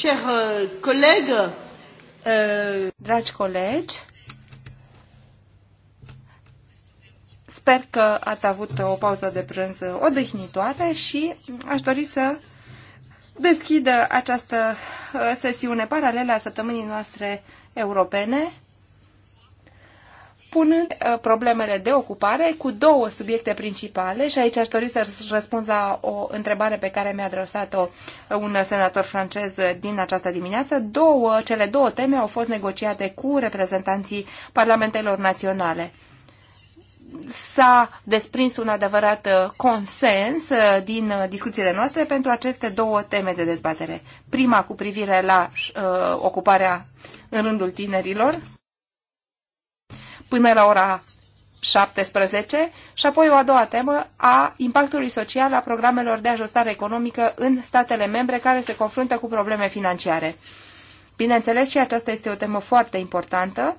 Chers euh, collègues, euh, Dragi colegi, sper că ați avut o pauză de prânz odihnitoare și aș dori să deschidă această uh, sesiune paralelă a săptămânii noastre europene punând uh, problemele de ocupare cu două subiecte principale și aici aș dori să răspund la o întrebare pe care mi-a adresat-o uh, un senator francez din această dimineață. Două, cele două teme au fost negociate cu reprezentanții parlamentelor naționale s-a desprins un adevărat uh, consens din discuțiile noastre pentru aceste două teme de dezbatere. Prima cu privire la uh, ocuparea în rândul tinerilor până la ora 17 și apoi o a doua temă a impactului social a programelor de ajustare economică în statele membre care se confruntă cu probleme financiare. Bineînțeles și aceasta este o temă foarte importantă.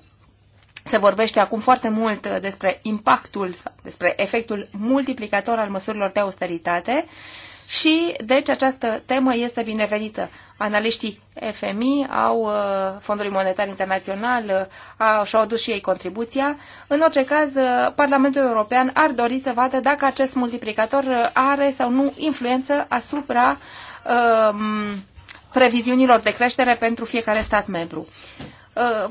Se vorbește acum foarte mult despre impactul, despre efectul multiplicator al măsurilor de austeritate și deci această temă este binevenită. Analiștii FMI au uh, Fondului Monetar Internațional uh, au, și-au adus și ei contribuția. În orice caz, uh, Parlamentul European ar dori să vadă dacă acest multiplicator are sau nu influență asupra um, previziunilor de creștere pentru fiecare stat membru.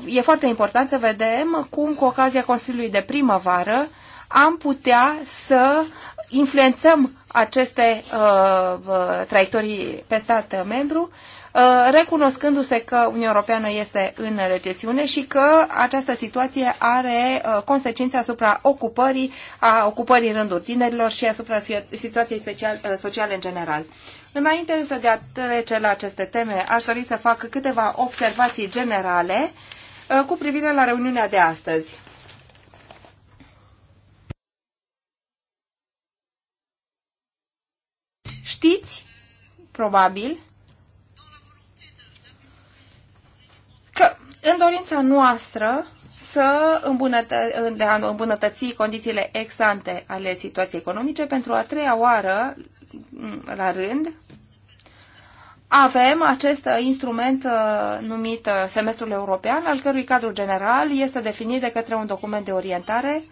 E foarte important să vedem cum, cu ocazia Consiliului de primăvară, am putea să influențăm aceste uh, uh, traiectorii pe stat membru, uh, recunoscându-se că Uniunea Europeană este în recesiune și că această situație are uh, consecințe asupra ocupării, a ocupării în rândul tinerilor și asupra situației special, uh, sociale în general. Înainte însă de a trece la aceste teme, aș dori să fac câteva observații generale uh, cu privire la reuniunea de astăzi. știți, probabil, că în dorința noastră să îmbunătă- de îmbunătăți condițiile exante ale situației economice pentru a treia oară la rând, avem acest uh, instrument uh, numit uh, semestrul european, al cărui cadru general este definit de către un document de orientare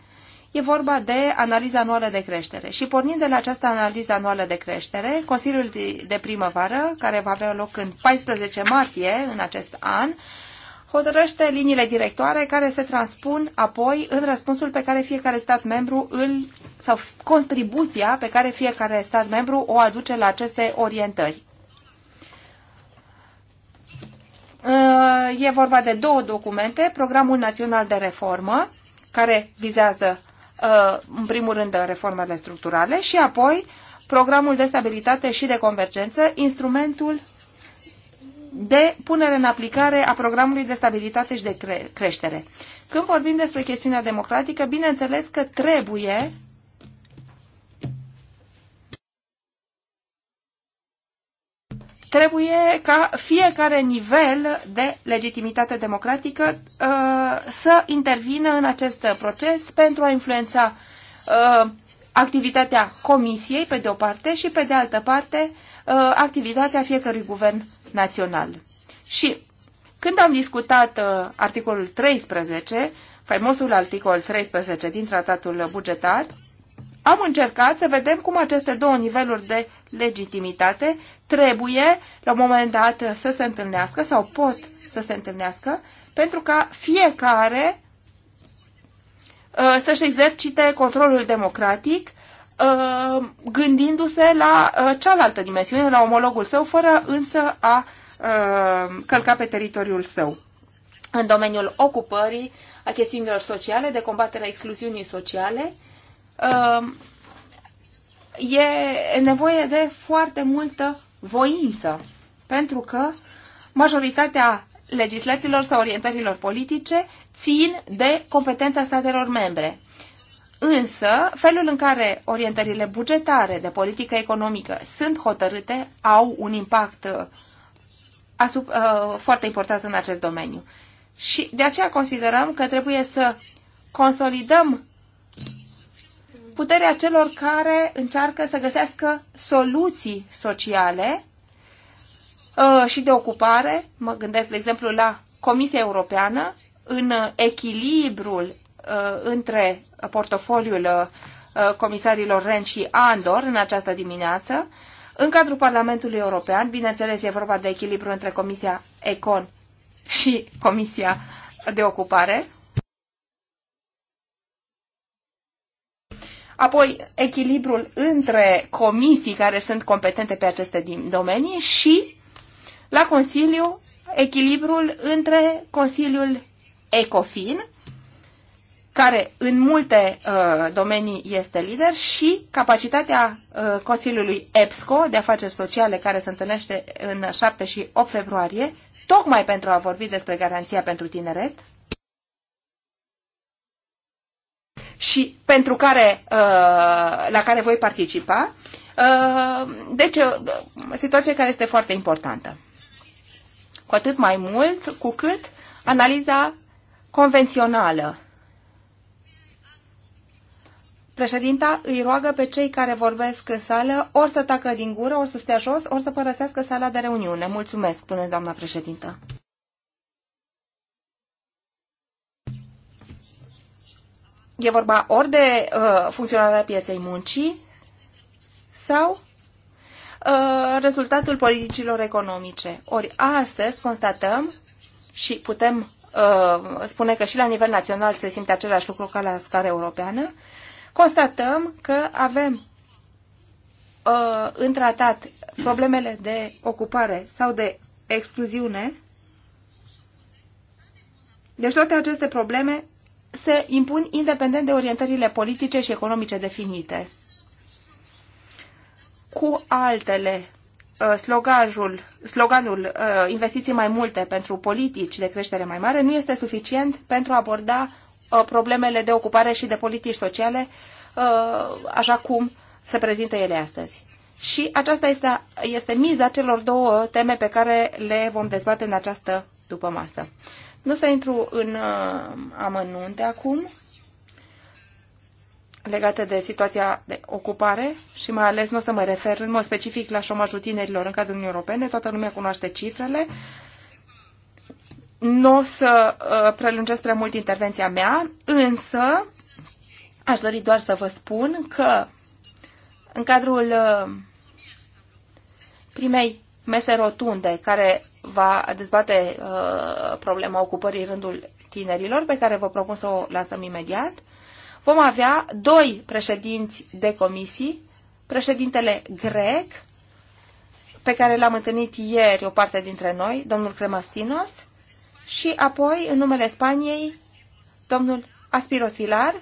E vorba de analiza anuală de creștere. Și pornind de la această analiză anuală de creștere, Consiliul de primăvară, care va avea loc în 14 martie în acest an, hotărăște liniile directoare care se transpun apoi în răspunsul pe care fiecare stat membru îl sau contribuția pe care fiecare stat membru o aduce la aceste orientări. Uh, e vorba de două documente, Programul Național de Reformă, care vizează Uh, în primul rând, reformele structurale și apoi programul de stabilitate și de convergență, instrumentul de punere în aplicare a programului de stabilitate și de cre creștere. Când vorbim despre chestiunea democratică, bineînțeles că trebuie trebuie ca fiecare nivel de legitimitate democratică uh, să intervină în acest proces pentru a influența uh, activitatea Comisiei, pe de o parte, și pe de altă parte, uh, activitatea fiecărui guvern național. Și când am discutat articolul 13, faimosul articol 13 din tratatul bugetar, am încercat să vedem cum aceste două niveluri de legitimitate, trebuie la un moment dat să se întâlnească sau pot să se întâlnească pentru ca fiecare uh, să-și exercite controlul democratic uh, gândindu-se la uh, cealaltă dimensiune, la omologul său, fără însă a călca pe teritoriul său. În domeniul ocupării, a chestiunilor sociale, de combaterea excluziunii sociale, e nevoie de foarte multă voință, pentru că majoritatea legislațiilor sau orientărilor politice țin de competența statelor membre. Însă, felul în care orientările bugetare de politică economică sunt hotărâte au un impact uh, asup, uh, foarte important în acest domeniu. Și de aceea considerăm că trebuie să consolidăm puterea celor care încearcă să găsească soluții sociale uh, și de ocupare. Mă gândesc, de exemplu, la Comisia Europeană, în echilibrul uh, între portofoliul uh, comisarilor Ren și Andor în această dimineață. În cadrul Parlamentului European, bineînțeles, e vorba de echilibru între Comisia Econ și Comisia de Ocupare. apoi echilibrul între comisii care sunt competente pe aceste domenii și la Consiliu echilibrul între Consiliul ECOFIN, care în multe uh, domenii este lider, și capacitatea uh, Consiliului EPSCO de afaceri sociale, care se întâlnește în 7 și 8 februarie, tocmai pentru a vorbi despre garanția pentru tineret, și pentru care, uh, la care voi participa. Uh, deci, uh, situație care este foarte importantă. Cu atât mai mult cu cât analiza convențională. Președinta îi roagă pe cei care vorbesc în sală ori să tacă din gură, ori să stea jos, ori să părăsească sala de reuniune. Mulțumesc, până doamna președintă. e vorba ori de uh, funcționarea pieței muncii sau uh, rezultatul politicilor economice. Ori astăzi constatăm și putem uh, spune că și la nivel național se simte același lucru ca la scară europeană, constatăm că avem uh, în tratat problemele de ocupare sau de excluziune. Deci toate aceste probleme se impun independent de orientările politice și economice definite. Cu altele, slogajul, uh, sloganul uh, investiții mai multe pentru politici de creștere mai mare nu este suficient pentru a aborda uh, problemele de ocupare și de politici sociale așa cum se prezintă ele astăzi. Și aceasta este, este miza celor două teme pe care le vom dezbate în această după masă. Nu să intru în uh, amănunte acum legate de situația de ocupare și mai ales nu o să mă refer în mod specific la șomajul tinerilor în cadrul Uniunii Europene, toată lumea cunoaște cifrele. Nu o să uh, prelungesc prea mult intervenția mea, însă aș dori doar să vă spun că în cadrul uh, primei mese rotunde care va dezbate uh, problema ocupării rândul tinerilor, pe care vă propun să o lansăm imediat. Vom avea doi președinți de comisii, președintele grec, pe care l-am întâlnit ieri o parte dintre noi, domnul Cremastinos, și apoi, în numele Spaniei, domnul Aspiros Vilar,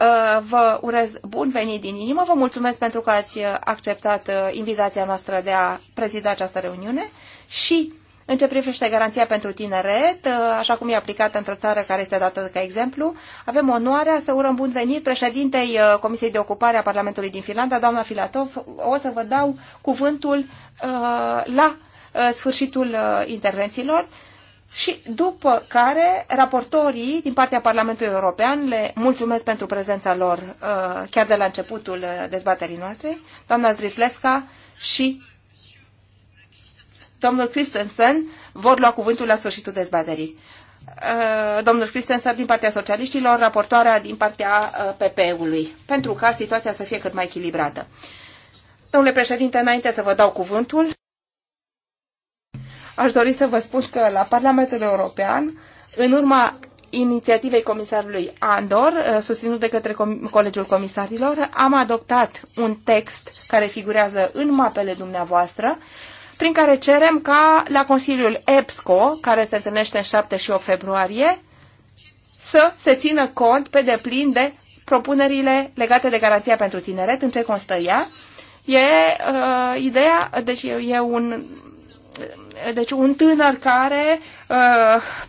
Uh, vă urez bun venit din inimă, vă mulțumesc pentru că ați uh, acceptat uh, invitația noastră de a prezida această reuniune și în ce privește garanția pentru tineret, așa cum e aplicată într-o țară care este dată ca exemplu, avem onoarea să urăm bun venit președintei Comisiei de Ocupare a Parlamentului din Finlanda, doamna Filatov. O să vă dau cuvântul la sfârșitul intervențiilor și după care raportorii din partea Parlamentului European le mulțumesc pentru prezența lor uh, chiar de la începutul uh, dezbaterii noastre, doamna Zriflesca și domnul Christensen vor lua cuvântul la sfârșitul dezbaterii. Uh, domnul Christensen din partea socialiștilor, raportoarea din partea PP-ului, pentru ca situația să fie cât mai echilibrată. Domnule președinte, înainte să vă dau cuvântul, aș dori să vă spun că la Parlamentul European, în urma inițiativei comisarului Andor, uh, susținut de către Colegiul Comisarilor, am adoptat un text care figurează în mapele dumneavoastră, prin care cerem ca la Consiliul EPSCO, care se întâlnește în 7 și 8 februarie, să se țină cont pe deplin de propunerile legate de garanția pentru tineret, în ce constă ea. E uh, ideea, deci e un deci un tânăr care uh,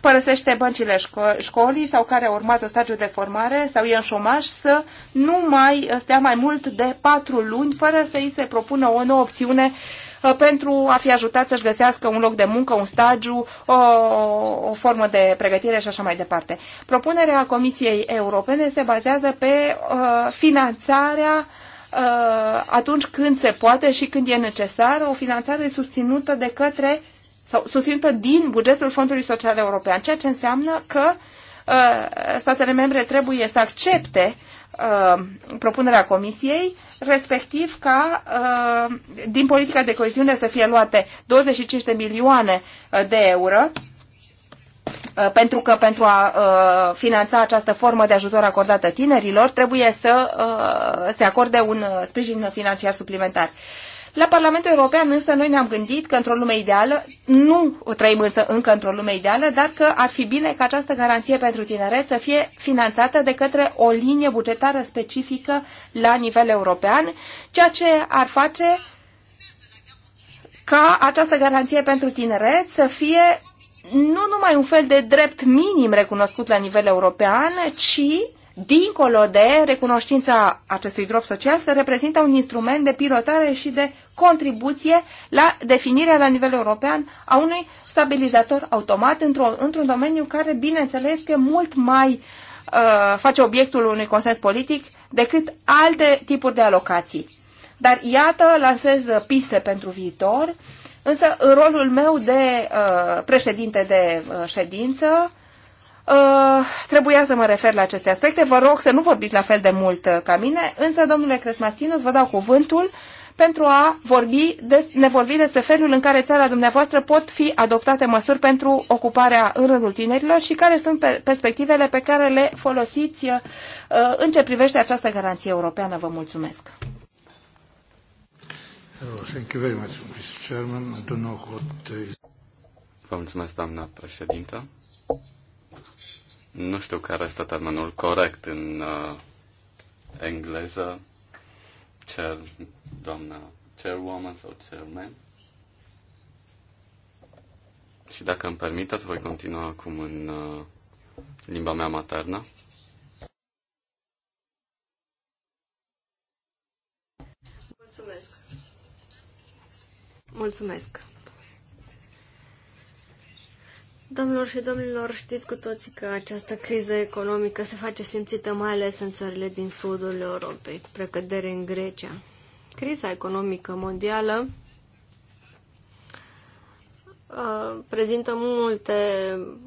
părăsește băncile șco- școlii sau care a urmat un stagiu de formare sau e în șomaș să nu mai stea mai mult de patru luni fără să îi se propună o nouă opțiune uh, pentru a fi ajutat să-și găsească un loc de muncă, un stagiu, o, o formă de pregătire și așa mai departe. Propunerea Comisiei Europene se bazează pe uh, finanțarea uh, atunci când se poate și când e necesar, o finanțare susținută de către sau susținută din bugetul Fondului Social European, ceea ce înseamnă că uh, statele membre trebuie să accepte uh, propunerea Comisiei, respectiv ca uh, din politica de coeziune să fie luate 25 de milioane uh, de euro, uh, pentru că pentru a uh, finanța această formă de ajutor acordată tinerilor trebuie să uh, se acorde un uh, sprijin financiar suplimentar. La Parlamentul European însă noi ne-am gândit că într-o lume ideală, nu o trăim însă încă într-o lume ideală, dar că ar fi bine ca această garanție pentru tineret să fie finanțată de către o linie bugetară specifică la nivel european, ceea ce ar face ca această garanție pentru tineret să fie nu numai un fel de drept minim recunoscut la nivel european, ci dincolo de recunoștința acestui drop social, să reprezintă un instrument de pilotare și de contribuție la definirea la nivel european a unui stabilizator automat într-un într domeniu care, bineînțeles, că mult mai uh, face obiectul unui consens politic decât alte tipuri de alocații. Dar iată, lansez piste pentru viitor, însă în rolul meu de uh, președinte de uh, ședință, Uh, trebuia să mă refer la aceste aspecte. Vă rog să nu vorbiți la fel de mult uh, ca mine, însă, domnule Cresmastinus, vă dau cuvântul pentru a vorbi des, ne vorbi despre felul în care țara dumneavoastră pot fi adoptate măsuri pentru ocuparea în rândul tinerilor și care sunt pe, perspectivele pe care le folosiți uh, în ce privește această garanție europeană. Vă mulțumesc! Oh, Vă mulțumesc, doamna președintă. Nu știu care este termenul corect în uh, engleză. Cel doamna chairwoman sau chairman. Și dacă îmi permiteți, voi continua acum în uh, limba mea maternă. Mulțumesc. Mulțumesc. Domnilor și domnilor, știți cu toții că această criză economică se face simțită mai ales în țările din sudul Europei, precădere în Grecia. Criza economică mondială prezintă multe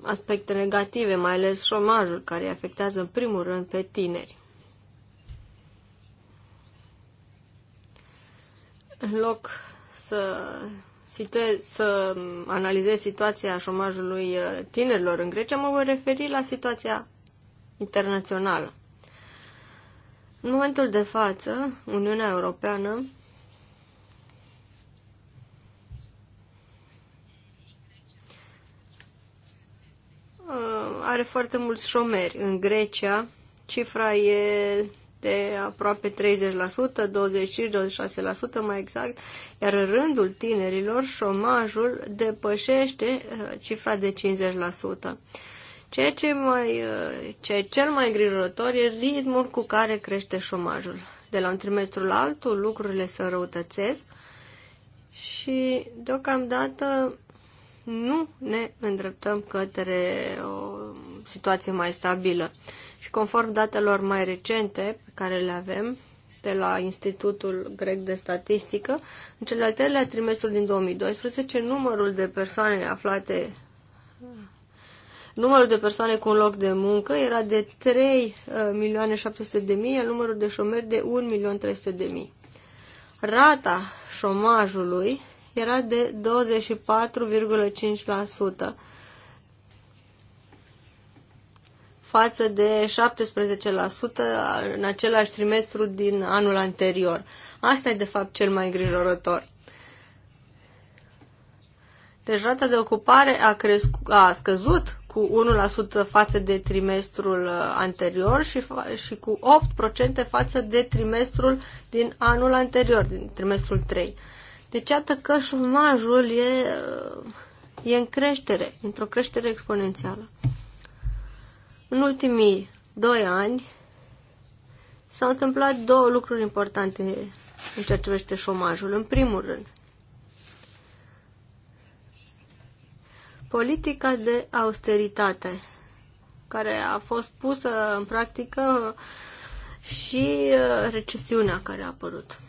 aspecte negative, mai ales șomajul, care îi afectează în primul rând pe tineri. În loc să, situez, să analizez situația șomajului tinerilor în Grecia, mă voi referi la situația internațională. În momentul de față, Uniunea Europeană uh, are foarte mulți șomeri. În Grecia, cifra e de aproape 30%, 25-26% mai exact, iar în rândul tinerilor șomajul depășește uh, cifra de 50%. Ceea ce, mai, ceea ce cel mai îngrijorător e ritmul cu care crește șomajul. De la un trimestru la altul, lucrurile se răutățesc și deocamdată nu ne îndreptăm către o situație mai stabilă. Și conform datelor mai recente pe care le avem de la Institutul Grec de Statistică, în cel al treilea trimestru din 2012, numărul de persoane aflate numărul de persoane cu un loc de muncă era de 3 uh, milioane 700 de mii, iar numărul de șomeri de 1 milion 300 de mii. Rata șomajului era de 24,5% față de 17% în același trimestru din anul anterior. Asta e de fapt cel mai îngrijorător. Deci rata de ocupare a, crescu- a scăzut cu 1% față de trimestrul uh, anterior și, și cu 8% față de trimestrul din anul anterior, din trimestrul 3. Deci, iată că șomajul e, uh, e în creștere, într-o creștere exponențială. În ultimii doi ani s-au întâmplat două lucruri importante în ceea ce privește șomajul. În primul rând, politica de austeritate care a fost pusă în practică și uh, recesiunea care a apărut.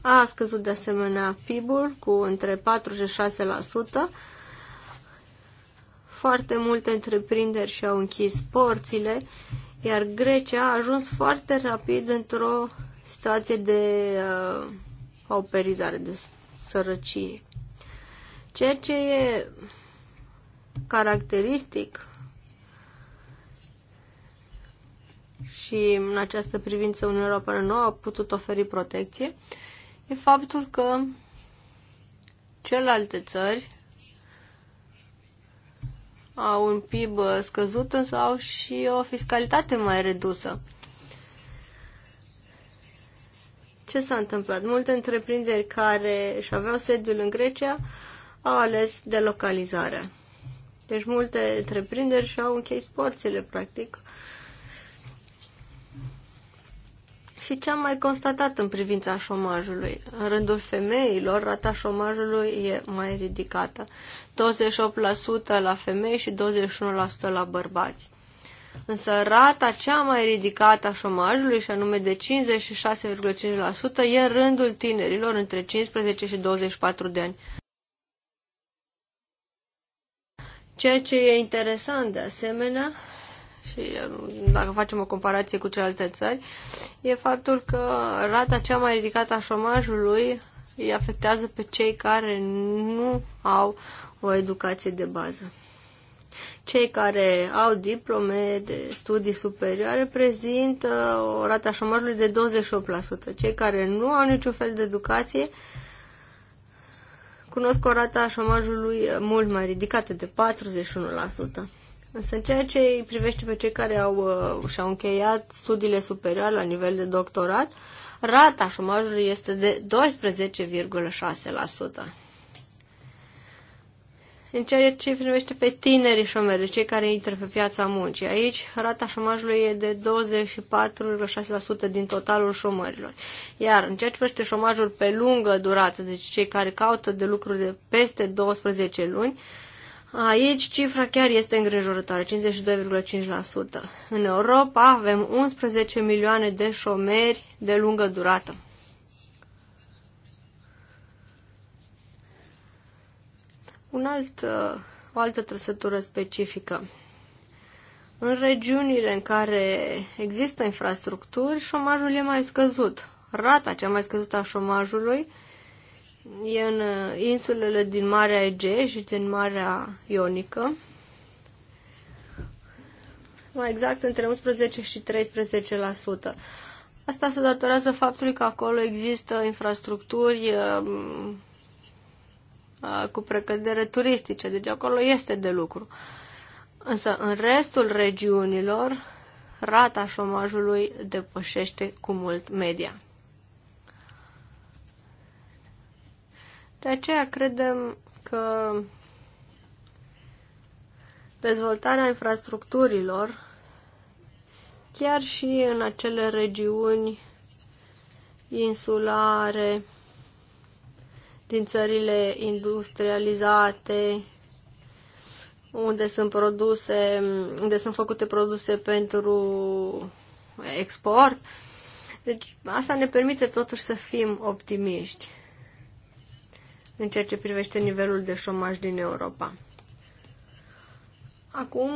A scăzut de asemenea PIB-ul cu între 4 și 6%. Foarte multe întreprinderi și-au închis porțile, iar Grecia a ajuns foarte rapid într-o situație de uh, pauperizare, de sărăcie. Ceea ce e caracteristic și în această privință Uniunea Europeană nu a putut oferi protecție, e faptul că celelalte țări au un PIB scăzut, însă au și o fiscalitate mai redusă. Ce s-a întâmplat? Multe întreprinderi care își aveau sediul în Grecia a ales localizare. Deci multe întreprinderi și-au închis porțile, practic. Și ce am mai constatat în privința șomajului? În rândul femeilor, rata șomajului e mai ridicată. 28% la femei și 21% la bărbați. Însă rata cea mai ridicată a șomajului, și anume de 56,5%, e în rândul tinerilor între 15 și 24 de ani. Ceea ce e interesant de asemenea, și um, dacă facem o comparație cu celelalte țări, e faptul că rata cea mai ridicată a șomajului îi afectează pe cei care nu au o educație de bază. Cei care au diplome de studii superioare prezintă o rată a șomajului de 28%. Cei care nu au niciun fel de educație cunosc o rată a șomajului eh, mult mai ridicată, de 41%. Însă în ceea ce îi privește pe cei care au, eh, și-au încheiat studiile superioare la nivel de doctorat, rata șomajului este de 12,6% în ceea ce privește pe tinerii șomeri, cei care intră pe piața muncii. Aici rata șomajului e de 24,6% din totalul șomărilor. Iar în ceea ce privește șomajul pe lungă durată, deci cei care caută de lucruri de peste 12 luni, Aici cifra chiar este îngrijorătoare, 52,5%. În Europa avem 11 milioane de șomeri de lungă durată. Un alt, uh, o altă trăsătură specifică. În regiunile în care există infrastructuri, șomajul e mai scăzut. Rata cea mai scăzută a șomajului e în uh, insulele din Marea Ege și din Marea Ionică. Mai exact, între 11 și 13%. Asta se datorează faptului că acolo există infrastructuri um, cu precădere turistice, deci acolo este de lucru. Însă în restul regiunilor, rata șomajului depășește cu mult media. De aceea credem că dezvoltarea infrastructurilor, chiar și în acele regiuni insulare, din țările industrializate, unde sunt produse, unde sunt făcute produse pentru export. Deci asta ne permite totuși să fim optimiști în ceea ce privește nivelul de șomaj din Europa. Acum,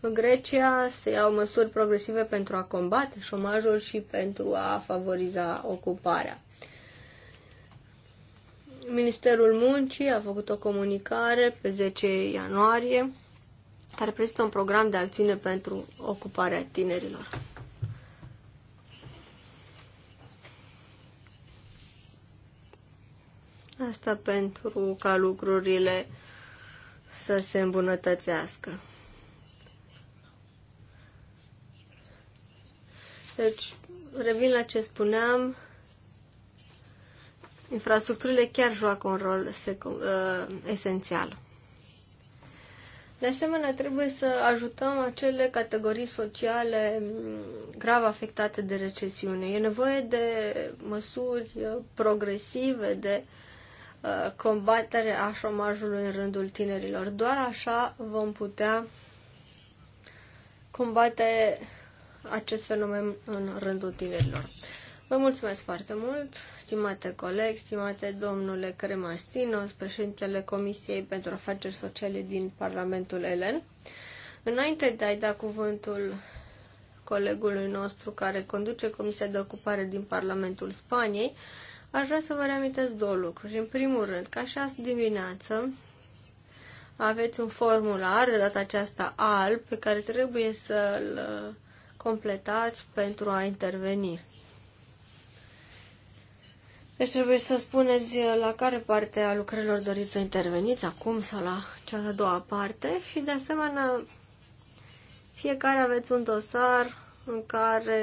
în Grecia se iau măsuri progresive pentru a combate șomajul și pentru a favoriza ocuparea. Ministerul Muncii a făcut o comunicare pe 10 ianuarie care prezintă un program de acțiune pentru ocuparea tinerilor. Asta pentru ca lucrurile să se îmbunătățească. Deci, revin la ce spuneam, infrastructurile chiar joacă un rol uh, esențial. De asemenea, trebuie să ajutăm acele categorii sociale mm, grav afectate de recesiune. E nevoie de măsuri uh, progresive, de uh, combatere a șomajului în rândul tinerilor. Doar așa vom putea combate acest fenomen în rândul tinerilor. Vă mulțumesc foarte mult! Stimate colegi, stimate domnule Cremastinos, președintele Comisiei pentru Afaceri Sociale din Parlamentul Elen, înainte de a-i da cuvântul colegului nostru care conduce Comisia de Ocupare din Parlamentul Spaniei, aș vrea să vă reamintesc două lucruri. În primul rând, ca și azi dimineață, aveți un formular, de data aceasta alb, pe care trebuie să-l uh, completați pentru a interveni. Deci trebuie să spuneți la care parte a lucrărilor doriți să interveniți, acum sau la cea de-a doua parte și de asemenea fiecare aveți un dosar în care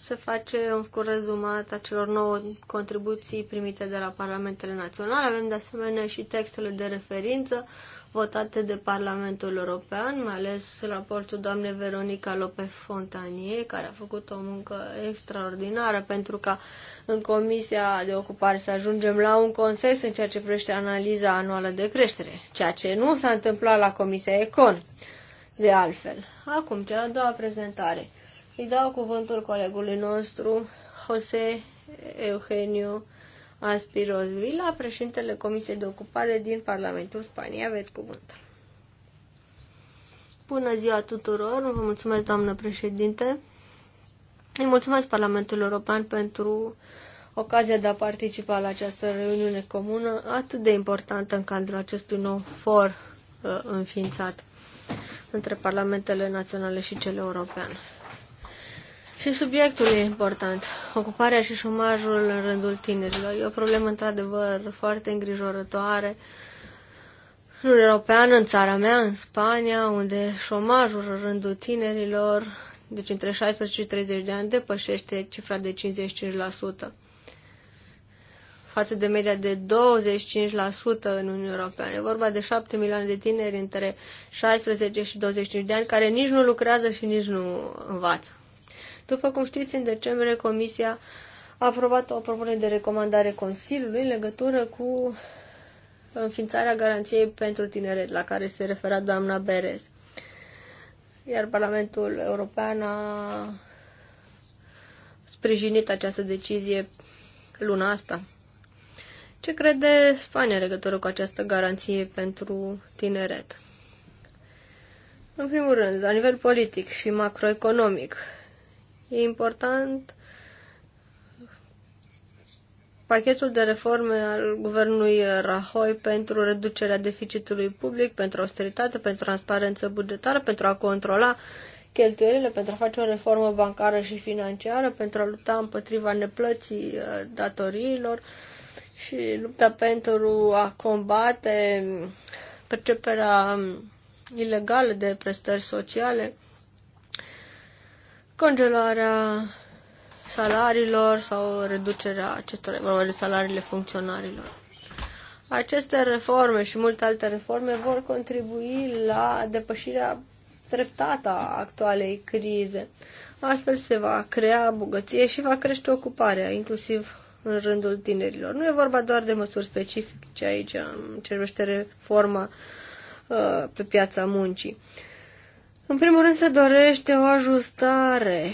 se face un scurt rezumat a celor nouă contribuții primite de la Parlamentele Naționale. Avem de asemenea și textele de referință votate de Parlamentul European, mai ales raportul doamnei Veronica Lopez Fontanie, care a făcut o muncă extraordinară pentru ca în Comisia de Ocupare să ajungem la un consens în ceea ce privește analiza anuală de creștere, ceea ce nu s-a întâmplat la Comisia Econ, de altfel. Acum, cea a doua prezentare. Îi dau cuvântul colegului nostru, Jose Eugenio Aspiros Vila, președintele Comisiei de Ocupare din Parlamentul Spaniei. Aveți cuvântul. Bună ziua tuturor, vă mulțumesc, doamnă președinte. Îi mulțumesc Parlamentul European pentru ocazia de a participa la această reuniune comună atât de importantă în cadrul acestui nou for uh, înființat între parlamentele naționale și cele europene. Și subiectul e important. Ocuparea și șomajul în rândul tinerilor. E o problemă într-adevăr foarte îngrijorătoare. În Europeană, în țara mea, în Spania, unde șomajul în rândul tinerilor deci între 16 și 30 de ani, depășește cifra de 55% față de media de 25% în Uniunea Europeană. E vorba de 7 milioane de tineri între 16 și 25 de ani care nici nu lucrează și nici nu învață. După cum știți, în decembrie Comisia a aprobat o propunere de recomandare Consiliului în legătură cu înființarea garanției pentru tineret, la care se refera doamna Berez. Iar Parlamentul European a sprijinit această decizie luna asta. Ce crede Spania în legătură cu această garanție pentru tineret? În primul rând, la nivel politic și macroeconomic, e important pachetul de reforme al guvernului Rahoi pentru reducerea deficitului public, pentru austeritate, pentru transparență bugetară, pentru a controla cheltuielile, pentru a face o reformă bancară și financiară, pentru a lupta împotriva neplății uh, datoriilor și lupta pentru a combate perceperea um, ilegală de prestări sociale, congelarea salariilor sau reducerea acestor vorba de salariile funcționarilor. Aceste reforme și multe alte reforme vor contribui la depășirea treptată a actualei crize. Astfel se va crea bogăție și va crește ocuparea, inclusiv în rândul tinerilor. Nu e vorba doar de măsuri specifice aici, în ce reforma uh, pe piața muncii. În primul rând se dorește o ajustare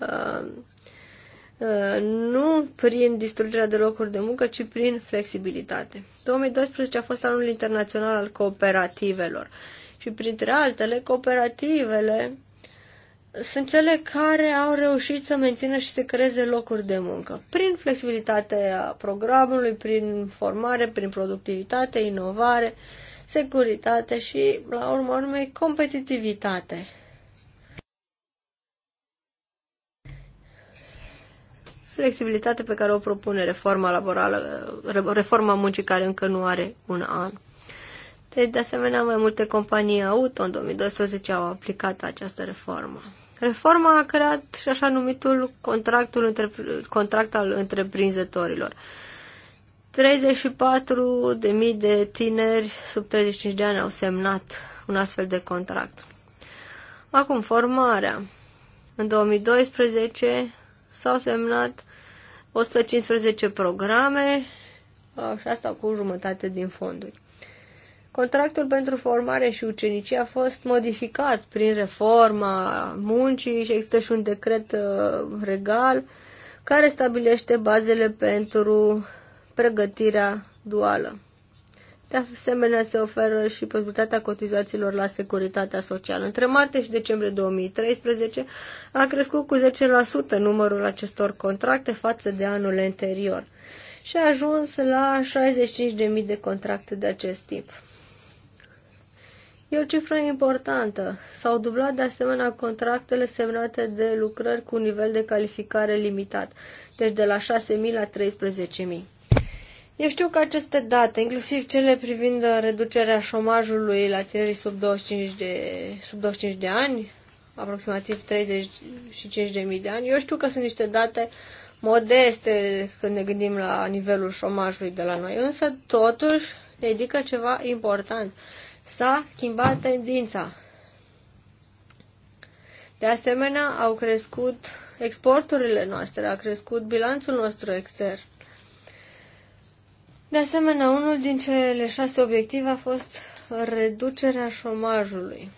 Uh, uh, nu prin distrugerea de locuri de muncă, ci prin flexibilitate. 2012 a fost anul internațional al cooperativelor și printre altele, cooperativele sunt cele care au reușit să mențină și să creeze locuri de muncă. Prin flexibilitatea programului, prin formare, prin productivitate, inovare, securitate și, la urma urmei, competitivitate. flexibilitate pe care o propune reforma laborală, reforma muncii care încă nu are un an. Deci, de asemenea, mai multe companii auto în 2012 au aplicat această reformă. Reforma a creat și așa numitul contractul între, contract al întreprinzătorilor. 34.000 de tineri sub 35 de ani au semnat un astfel de contract. Acum, formarea. În 2012 s-au semnat 115 programe și asta cu jumătate din fonduri. Contractul pentru formare și ucenicie a fost modificat prin reforma muncii și există și un decret uh, regal care stabilește bazele pentru pregătirea duală. De asemenea, se oferă și posibilitatea cotizațiilor la securitatea socială. Între martie și decembrie 2013 a crescut cu 10% numărul acestor contracte față de anul anterior și a ajuns la 65.000 de contracte de acest tip. E o cifră importantă. S-au dublat de asemenea contractele semnate de lucrări cu un nivel de calificare limitat, deci de la 6.000 la 13.000. Eu știu că aceste date, inclusiv cele privind reducerea șomajului la tinerii sub 25 de, sub 25 de ani, aproximativ 35.000 de ani, eu știu că sunt niște date modeste când ne gândim la nivelul șomajului de la noi, însă totuși ne indică ceva important. S-a schimbat tendința. De asemenea, au crescut exporturile noastre, a crescut bilanțul nostru extern. De asemenea, unul din cele șase obiective a fost reducerea șomajului.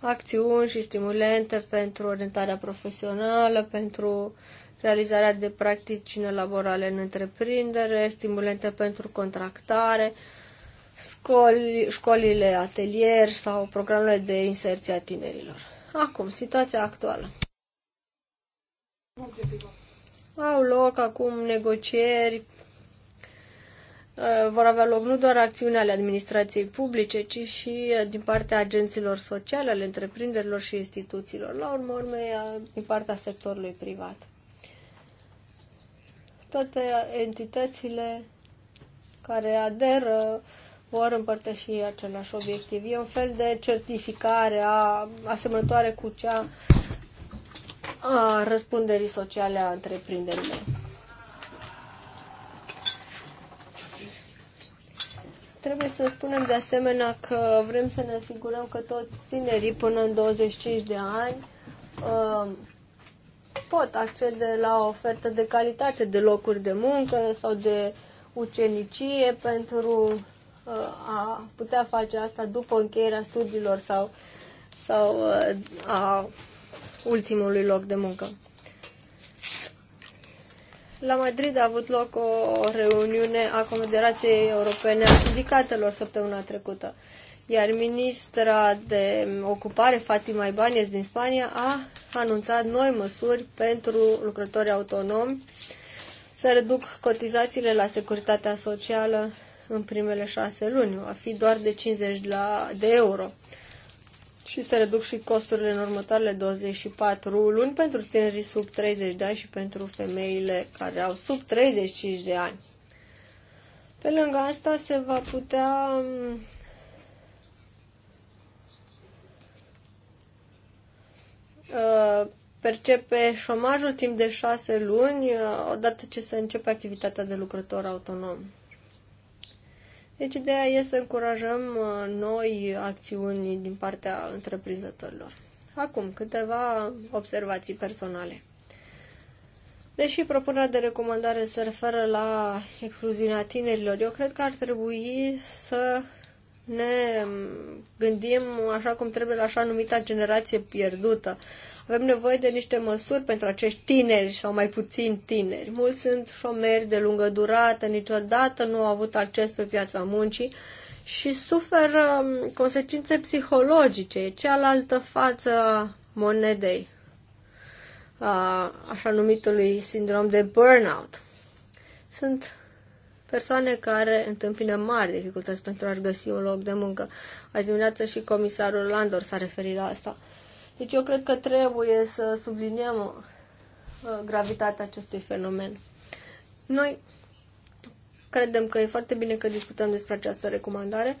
Acțiuni și stimulente pentru orientarea profesională, pentru realizarea de practici laborale în întreprindere, stimulente pentru contractare, școli, școlile atelier sau programele de inserție a tinerilor. Acum, situația actuală. Au loc acum negocieri Uh, vor avea loc nu doar acțiuni ale administrației publice, ci și uh, din partea agenților sociale, ale întreprinderilor și instituțiilor, la urmă urmei uh, din partea sectorului privat. Toate entitățile care aderă vor împărtăși același obiectiv. E un fel de certificare a, asemănătoare cu cea a răspunderii sociale a întreprinderilor. Trebuie să spunem de asemenea că vrem să ne asigurăm că toți tinerii până în 25 de ani uh, pot accede la o ofertă de calitate de locuri de muncă sau de ucenicie pentru uh, a putea face asta după încheierea studiilor sau, sau uh, a ultimului loc de muncă. La Madrid a avut loc o reuniune a Confederației Europene a Sindicatelor săptămâna trecută, iar ministra de ocupare, Fatima Ibanez din Spania, a anunțat noi măsuri pentru lucrători autonomi să reduc cotizațiile la securitatea socială în primele șase luni, va fi doar de 50 de euro și se reduc și costurile în următoarele 24 luni pentru tinerii sub 30 de ani și pentru femeile care au sub 35 de ani. Pe lângă asta se va putea uh, percepe șomajul timp de șase luni uh, odată ce se începe activitatea de lucrător autonom. Deci ideea e să încurajăm uh, noi acțiuni din partea întreprinzătorilor. Acum, câteva observații personale. Deși propunerea de recomandare se referă la excluziunea tinerilor, eu cred că ar trebui să ne gândim așa cum trebuie la așa numita generație pierdută, avem nevoie de niște măsuri pentru acești tineri sau mai puțin tineri. Mulți sunt șomeri de lungă durată, niciodată nu au avut acces pe piața muncii și suferă um, consecințe psihologice, cealaltă față a monedei, a așa numitului sindrom de burnout. Sunt persoane care întâmpină mari dificultăți pentru a-și găsi un loc de muncă. Azi dimineață și comisarul Landor s-a referit la asta. Deci eu cred că trebuie să subliniem uh, gravitatea acestui fenomen. Noi credem că e foarte bine că discutăm despre această recomandare.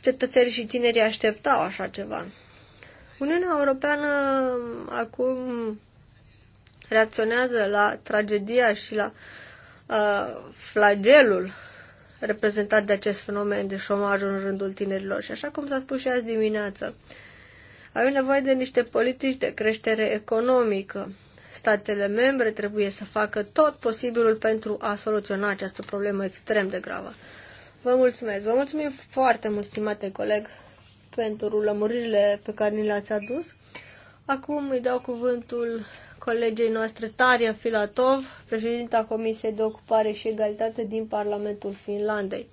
Cetățenii și tinerii așteptau așa ceva. Uniunea Europeană um, acum reacționează la tragedia și la uh, flagelul reprezentat de acest fenomen de șomaj în rândul tinerilor. Și așa cum s-a spus și azi dimineață, uh, avem nevoie de niște politici de creștere economică. Statele membre trebuie să facă tot posibilul pentru a soluționa această problemă extrem de gravă. Vă mulțumesc! Vă mulțumim foarte mult, stimate coleg, pentru lămuririle pe care ni le-ați adus. Acum îi dau cuvântul colegei noastre Taria Filatov, președinta Comisiei de Ocupare și Egalitate din Parlamentul Finlandei.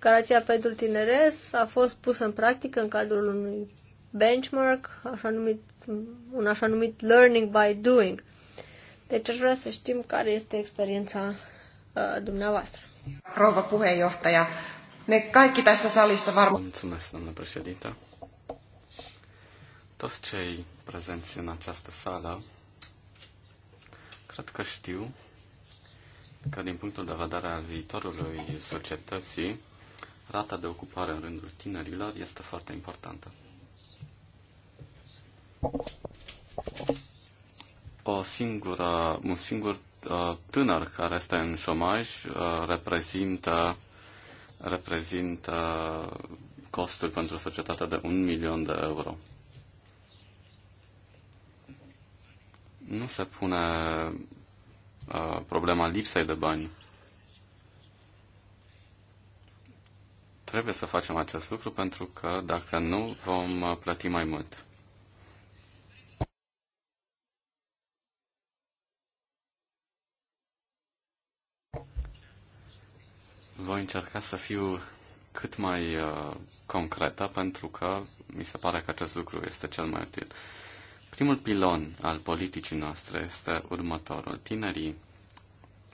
Garanția pentru tineres a fost pusă în practică în cadrul unui benchmark, așa numit, un așa numit learning by doing. Deci aș vrea să știm care este experiența uh, dumneavoastră. Rouva puheenjohtaja, ne kaikki tässä salissa varmaan... Mulțumesc, doamnă președintă. Toți cei prezenți în această sală cred că știu că din punctul de vedere al viitorului societății, rata de ocupare în rândul tinerilor este foarte importantă. O singură, un singur uh, tânăr care este în șomaj uh, reprezintă, reprezintă costul pentru societatea de un milion de euro. Nu se pune uh, problema lipsei de bani Trebuie să facem acest lucru pentru că dacă nu, vom plăti mai mult. Voi încerca să fiu cât mai uh, concretă pentru că mi se pare că acest lucru este cel mai util. Primul pilon al politicii noastre este următorul. Tinerii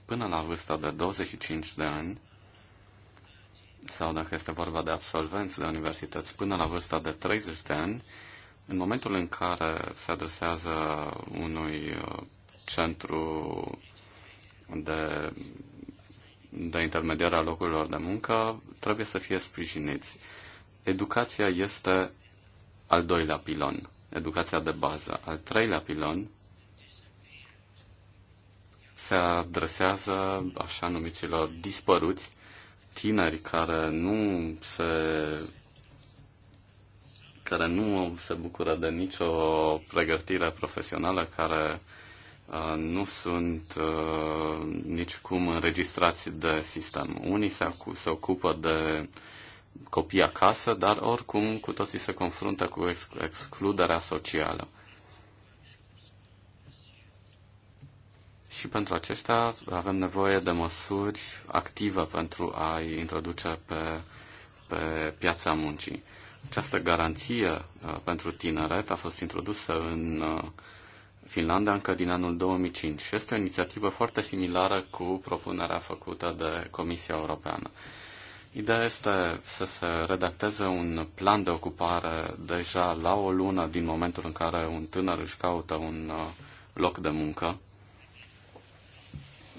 până la vârsta de 25 de ani sau dacă este vorba de absolvenți de universități până la vârsta de 30 de ani, în momentul în care se adresează unui uh, centru de, de intermediare a locurilor de muncă, trebuie să fie sprijiniți. Educația este al doilea pilon, educația de bază. Al treilea pilon se adresează așa numiților dispăruți, tineri care nu se care nu se bucură de nicio pregătire profesională, care uh, nu sunt uh, nicicum înregistrați de sistem. Unii se, se ocupă de copii acasă, dar oricum cu toții se confruntă cu ex- excluderea socială. Și pentru aceștia avem nevoie de măsuri active pentru a-i introduce pe, pe piața muncii. Această garanție uh, pentru tineret a fost introdusă în uh, Finlanda încă din anul 2005 și este o inițiativă foarte similară cu propunerea făcută de Comisia Europeană. Ideea este să se redacteze un plan de ocupare deja la o lună din momentul în care un tânăr își caută un uh, loc de muncă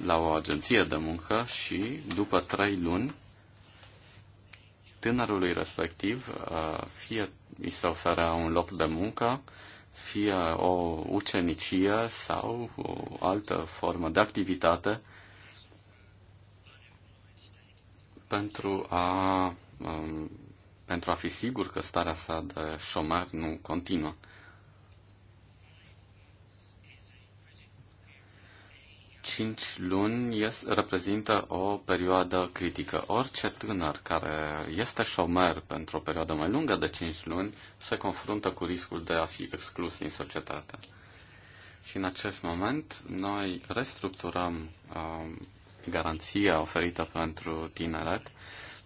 la o agenție de muncă și după trei luni tânărului respectiv fie îi se oferea un loc de muncă, fie o ucenicie sau o altă formă de activitate pentru a, um, pentru a fi sigur că starea sa de șomer nu continuă. 5 luni reprezintă o perioadă critică. Orice tânăr care este șomer pentru o perioadă mai lungă de 5 luni se confruntă cu riscul de a fi exclus din societate. Și în acest moment noi restructurăm um, garanția oferită pentru tineret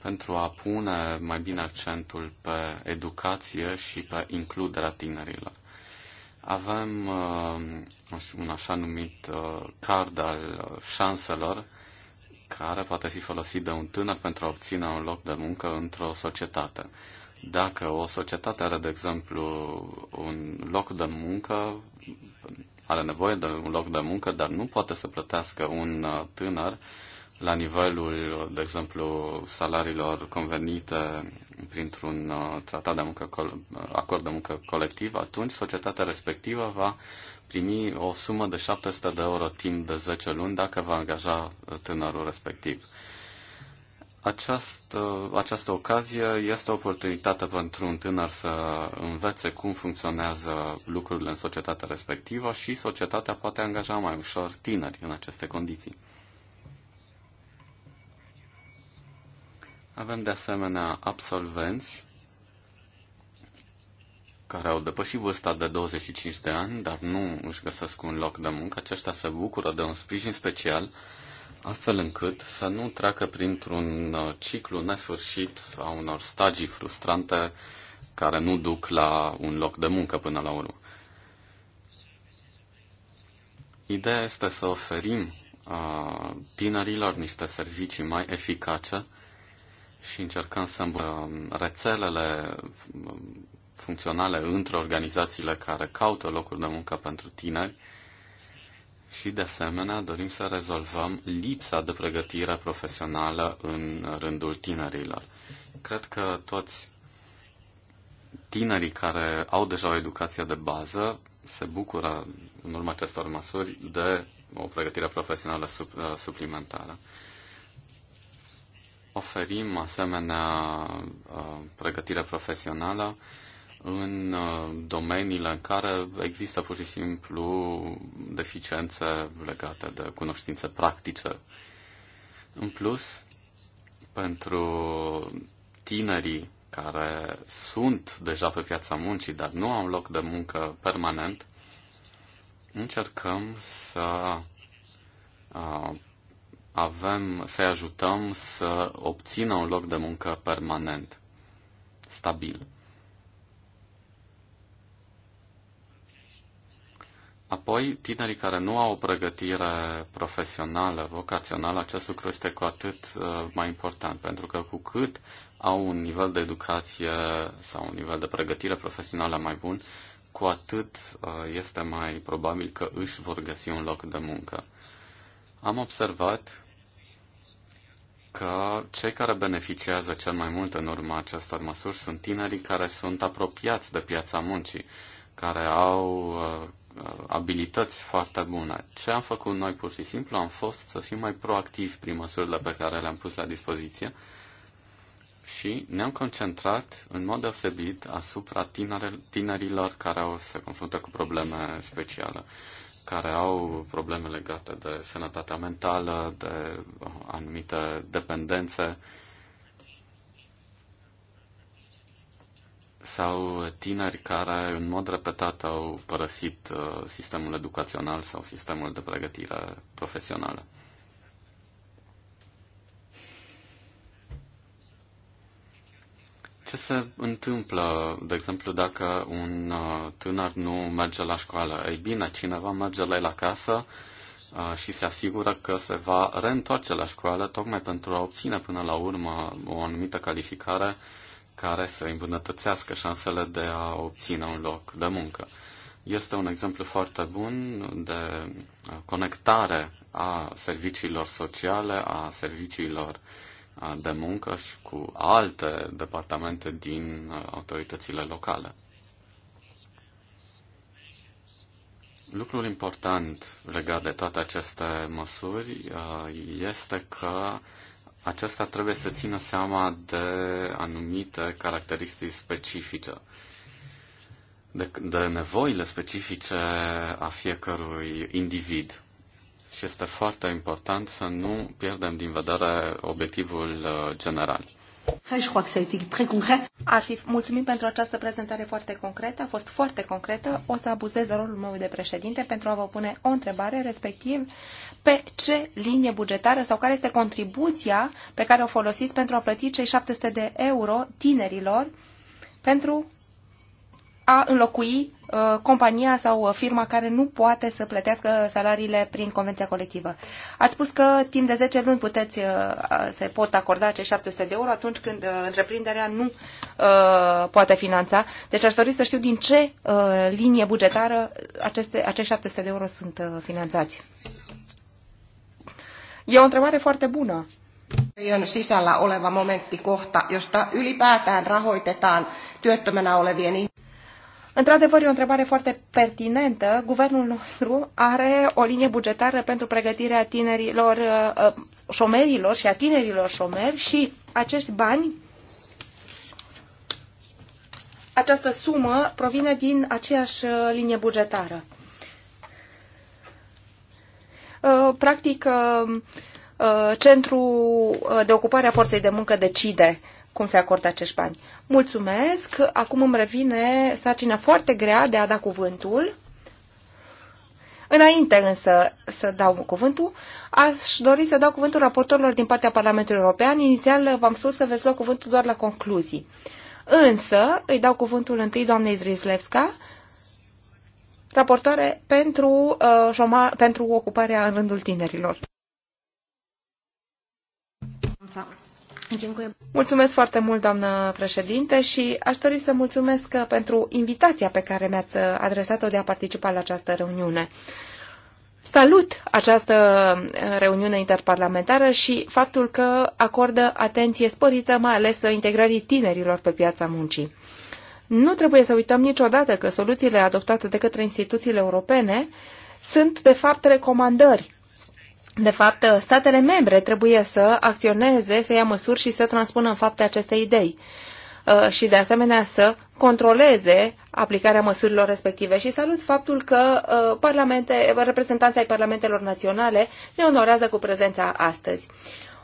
pentru a pune mai bine accentul pe educație și pe includerea tinerilor avem uh, un așa numit uh, card al șanselor care poate fi folosit de un tânăr pentru a obține un loc de muncă într-o societate. Dacă o societate are, de exemplu, un loc de muncă, are nevoie de un loc de muncă, dar nu poate să plătească un uh, tânăr uh, la nivelul, de exemplu, salariilor convenite printr-un uh, tratat de muncă, uh, acord de muncă colectiv, atunci societatea respectivă va primi o sumă de 700 de euro timp de 10 luni dacă va angaja uh, tânărul respectiv. Această, această ocazie este o oportunitate pentru un tânăr să învețe cum funcționează lucrurile în societatea respectivă și societatea poate angaja mai ușor tineri în aceste condiții. Avem de asemenea absolvenți care au depășit vârsta de 25 de ani, dar nu își găsesc un loc de muncă. Aceștia se bucură de un sprijin special, astfel încât să nu treacă printr-un uh, ciclu nesfârșit a unor stagii frustrante care nu duc la un loc de muncă până la urmă. Ideea este să oferim uh, tinerilor niște servicii mai eficace și încercăm să îmbunătățim rețelele funcționale între organizațiile care caută locuri de muncă pentru tineri și, de asemenea, dorim să rezolvăm lipsa de pregătire profesională în rândul tinerilor. Cred că toți tinerii care au deja o educație de bază se bucură, în urma acestor măsuri, de o pregătire profesională suplimentară oferim asemenea uh, pregătire profesională în uh, domeniile în care există pur și simplu deficiențe legate de cunoștințe practice. În plus, pentru tinerii care sunt deja pe piața muncii, dar nu au loc de muncă permanent, încercăm să uh, avem, să-i ajutăm să obțină un loc de muncă permanent, stabil. Apoi, tinerii care nu au o pregătire profesională, vocațională, acest lucru este cu atât uh, mai important, pentru că cu cât au un nivel de educație sau un nivel de pregătire profesională mai bun, cu atât uh, este mai probabil că își vor găsi un loc de muncă. Am observat că cei care beneficiază cel mai mult în urma acestor măsuri sunt tinerii care sunt apropiați de piața muncii, care au uh, uh, abilități foarte bune. Ce am făcut noi pur și simplu am fost să fim mai proactivi prin măsurile pe care le-am pus la dispoziție și ne-am concentrat în mod deosebit asupra tinerilor care au, se confruntă cu probleme speciale care au probleme legate de sănătatea mentală, de uh, anumite dependențe sau tineri care în mod repetat au părăsit uh, sistemul educațional sau sistemul de pregătire profesională. Ce se întâmplă, de exemplu, dacă un uh, tânăr nu merge la școală? Ei bine, cineva merge la el acasă uh, și se asigură că se va reîntoarce la școală tocmai pentru a obține până la urmă o anumită calificare care să îmbunătățească șansele de a obține un loc de muncă. Este un exemplu foarte bun de uh, conectare a serviciilor sociale, a serviciilor uh, de muncă și cu alte departamente din uh, autoritățile locale. Lucrul important legat de toate aceste măsuri uh, este că acesta trebuie să țină seama de anumite caracteristici specifice, de, de nevoile specifice a fiecărui individ și este foarte important să nu pierdem din vedere obiectivul uh, general. Ar fi mulțumim pentru această prezentare foarte concretă, a fost foarte concretă. O să abuzez de rolul meu de președinte pentru a vă pune o întrebare, respectiv pe ce linie bugetară sau care este contribuția pe care o folosiți pentru a plăti cei 700 de euro tinerilor pentru a înlocui uh, compania sau uh, firma care nu poate să plătească salariile prin convenția colectivă. Ați spus că timp de 10 luni puteți, uh, se pot acorda acești 700 de euro atunci când întreprinderea nu poate finanța. Deci aș dori să știu din ce linie bugetară aceste, acești 700 de euro sunt finanțați. E o întrebare foarte bună. sisällä oleva kohta, josta ylipäätään rahoitetaan työttömänä olevien ihmisiä. Într-adevăr, e o întrebare foarte pertinentă. Guvernul nostru are o linie bugetară pentru pregătirea tinerilor uh, uh, șomerilor și a tinerilor șomeri și acești bani această sumă provine din aceeași uh, linie bugetară. Practic, Centrul de Ocupare a Forței de Muncă decide cum se acordă acești bani. Mulțumesc! Acum îmi revine sarcina foarte grea de a da cuvântul. Înainte însă să dau cuvântul, aș dori să dau cuvântul raportorilor din partea Parlamentului European. Inițial v-am spus că veți lua cuvântul doar la concluzii. Însă îi dau cuvântul întâi doamnei Zrislevska, raportoare pentru, uh, joma, pentru ocuparea în rândul tinerilor. Mulțumesc foarte mult, doamnă președinte, și aș dori să mulțumesc uh, pentru invitația pe care mi-ați uh, adresat-o de a participa la această reuniune. Salut această uh, reuniune interparlamentară și faptul că acordă atenție sporită, mai ales integrării tinerilor pe piața muncii. Nu trebuie să uităm niciodată că soluțiile adoptate de către instituțiile europene sunt, de fapt, recomandări de fapt, statele membre trebuie să acționeze, să ia măsuri și să transpună în fapte aceste idei uh, și, de asemenea, să controleze aplicarea măsurilor respective. Și salut faptul că uh, parlamente, reprezentanții ai parlamentelor naționale ne onorează cu prezența astăzi.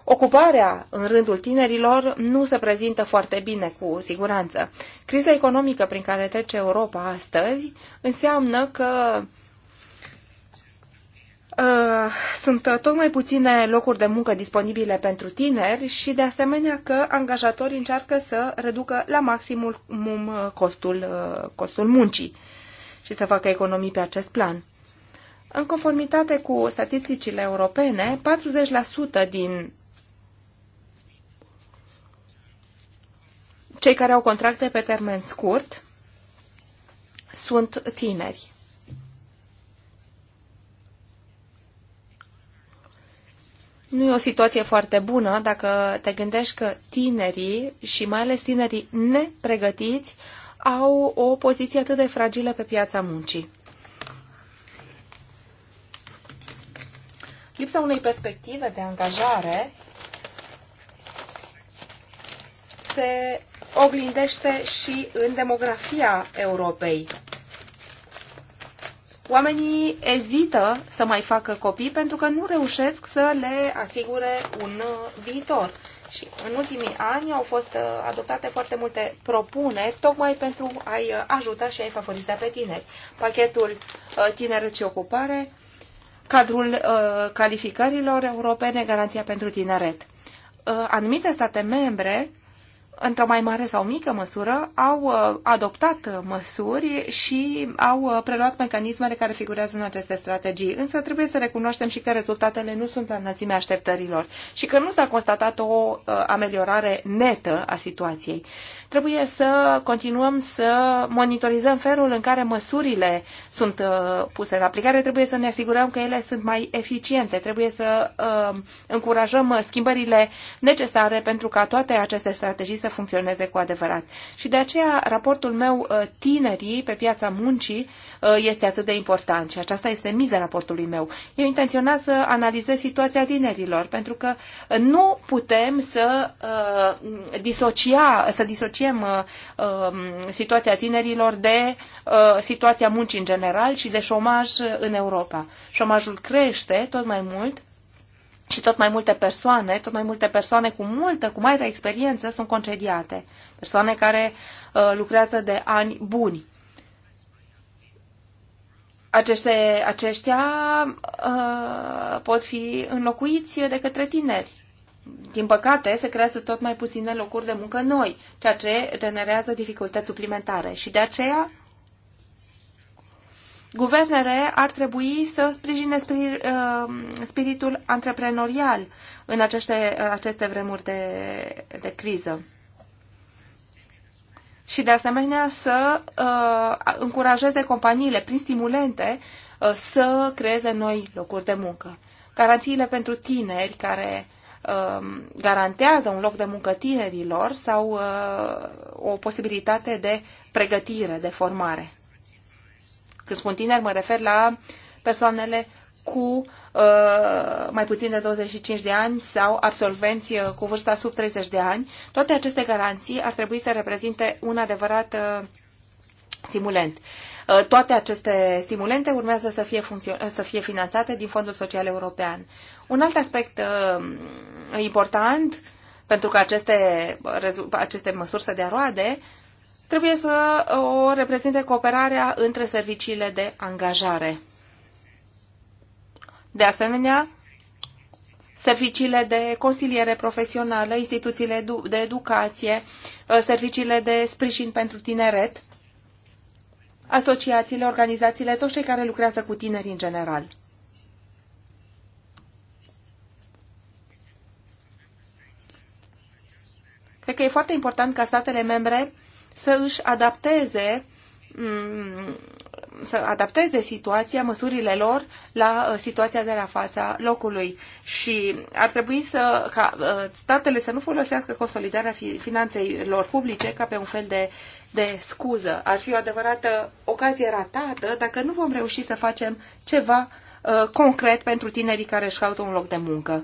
Ocuparea în rândul tinerilor nu se prezintă foarte bine, cu siguranță. Criza economică prin care trece Europa astăzi înseamnă că Uh, sunt uh, tot mai puține locuri de muncă disponibile pentru tineri și, de asemenea, că angajatorii încearcă să reducă la maximum mm, costul, uh, costul muncii și să facă economii pe acest plan. În conformitate cu statisticile europene, 40% din cei care au contracte pe termen scurt sunt tineri. nu e o situație foarte bună dacă te gândești că tinerii și mai ales tinerii nepregătiți au o poziție atât de fragilă pe piața muncii. Lipsa unei perspective de angajare se oglindește și în demografia Europei oamenii ezită să mai facă copii pentru că nu reușesc să le asigure un uh, viitor. Și în ultimii ani au fost uh, adoptate foarte multe propuneri tocmai pentru a-i uh, ajuta și a-i favoriza pe tineri. Pachetul Tineret și Ocupare, cadrul calificărilor europene, garanția pentru tineret. Anumite state membre într-o mai mare sau mică măsură, au uh, adoptat măsuri și au uh, preluat mecanismele care figurează în aceste strategii. Însă trebuie să recunoaștem și că rezultatele nu sunt la înălțimea așteptărilor și că nu s-a constatat o uh, ameliorare netă a situației. Trebuie să continuăm să monitorizăm felul în care măsurile sunt uh, puse în aplicare. Trebuie să ne asigurăm că ele sunt mai eficiente. Trebuie să uh, încurajăm uh, schimbările necesare pentru ca toate aceste strategii să funcționeze cu adevărat. Și de aceea raportul meu tinerii pe piața muncii este atât de important și aceasta este miza raportului meu. Eu intenționat să analizez situația tinerilor pentru că nu putem să uh, disocia, să disocia disociem uh, um, situația tinerilor de uh, situația muncii în general și de șomaj în Europa. Șomajul crește tot mai mult și tot mai multe persoane, tot mai multe persoane cu multă, cu mai experiență sunt concediate. Persoane care uh, lucrează de ani buni aceste, aceștia uh, pot fi înlocuiți de către tineri din păcate, se creează tot mai puține locuri de muncă noi, ceea ce generează dificultăți suplimentare. Și de aceea, guvernele ar trebui să sprijine uh, spiritul antreprenorial în aceste, în aceste vremuri de, de criză și de asemenea să uh, încurajeze companiile prin stimulente uh, să creeze noi locuri de muncă. Garanțiile pentru tineri care Um, garantează un loc de muncă tinerilor sau uh, o posibilitate de pregătire, de formare. Când spun tineri, mă refer la persoanele cu uh, mai puțin de 25 de ani sau absolvenți uh, cu vârsta sub 30 de ani. Toate aceste garanții ar trebui să reprezinte un adevărat stimulent. Toate aceste stimulente urmează să fie, să fie finanțate din Fondul Social European. Un alt aspect important pentru că aceste, aceste măsuri să dea roade, trebuie să o reprezinte cooperarea între serviciile de angajare. De asemenea, serviciile de consiliere profesională, instituțiile de educație, ă, serviciile de sprijin pentru tineret, asociațiile, organizațiile, toți cei care lucrează cu tineri în general. Cred că e foarte important ca statele membre să își adapteze mm, să adapteze situația, măsurile lor la uh, situația de la fața locului și ar trebui să, ca uh, statele să nu folosească consolidarea finanței lor publice ca pe un fel de, de scuză. Ar fi o adevărată ocazie ratată dacă nu vom reuși să facem ceva uh, concret pentru tinerii care își caută un loc de muncă.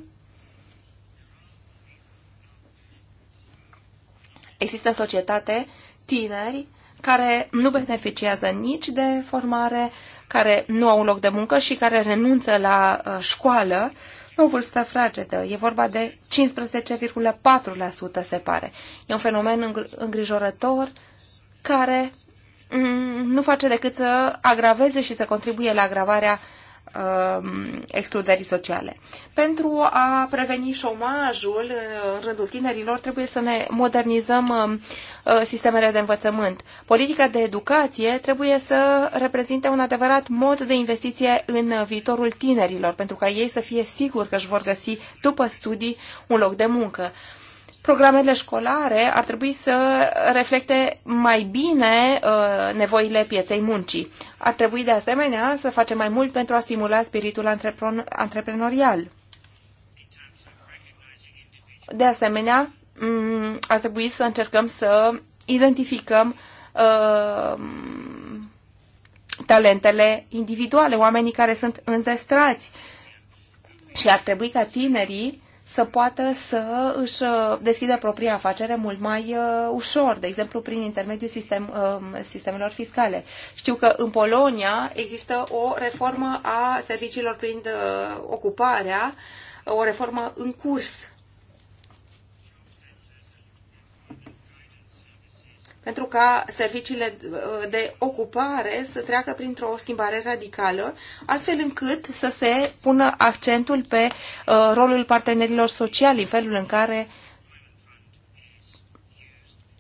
Există în societate tineri care nu beneficiază nici de formare, care nu au un loc de muncă și care renunță la uh, școală Nu vârstă fragedă. E vorba de 15,4% se pare. E un fenomen îngrijorător care mm, nu face decât să agraveze și să contribuie la agravarea Um, excluderii sociale. Pentru a preveni șomajul uh, în rândul tinerilor, trebuie să ne modernizăm um, uh, sistemele de învățământ. Politica de educație trebuie să reprezinte un adevărat mod de investiție în viitorul tinerilor, pentru ca ei să fie siguri că își vor găsi după studii un loc de muncă programele școlare ar trebui să reflecte mai bine uh, nevoile pieței muncii. Ar trebui de asemenea să facem mai mult pentru a stimula spiritul antrepron- antreprenorial. De asemenea, mm, ar trebui să încercăm să identificăm uh, talentele individuale, oamenii care sunt înzestrați. Și ar trebui ca tinerii să poată să își uh, deschidă propria afacere mult mai uh, ușor, de exemplu prin intermediul sistem, um, sistemelor fiscale. Știu că în Polonia există o reformă a serviciilor prin uh, ocuparea, o reformă în curs pentru ca serviciile uh, de ocupare să treacă printr-o schimbare radicală, astfel încât să se pună accentul pe uh, rolul partenerilor sociali, în felul în care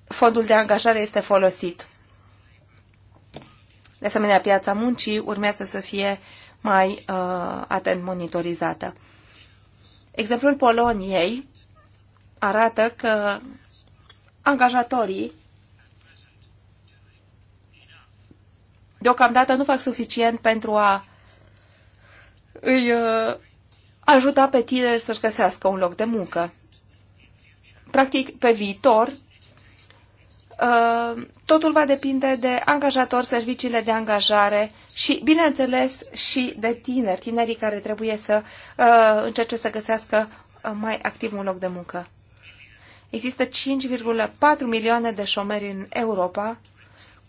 fondul de angajare este folosit. De asemenea, piața muncii urmează să fie mai uh, atent monitorizată. Exemplul Poloniei arată că angajatorii deocamdată nu fac suficient pentru a îi uh, ajuta pe tineri să-și găsească un loc de muncă. Practic, pe viitor, uh, totul va depinde de angajator, serviciile de angajare și, bineînțeles, și de tineri, tinerii care trebuie să uh, încerce să găsească mai activ un loc de muncă. Există 5,4 milioane de șomeri în Europa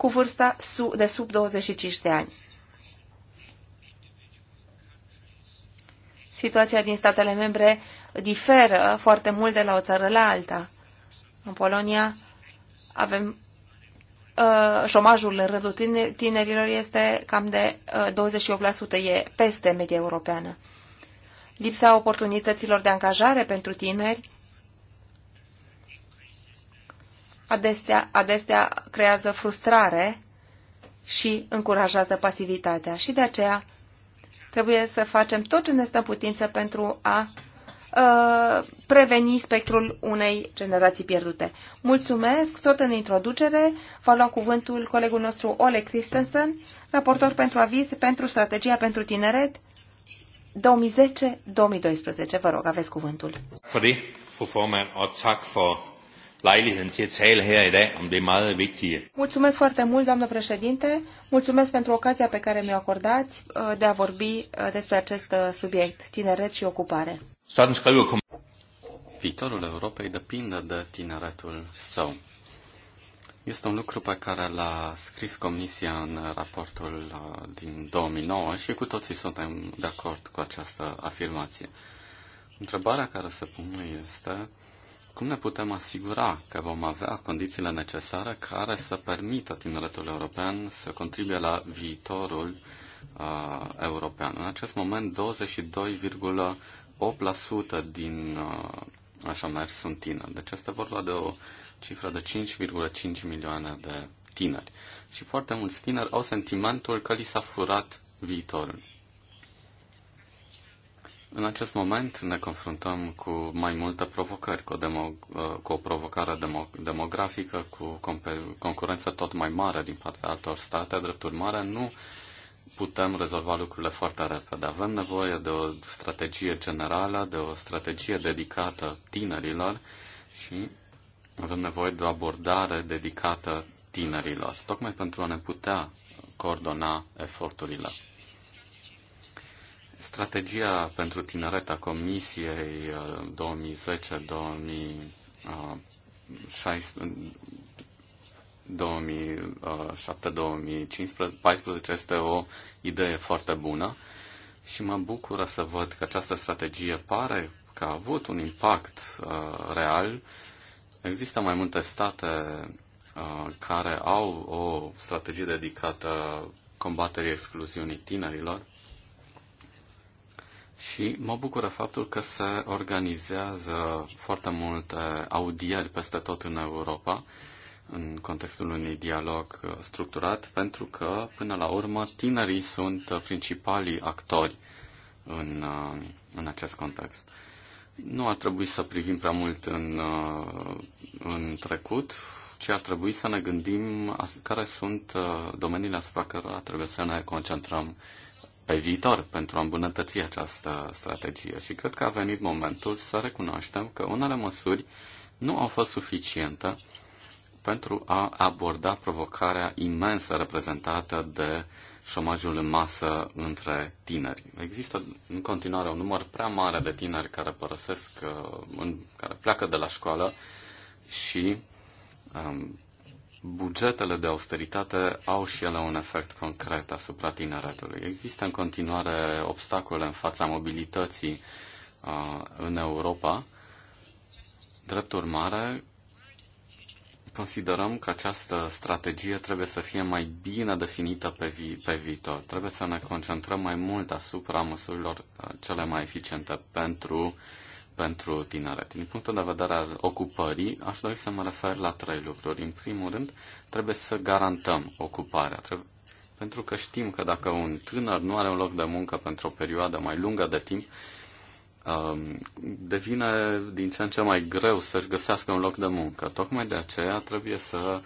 cu vârsta de sub 25 de ani. Situația din statele membre diferă foarte mult de la o țară la alta. În Polonia avem uh, șomajul în rândul tinerilor este cam de 28%, uh, e peste media europeană. Lipsa oportunităților de angajare pentru tineri adesea, adestea creează frustrare și încurajează pasivitatea. Și de aceea trebuie să facem tot ce ne stă în putință pentru a uh, preveni spectrul unei generații pierdute. Mulțumesc, tot în introducere va lua cuvântul colegul nostru Ole Christensen, raportor pentru aviz pentru strategia pentru tineret 2010-2012. Vă rog, aveți cuvântul. For det, fru for lejligheden til at tale her i dag om det meget vigtige. Mulțumesc foarte mult, doamnă președinte. Mulțumesc pentru ocazia pe care mi-o acordați uh, de a vorbi uh, despre acest uh, subiect, tineret și ocupare. Sådan scriu cum... Viitorul Europei depinde de tineretul său. Este un lucru pe care l-a scris Comisia în raportul din 2009 și cu toții suntem de acord cu această afirmație. Întrebarea care se pune este cum ne putem asigura că vom avea condițiile necesare care să permită tineretul european să contribuie la viitorul uh, european? În acest moment, 22,8% din uh, așa mers sunt tineri. Deci este vorba de o cifră de 5,5 milioane de tineri. Și foarte mulți tineri au sentimentul că li s-a furat viitorul. În acest moment ne confruntăm cu mai multe provocări, cu o, demo- cu o provocare demo- demografică, cu concurență tot mai mare din partea altor state. Drept urmare, nu putem rezolva lucrurile foarte repede. Avem nevoie de o strategie generală, de o strategie dedicată tinerilor și avem nevoie de o abordare dedicată tinerilor, tocmai pentru a ne putea coordona eforturile. Strategia pentru tineret a Comisiei 2010-2014 uh, este o idee foarte bună și mă bucură să văd că această strategie pare că a avut un impact uh, real. Există mai multe state uh, care au o strategie dedicată combaterii excluziunii tinerilor și mă bucură faptul că se organizează foarte multe audieri peste tot în Europa, în contextul unui dialog structurat, pentru că, până la urmă, tinerii sunt principalii actori în, în acest context. Nu ar trebui să privim prea mult în, în trecut, ci ar trebui să ne gândim care sunt domeniile asupra cărora trebuie să ne concentrăm pe viitor pentru a îmbunătăți această strategie și cred că a venit momentul să recunoaștem că unele măsuri nu au fost suficiente pentru a aborda provocarea imensă reprezentată de șomajul în masă între tineri. Există în continuare un număr prea mare de tineri care părăsesc, uh, care pleacă de la școală și um, bugetele de austeritate au și ele un efect concret asupra tineretului. Există în continuare obstacole în fața mobilității uh, în Europa. Drept urmare, considerăm că această strategie trebuie să fie mai bine definită pe, vi- pe viitor. Trebuie să ne concentrăm mai mult asupra măsurilor uh, cele mai eficiente pentru uh, pentru tineret. Din punctul de vedere al ocupării, aș dori să mă refer la trei lucruri. În primul rând, trebuie să garantăm ocuparea. Trebuie... Pentru că știm că dacă un tânăr nu are un loc de muncă pentru o perioadă mai lungă de timp, um, devine din ce în ce mai greu să-și găsească un loc de muncă. Tocmai de aceea trebuie să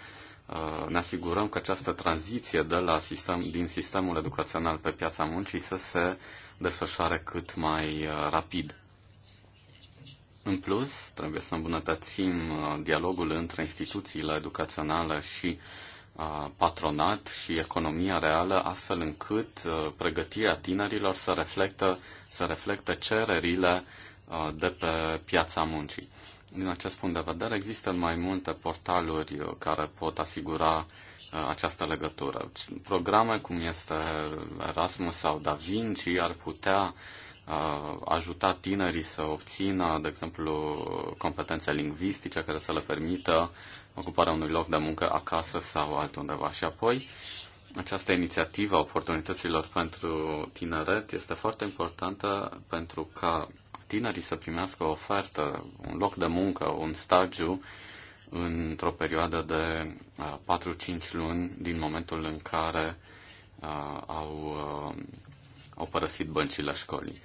uh, ne asigurăm că această tranziție de la sistem, din sistemul educațional pe piața muncii să se desfășoare cât mai uh, rapid. În plus, trebuie să îmbunătățim uh, dialogul între instituțiile educaționale și uh, patronat și economia reală, astfel încât uh, pregătirea tinerilor să reflectă, să reflectă cererile de pe piața muncii. Din acest punct de vedere, există mai multe portaluri care pot asigura această legătură. Programe cum este Erasmus sau Da Vinci ar putea uh, ajuta tinerii să obțină, de exemplu, competențe lingvistice care să le permită ocuparea unui loc de muncă acasă sau altundeva. Și apoi, această inițiativă a oportunităților pentru tineret este foarte importantă pentru ca tinerii să primească o ofertă, un loc de muncă, un stagiu într-o perioadă de 4-5 luni din momentul în care au, au părăsit băncile școlii.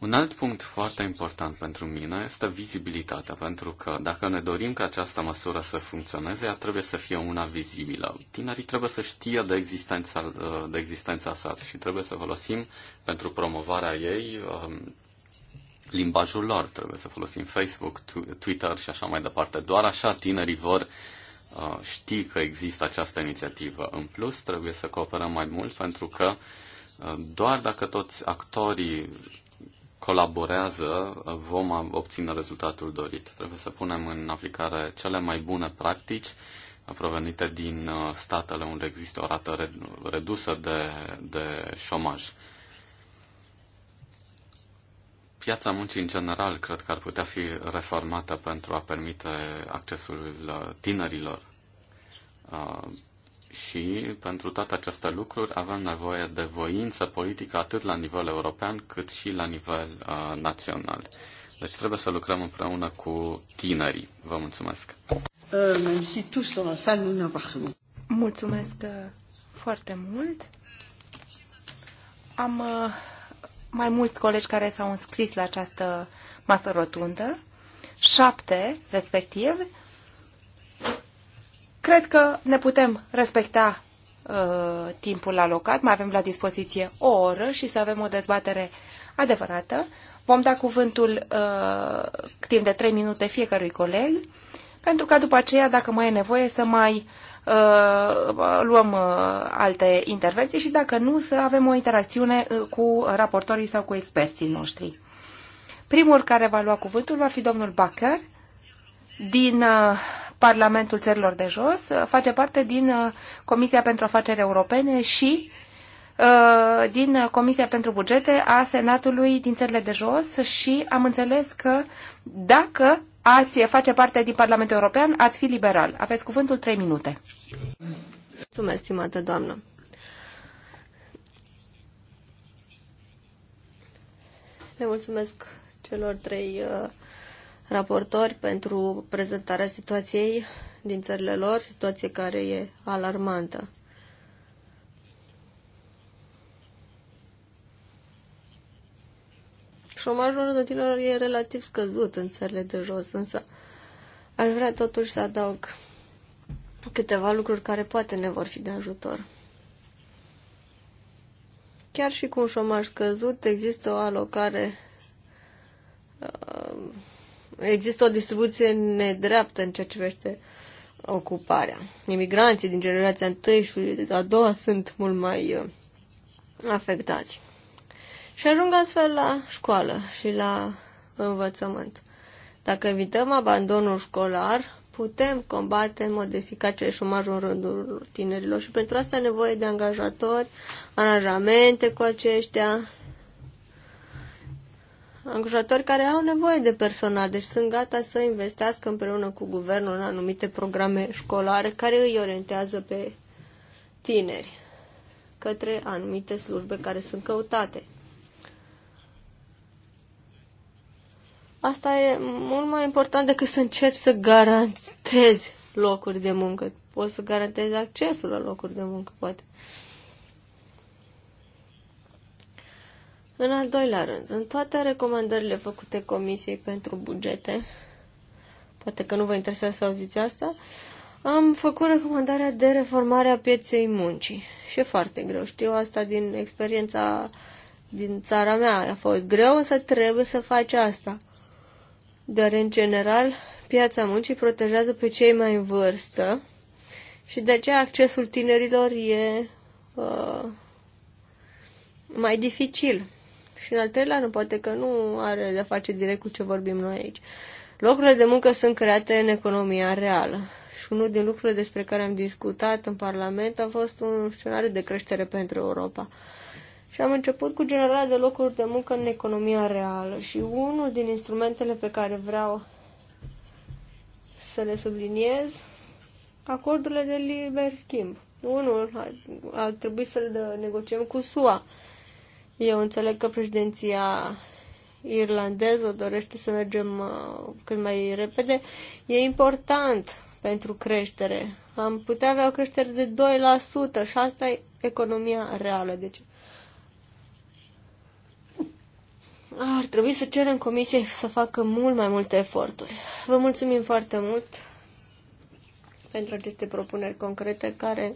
Un alt punct foarte important pentru mine este vizibilitatea, pentru că dacă ne dorim ca această măsură să funcționeze, ea trebuie să fie una vizibilă. Tinerii trebuie să știe de existența, de existența sa și trebuie să folosim pentru promovarea ei um, limbajul lor. Trebuie să folosim Facebook, Twitter și așa mai departe. Doar așa tinerii vor uh, ști că există această inițiativă. În plus, trebuie să cooperăm mai mult pentru că uh, doar dacă toți actorii colaborează, vom obține rezultatul dorit. Trebuie să punem în aplicare cele mai bune practici provenite din uh, statele unde există o rată redusă de, de șomaj. Piața muncii în general cred că ar putea fi reformată pentru a permite accesul uh, tinerilor uh, și pentru toate aceste lucruri avem nevoie de voință politică atât la nivel european cât și la nivel uh, național. Deci trebuie să lucrăm împreună cu tinerii. Vă mulțumesc! Uh, mulțumesc uh, foarte mult! Am uh, mai mulți colegi care s-au înscris la această masă rotundă, șapte respectiv, Cred că ne putem respecta uh, timpul alocat, mai avem la dispoziție o oră și să avem o dezbatere adevărată. Vom da cuvântul uh, timp de 3 minute fiecărui coleg, pentru că după aceea, dacă mai e nevoie, să mai uh, luăm uh, alte intervenții și dacă nu, să avem o interacțiune uh, cu raportorii sau cu experții noștri. Primul care va lua cuvântul va fi domnul Bacher din uh, Parlamentul Țărilor de Jos, uh, face parte din uh, Comisia pentru Afaceri Europene și uh, din Comisia pentru Bugete a Senatului din Țările de Jos și am înțeles că dacă ați face parte din Parlamentul European, ați fi liberal. Aveți cuvântul 3 minute. Mulțumesc, stimată doamnă. Le mulțumesc celor trei uh, raportori pentru prezentarea situației din țările lor, situație care e alarmantă. Șomajul rândul tinerilor e relativ scăzut în țările de jos, însă aș vrea totuși să adaug câteva lucruri care poate ne vor fi de ajutor. Chiar și cu un șomaj scăzut există o alocare uh, există o distribuție nedreaptă în ceea ce privește ocuparea. Imigranții din generația întâi și a doua sunt mult mai uh, afectați. Și ajung astfel la școală și la învățământ. Dacă evităm abandonul școlar, putem combate în mod eficace șomajul în rândul tinerilor și pentru asta e nevoie de angajatori, aranjamente cu aceștia angajatori care au nevoie de personal, deci sunt gata să investească împreună cu guvernul în anumite programe școlare care îi orientează pe tineri către anumite slujbe care sunt căutate. Asta e mult mai important decât să încerci să garantezi locuri de muncă. Poți să garantezi accesul la locuri de muncă, poate. În al doilea rând, în toate recomandările făcute Comisiei pentru bugete, poate că nu vă interesează să auziți asta, am făcut recomandarea de reformare a pieței muncii. Și e foarte greu. Știu asta din experiența din țara mea. A fost greu, însă trebuie să faci asta. Dar, în general, piața muncii protejează pe cei mai în vârstă și de aceea accesul tinerilor e uh, mai dificil și în al treilea rând, poate că nu are de face direct cu ce vorbim noi aici. Locurile de muncă sunt create în economia reală. Și unul din lucrurile despre care am discutat în Parlament a fost un scenariu de creștere pentru Europa. Și am început cu generarea de locuri de muncă în economia reală. Și unul din instrumentele pe care vreau să le subliniez, acordurile de liber schimb. Unul ar trebui să l negociem cu SUA. Eu înțeleg că președinția irlandeză dorește să mergem uh, cât mai repede. E important pentru creștere. Am putea avea o creștere de 2% și asta e economia reală. Deci ar trebui să cerem comisiei să facă mult mai multe eforturi. Vă mulțumim foarte mult pentru aceste propuneri concrete care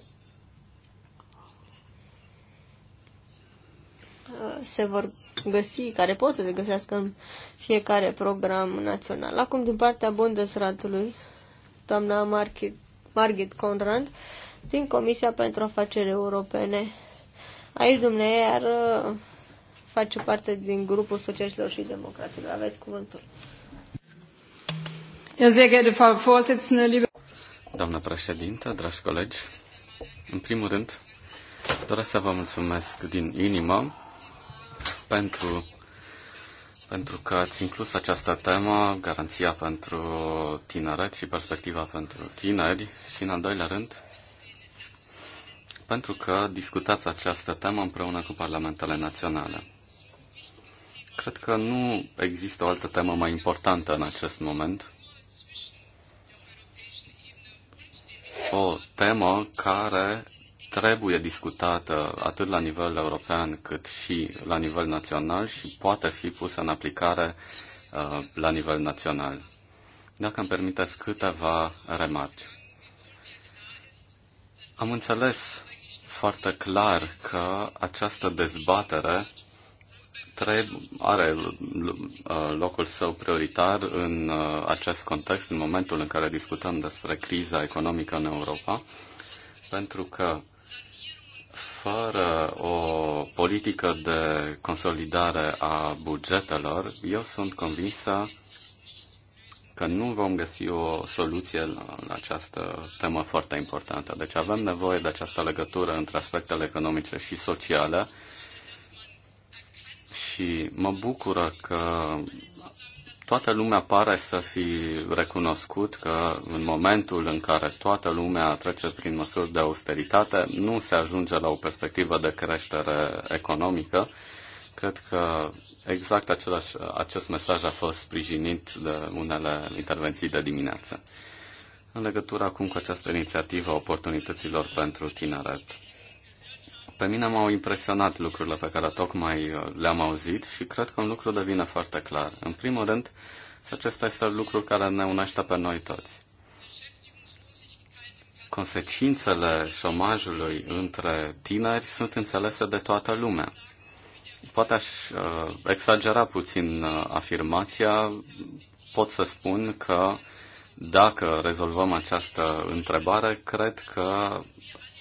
Uh, se vor găsi, care pot să se găsească în fiecare program național. Acum, din partea Bundesratului, doamna Margit, Margit Conrad, din Comisia pentru Afaceri Europene. Aici, dumneavoastră, iar face parte din grupul Socialiștilor și Democraților. Aveți cuvântul. Doamna președintă, dragi colegi, în primul rând, doresc să vă mulțumesc din inimă pentru, pentru că ați inclus această temă, garanția pentru tineret și perspectiva pentru tineri și, în al doilea rând, pentru că discutați această temă împreună cu parlamentele naționale. Cred că nu există o altă temă mai importantă în acest moment. O temă care trebuie discutată atât la nivel european cât și la nivel național și poate fi pusă în aplicare uh, la nivel național. Dacă îmi permiteți câteva remarci. Am înțeles foarte clar că această dezbatere are uh, locul său prioritar în uh, acest context, în momentul în care discutăm despre criza economică în Europa, pentru că fără o politică de consolidare a bugetelor, eu sunt convinsă că nu vom găsi o soluție la, această temă foarte importantă. Deci avem nevoie de această legătură între aspectele economice și sociale și mă bucură că toată lumea pare să fi recunoscut că în momentul în care toată lumea trece prin măsuri de austeritate, nu se ajunge la o perspectivă de creștere economică. Cred că exact același, acest mesaj a fost sprijinit de unele intervenții de dimineață. În legătură acum cu această inițiativă a oportunităților pentru tineret. Pe mine m-au impresionat lucrurile pe care tocmai uh, le-am auzit și cred că un lucru devine foarte clar. În primul rând, și acesta este lucru care ne unește pe noi toți. Consecințele șomajului între tineri sunt înțelese de toată lumea. Poate aș uh, exagera puțin uh, afirmația, pot să spun că dacă rezolvăm această întrebare, cred că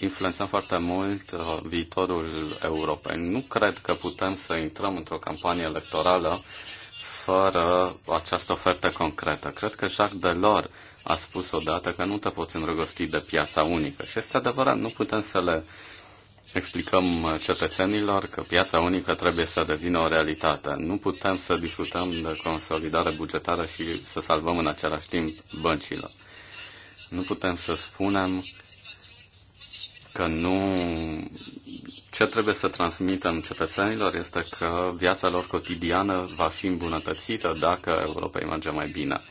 influențăm foarte mult uh, viitorul Europei. Nu cred că putem să intrăm într-o campanie electorală fără această ofertă concretă. Cred că Jacques Delors a spus odată că nu te poți îndrăgosti de piața unică. Și este adevărat, nu putem să le explicăm cetățenilor că piața unică trebuie să devină o realitate. Nu putem să discutăm de consolidare bugetară și să salvăm în același timp băncile. Nu putem să spunem că nu ce trebuie să transmitem cetățenilor este că viața lor cotidiană va fi îmbunătățită dacă Europa îi merge mai bine.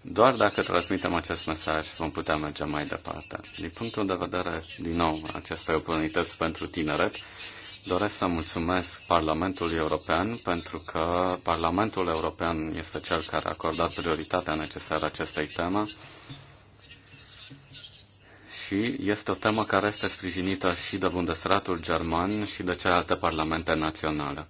Doar dacă transmitem acest mesaj vom putea merge mai departe. Din punctul de vedere, din nou, acestei oportunități pentru tineret, doresc să mulțumesc Parlamentului European pentru că Parlamentul European este cel care a acordat prioritatea necesară acestei teme și este o temă care este sprijinită și de Bundesratul german și de celelalte parlamente naționale.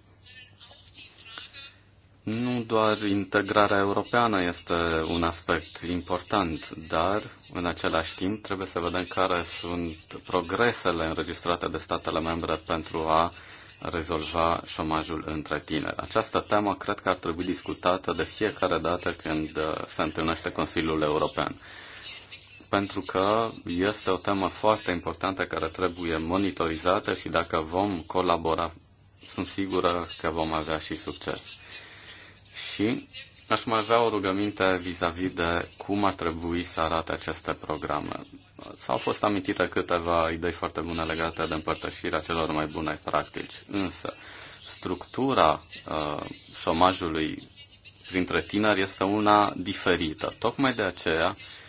Nu doar integrarea europeană este un aspect important, dar în același timp trebuie să vedem care sunt progresele înregistrate de statele membre pentru a rezolva șomajul între tineri. Această temă cred că ar trebui discutată de fiecare dată când se întâlnește Consiliul European pentru că este o temă foarte importantă care trebuie monitorizată și dacă vom colabora, sunt sigură că vom avea și succes. Și aș mai avea o rugăminte vis-a-vis -vis de cum ar trebui să arate aceste programe. S-au fost amintite câteva idei foarte bune legate de împărtășirea celor mai bune practici, însă structura uh, șomajului printre tineri este una diferită. Tocmai de aceea, uh,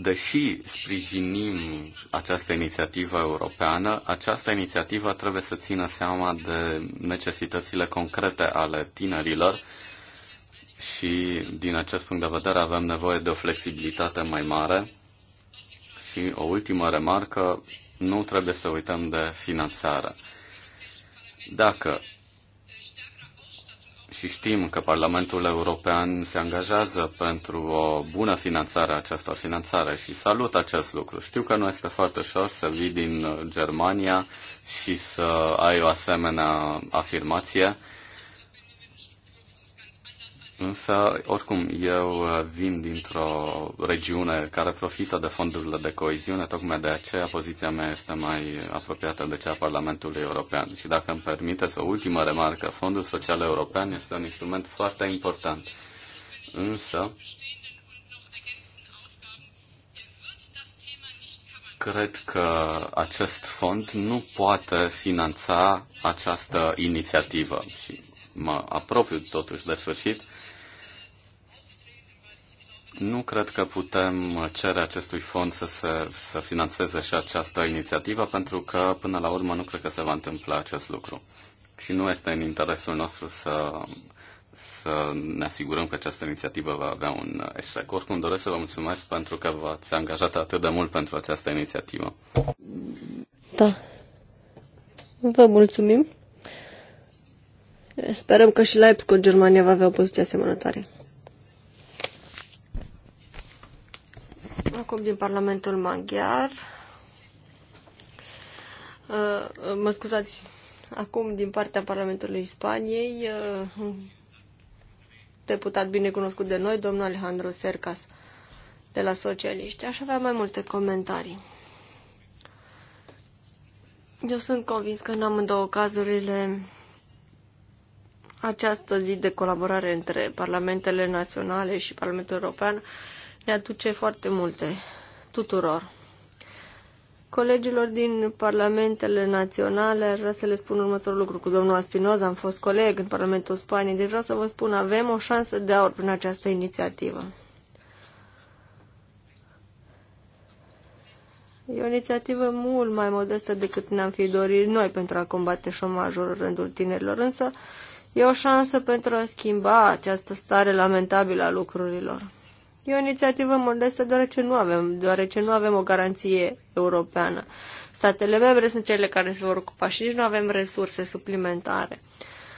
deși sprijinim această inițiativă europeană, această inițiativă trebuie să țină seama de necesitățile concrete ale tinerilor și, din acest punct de vedere, avem nevoie de o flexibilitate mai mare. Și o ultimă remarcă, nu trebuie să uităm de finanțare. Dacă și știm că Parlamentul European se angajează pentru o bună finanțare a acestor finanțare și salut acest lucru. Știu că nu este foarte ușor să vii din Germania și să ai o asemenea afirmație Însă, oricum, eu uh, vin dintr-o regiune care profită de fondurile de coeziune, tocmai de aceea poziția mea este mai apropiată de cea a Parlamentului European. Și dacă îmi permiteți o ultimă remarcă, Fondul Social European este un instrument foarte important. Însă, cred că acest fond nu poate finanța această inițiativă. Și mă apropiu totuși de sfârșit nu cred că putem cere acestui fond să, se, să financeze și această inițiativă, pentru că, până la urmă, nu cred că se va întâmpla acest lucru. Și nu este în interesul nostru să, să ne asigurăm că această inițiativă va avea un eșec. Oricum, doresc să vă mulțumesc pentru că v-ați angajat atât de mult pentru această inițiativă. Da. Vă mulțumim. Sperăm că și Leipzig cu Germania va avea o poziție asemănătoare. Acum din Parlamentul Maghiar. Uh, mă scuzați, acum din partea Parlamentului Spaniei, uh, deputat binecunoscut de noi, domnul Alejandro Sercas, de la Socialiști. Aș avea mai multe comentarii. Eu sunt convins că în amândouă cazurile această zi de colaborare între parlamentele naționale și Parlamentul European le aduce foarte multe tuturor. Colegilor din parlamentele naționale ar vrea să le spun următorul lucru. Cu domnul Aspinoza am fost coleg în Parlamentul Spaniei, deci vreau să vă spun, avem o șansă de aur prin această inițiativă. E o inițiativă mult mai modestă decât ne-am fi dorit noi pentru a combate șomajul în rândul tinerilor, însă e o șansă pentru a schimba această stare lamentabilă a lucrurilor. E o inițiativă modestă deoarece nu avem, deoarece nu avem o garanție europeană. Statele membre sunt cele care se vor ocupa și nici nu avem resurse suplimentare.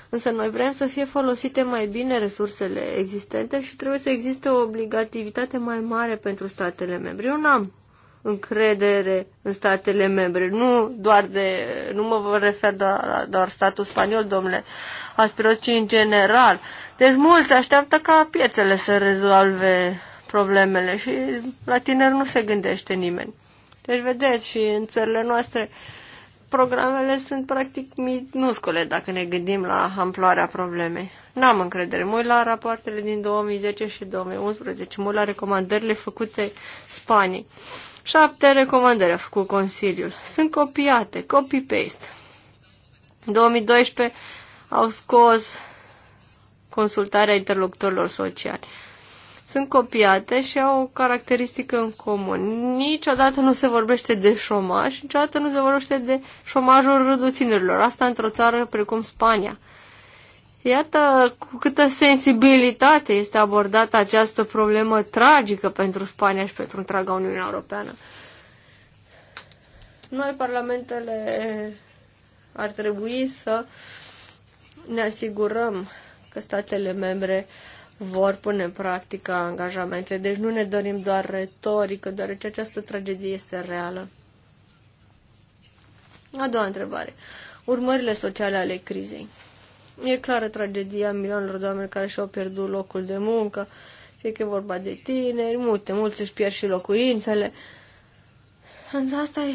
Însă noi vrem să fie folosite mai bine resursele existente și trebuie să existe o obligativitate mai mare pentru statele membre. Eu n-am încredere în statele membre. Nu doar de, nu mă vă refer doar la doar statul spaniol, domnule Aspiros, ci în general. Deci mulți așteaptă ca piețele să rezolve problemele și la tineri nu se gândește nimeni. Deci, vedeți, și în țările noastre programele sunt practic minuscule dacă ne gândim la amploarea problemei. N-am încredere. Mă uit la rapoartele din 2010 și 2011, mă uit la recomandările făcute Spaniei. Șapte recomandări a făcut Consiliul. Sunt copiate, copy-paste. În 2012 au scos consultarea interlocutorilor sociali sunt copiate și au o caracteristică în comun. Niciodată nu se vorbește de șomaj, niciodată nu se vorbește de șomajul rândul tinerilor. Asta într-o țară precum Spania. Iată cu câtă sensibilitate este abordată această problemă tragică pentru Spania și pentru întreaga Uniune Europeană. Noi, parlamentele, ar trebui să ne asigurăm că statele membre uh, vor pune în practică angajamentele. Deci nu ne dorim doar retorică, deoarece această tragedie este reală. A doua întrebare. Urmările sociale ale crizei. E clară tragedia milioanelor de oameni care și-au pierdut locul de muncă, fie că e vorba de tineri, multe, mulți își pierd și locuințele. Însă asta e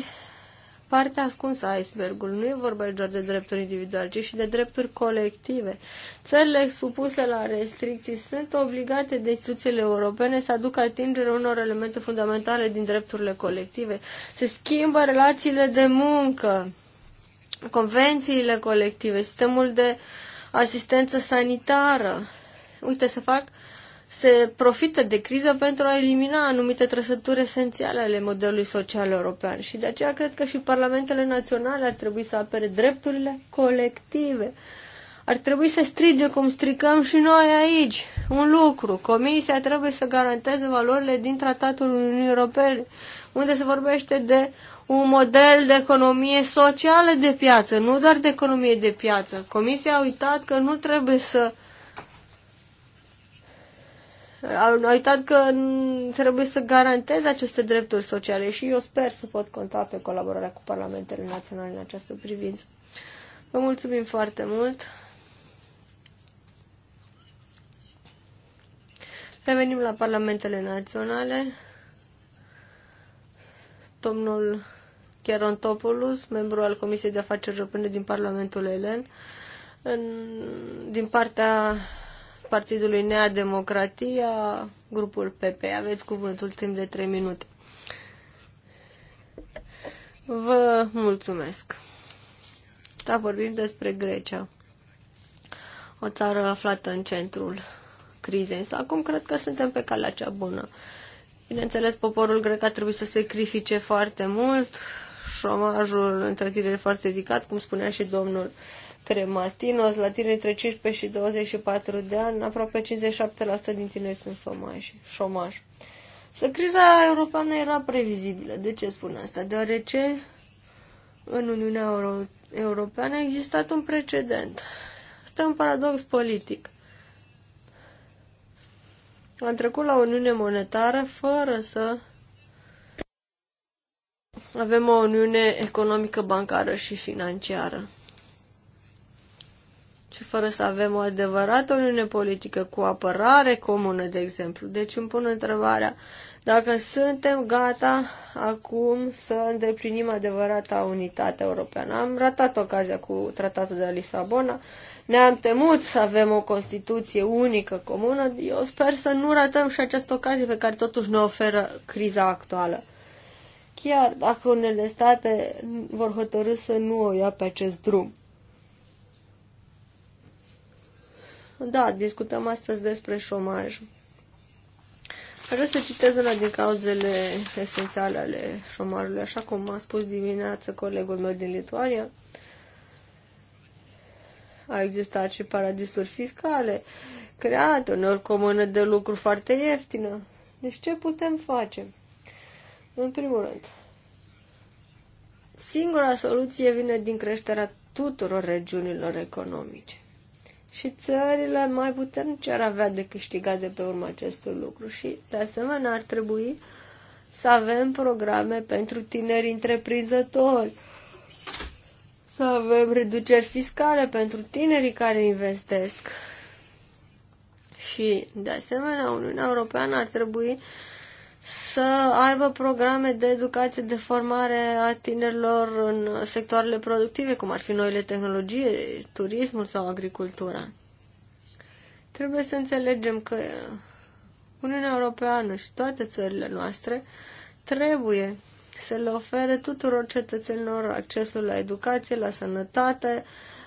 partea ascunsă a icebergului. Nu e vorba doar de drepturi individuale, ci și de drepturi colective. Țările supuse la restricții sunt obligate de instituțiile europene să aducă atingere unor elemente fundamentale din drepturile colective. Se schimbă relațiile de muncă, convențiile colective, sistemul de asistență sanitară. Uite, se fac uh, se profită de criză pentru a elimina anumite trăsături esențiale ale modelului social european și de aceea cred că și parlamentele naționale ar trebui să apere drepturile colective. Ar trebui să strige cum stricăm și noi aici un lucru. Comisia trebuie să garanteze valorile din Tratatul Uniunii Europene, unde se vorbește de un model de economie socială de piață, nu doar de economie de piață. Comisia a uitat că nu trebuie să uh, au uitat că trebuie să garanteze aceste drepturi sociale și eu sper să pot conta pe colaborarea cu Parlamentele Naționale în această privință. Vă mulțumim foarte mult! Revenim la Parlamentele Naționale. Domnul Chiarontopoulos, membru al Comisiei de Afaceri europene din Parlamentul Elen, în, din partea Partidului Nea Democratia, grupul PP. Aveți cuvântul timp de 3 minute. Vă mulțumesc. Da, vorbim despre Grecia. O țară aflată în centrul crizei, însă acum cred că suntem pe calea cea bună. Bineînțeles, poporul grec a trebuit să sacrifice foarte mult, șomajul întreținere foarte ridicat, cum spunea și domnul uh, Cremastinos, la tine între 15 și 24 de ani, aproape 57% din tineri sunt somași, șomaj. Să criza europeană era previzibilă. De ce spun asta? Deoarece în Uniunea Euro- Europeană a existat un precedent. Este un paradox politic. Am trecut la Uniune Monetară fără să avem o Uniune Economică, Bancară și Financiară și fără să avem o adevărată uniune politică cu apărare comună, de exemplu. Deci îmi pun întrebarea dacă suntem gata acum să îndeplinim adevărata unitate europeană. Am ratat ocazia cu tratatul de la Lisabona, ne-am temut să avem o Constituție unică, comună. Eu sper să nu ratăm și această ocazie pe care totuși ne oferă criza actuală. Chiar dacă unele state vor hotărâ să nu o ia pe acest drum. Da, discutăm astăzi despre șomaj. Aș vrea să citez una din cauzele esențiale ale șomajului, așa cum a spus dimineață colegul meu din Lituania. Au existat și paradisuri fiscale create, uneori cu o mână de lucru foarte ieftină. Deci ce putem face? În primul rând, singura soluție vine din creșterea tuturor regiunilor economice și țările mai puternice ar avea de câștigat de pe urma acestui lucru și, de asemenea, ar trebui să avem programe pentru tineri întreprinzători, să avem reduceri fiscale pentru tinerii care investesc. Și, de asemenea, Uniunea Europeană ar trebui să aibă programe de educație, de formare a tinerilor în sectoarele productive, cum ar fi noile tehnologii, turismul sau agricultura. Trebuie să înțelegem că Uniunea Europeană și toate țările noastre trebuie să le ofere tuturor cetățenilor accesul la educație, la sănătate,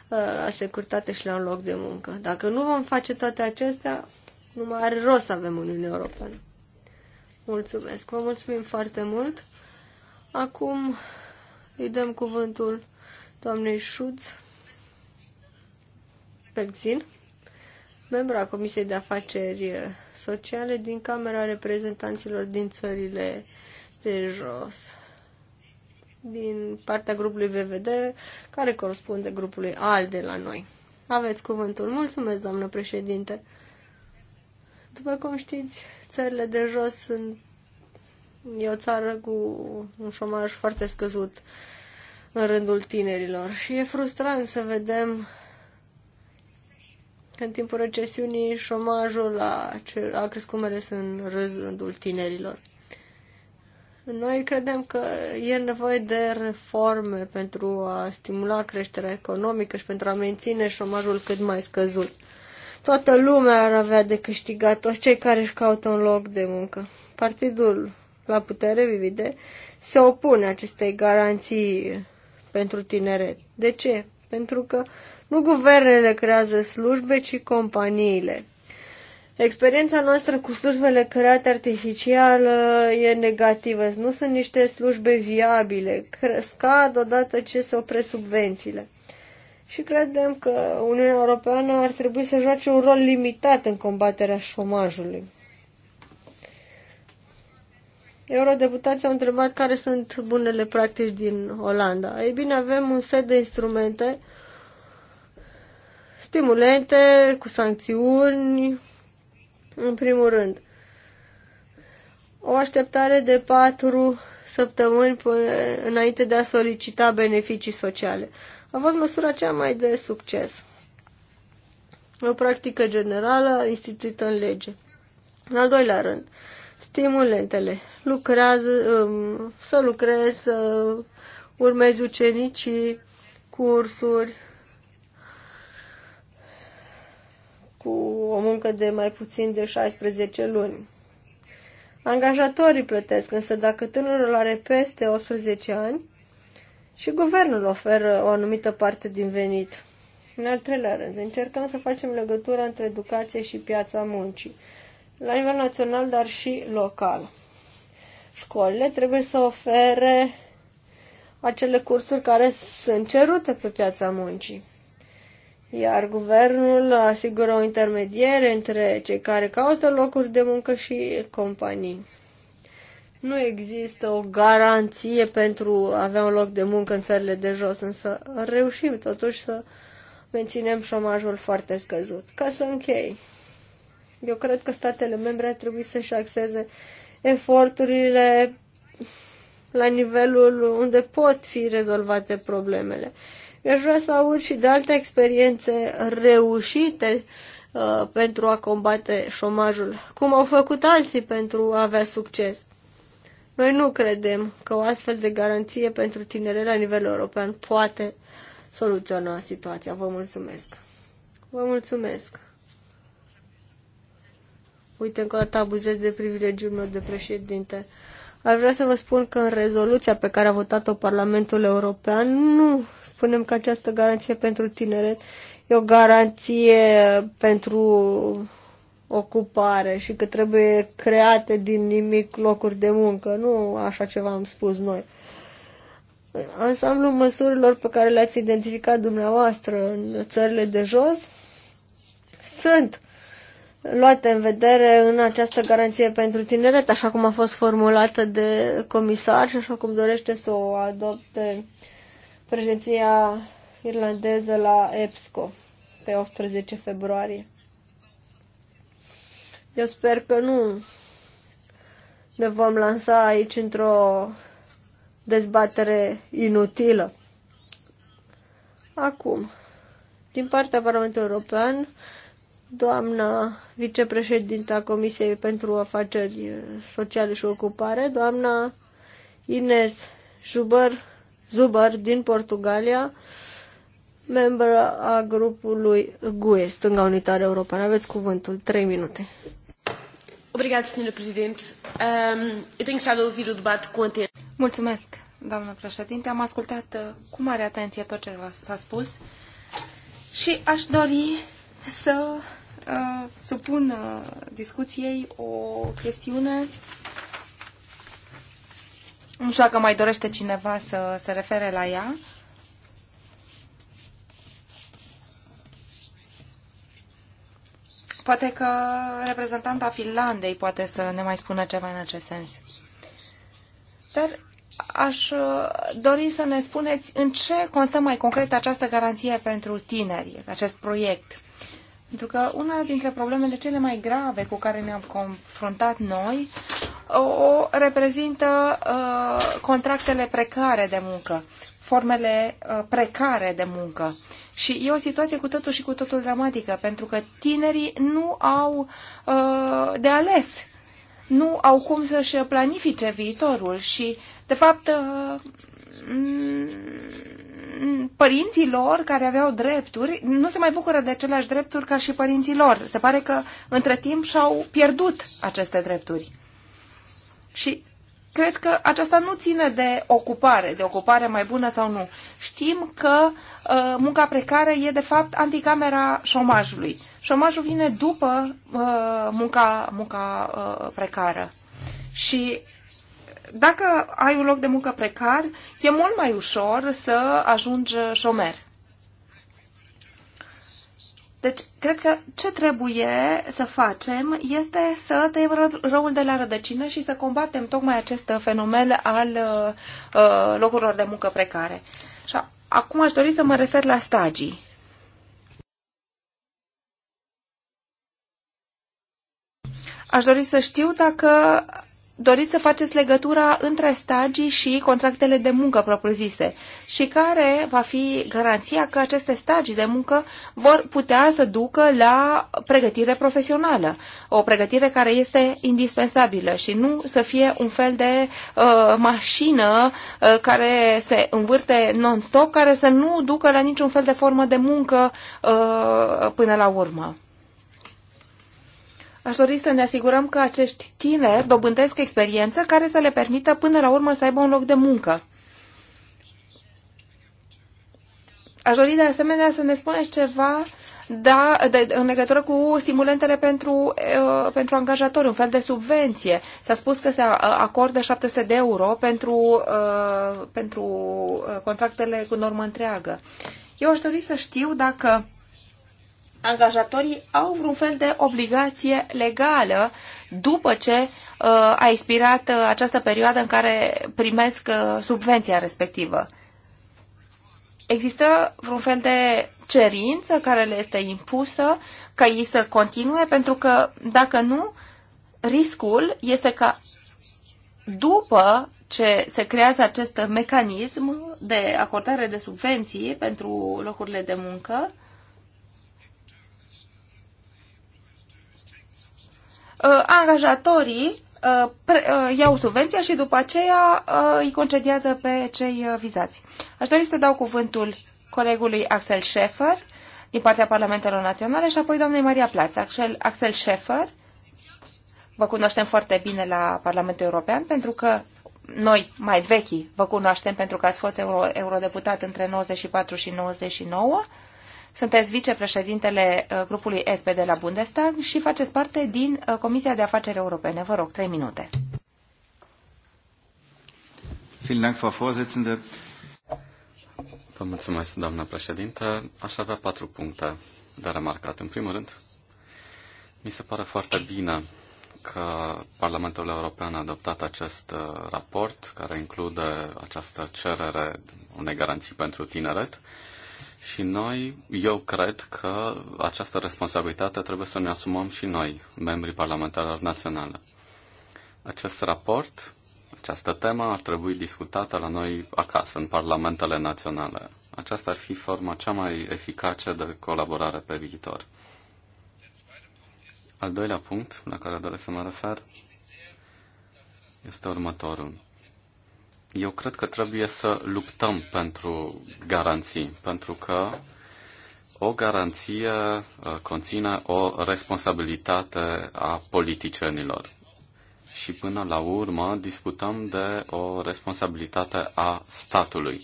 uh, la securitate și la un loc de muncă. Dacă nu vom face toate acestea, nu mai are rost să avem Uniunea Europeană. Mulțumesc. Vă mulțumim foarte mult. Acum îi dăm cuvântul doamnei Șuț Pexin, membra Comisiei de Afaceri Sociale din Camera Reprezentanților din țările de jos, din partea grupului VVD, care corespunde grupului AL de la noi. Aveți cuvântul. Mulțumesc, doamnă președinte. După cum știți, Țările de jos sunt... E o țară cu un șomaj foarte scăzut în rândul tinerilor și e frustrant să vedem că în timpul recesiunii șomajul a, a crescut mereu în rândul tinerilor. Noi credem că e nevoie de reforme pentru a stimula creșterea economică și pentru a menține șomajul cât mai scăzut. Toată lumea ar avea de câștigat, toți cei care își caută un loc de muncă. Partidul la putere, evident, se opune acestei garanții pentru tineret. De ce? Pentru că nu guvernele creează slujbe, ci companiile. Experiența noastră cu slujbele create artificial e negativă. Nu sunt niște slujbe viabile. Scad odată ce se opresc subvențiile și credem că Uniunea Europeană ar trebui să joace un rol limitat în combaterea șomajului. Eurodeputații au întrebat care sunt bunele practici din Olanda. Ei bine, avem un set de instrumente stimulente, cu sancțiuni, în primul rând. O așteptare de patru săptămâni până, înainte de a solicita beneficii sociale a fost măsura cea mai de succes. O practică generală instituită în lege. În al doilea rând, stimulentele. Lucrează, um, să lucrezi, să urmezi ucenicii, cursuri, cu o muncă de mai puțin de 16 luni. Angajatorii plătesc, însă dacă tânărul are peste 18 ani, și guvernul oferă o anumită parte din venit. În al treilea rând, încercăm să facem legătura între educație și piața muncii, la nivel național, dar și local. Școlile trebuie să ofere acele cursuri care sunt cerute pe piața muncii. Iar guvernul asigură o intermediere între cei care caută locuri de muncă și companii nu există o garanție pentru a avea un loc de muncă în țările de jos, însă reușim totuși să menținem șomajul foarte scăzut. Ca să închei, eu cred că statele membre ar trebui să-și axeze eforturile la nivelul unde pot fi rezolvate problemele. Eu aș vrea să aud și de alte experiențe reușite uh, pentru a combate șomajul, cum au făcut alții pentru a avea succes. Noi nu credem că o astfel de garanție pentru tinere la nivel european poate soluționa situația. Vă mulțumesc! Vă mulțumesc! Uite încă o dată abuzez de privilegiul meu de președinte. Ar vrea să vă spun că în rezoluția pe care a votat-o Parlamentul European nu spunem că această garanție pentru tineret e o garanție pentru ocupare și că trebuie create din nimic locuri de muncă. Nu așa ceva am spus noi. Ansamblul măsurilor pe care le-ați identificat dumneavoastră în țările de jos sunt luate în vedere în această garanție pentru tineret, așa cum a fost formulată de comisar și așa cum dorește să o adopte președinția irlandeză la EPSCO pe 18 februarie. Eu sper că nu ne vom lansa aici într-o dezbatere inutilă. Acum, din partea Parlamentului European, doamna vicepreședinta Comisiei pentru Afaceri Sociale și Ocupare, doamna Ines Jubăr, Zubăr din Portugalia, membră a grupului GUE, Stânga Unitară Europeană. Aveți cuvântul, 3 minute. Obrigada, Sra. Presidente. Um, eu tenho ouvir o debate com atenção. Mulțumesc, doamnă președinte. Am ascultat uh, cu mare atenție tot ce s-a spus și aș dori să uh, supun uh, discuției o chestiune. Nu știu dacă mai dorește cineva să se refere la ea. Uh, Poate că reprezentanta Finlandei poate să ne mai spună ceva în acest sens. Dar aș uh, dori să ne spuneți în ce constă mai concret această garanție pentru tineri, acest proiect. Pentru că una dintre problemele cele mai grave cu care ne-am confruntat noi o reprezintă uh, contractele precare de muncă formele uh, precare de muncă. Și e o situație cu totul și cu totul dramatică, pentru că tinerii nu au uh, de ales, nu au cum să-și planifice viitorul și, de fapt, uh, mm, părinții lor care aveau drepturi nu se mai bucură de aceleași drepturi ca și părinții lor. Se pare că între timp și-au pierdut aceste drepturi. Și cred că aceasta nu ține de ocupare, de ocupare mai bună sau nu. Știm că uh, munca precară e de fapt anticamera șomajului. Șomajul vine după uh, munca, munca uh, precară. Și dacă ai un loc de muncă precar, e mult mai ușor să ajungi șomer. Deci, cred că ce trebuie să facem este să tăiem răul de la rădăcină și să combatem tocmai acest fenomen al uh, uh locurilor de muncă precare. Și acum aș dori să mă refer la stagii. Aș dori să știu dacă doriți să faceți legătura între stagii și contractele de muncă propriu-zise și care va fi garanția că aceste stagii de muncă vor putea să ducă la pregătire profesională, o pregătire care este indispensabilă și nu să fie un fel de uh, mașină uh, care se învârte non-stop, care să nu ducă la niciun fel de formă de muncă uh, până la urmă. Aș dori să ne asigurăm că acești tineri dobândesc experiență care să le permită până la urmă să aibă un loc de muncă. Aș dori de asemenea să ne spuneți ceva da, de, în legătură cu stimulentele pentru, uh, pentru angajatori, un fel de subvenție. S-a spus că se uh, acordă 700 de euro pentru, uh, pentru uh, contractele cu normă întreagă. Eu aș dori să știu dacă angajatorii au vreun fel de obligație legală după ce uh, a expirat uh, această perioadă în care primesc uh, subvenția respectivă. Există vreun fel de cerință care le este impusă ca ei să continue, pentru că dacă nu, riscul este ca după ce se creează acest mecanism de acordare de subvenții pentru locurile de muncă, uh, Uh, angajatorii uh, uh, iau subvenția și după aceea îi concediază pe cei vizați. Aș dori să dau cuvântul colegului Axel Schaeffer din partea Parlamentelor Naționale și apoi doamnei Maria Plaț. Axel, Axel Schäfer, vă cunoaștem foarte bine la Parlamentul European pentru că noi, mai vechi, vă cunoaștem pentru că ați fost euro, eurodeputat între 94 și 99 sunteți vicepreședintele uh, grupului SPD la Bundestag și faceți parte din uh, Comisia de Afaceri Europene. Vă rog, trei minute. Vă mulțumesc, doamnă președinte. Aș avea patru puncte de remarcat. În primul rând, mi se pare foarte bine că Parlamentul European a adoptat acest uh, raport care include această cerere unei garanții pentru tineret și noi, eu cred că această responsabilitate trebuie să ne asumăm și noi, membrii parlamentarilor naționale. Acest raport, această temă ar trebui discutată la noi acasă, în parlamentele naționale. Aceasta ar fi forma cea mai eficace de colaborare pe viitor. Al doilea punct la care doresc să mă refer este următorul. Eu cred că trebuie să luptăm pentru garanții, pentru că o garanție uh, conține o responsabilitate a politicienilor. Și până la urmă discutăm de o responsabilitate a statului.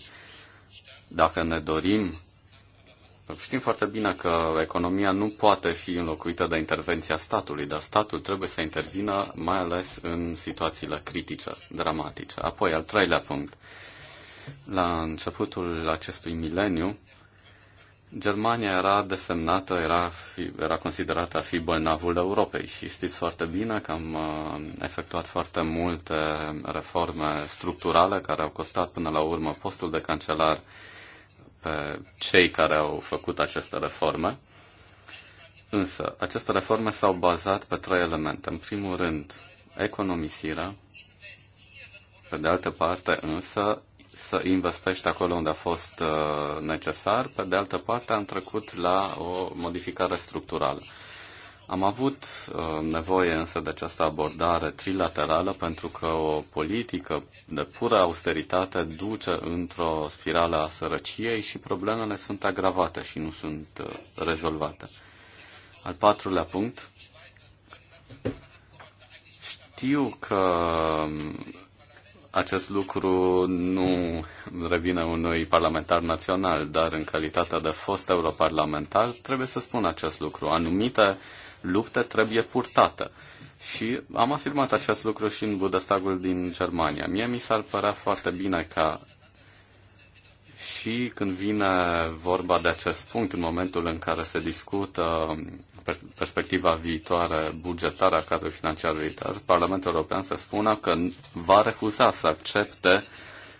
Dacă ne dorim Știm foarte bine că economia nu poate fi înlocuită de intervenția statului, dar statul trebuie să intervină mai ales în situațiile critice, dramatice. Apoi, al treilea punct. La începutul acestui mileniu, Germania era desemnată, era, fi, era considerată a fi bolnavul Europei și știți foarte bine că am uh, efectuat foarte multe reforme structurale care au costat până la urmă postul de cancelar pe cei care au făcut aceste reforme. Însă, aceste reforme s-au bazat pe trei elemente. În primul rând, economisirea, pe de altă parte, însă, să investești acolo unde a fost uh, necesar, pe de altă parte, am trecut la o modificare structurală. Am avut uh, nevoie însă de această abordare trilaterală pentru că o politică de pură austeritate duce într-o spirală a sărăciei și problemele sunt agravate și nu sunt uh, rezolvate. Al patrulea punct. Știu că um, acest lucru nu revine unui parlamentar național, dar în calitatea de fost europarlamentar trebuie să spun acest lucru. Anumite uh, luptă trebuie purtată. Și am afirmat acest lucru și în Budăstagul din Germania. Mie mi s-ar părea foarte bine ca și când vine vorba de acest punct, în momentul în care se discută perspectiva viitoare bugetară a cadrului financiar viitor, Parlamentul European să spună că va refuza să accepte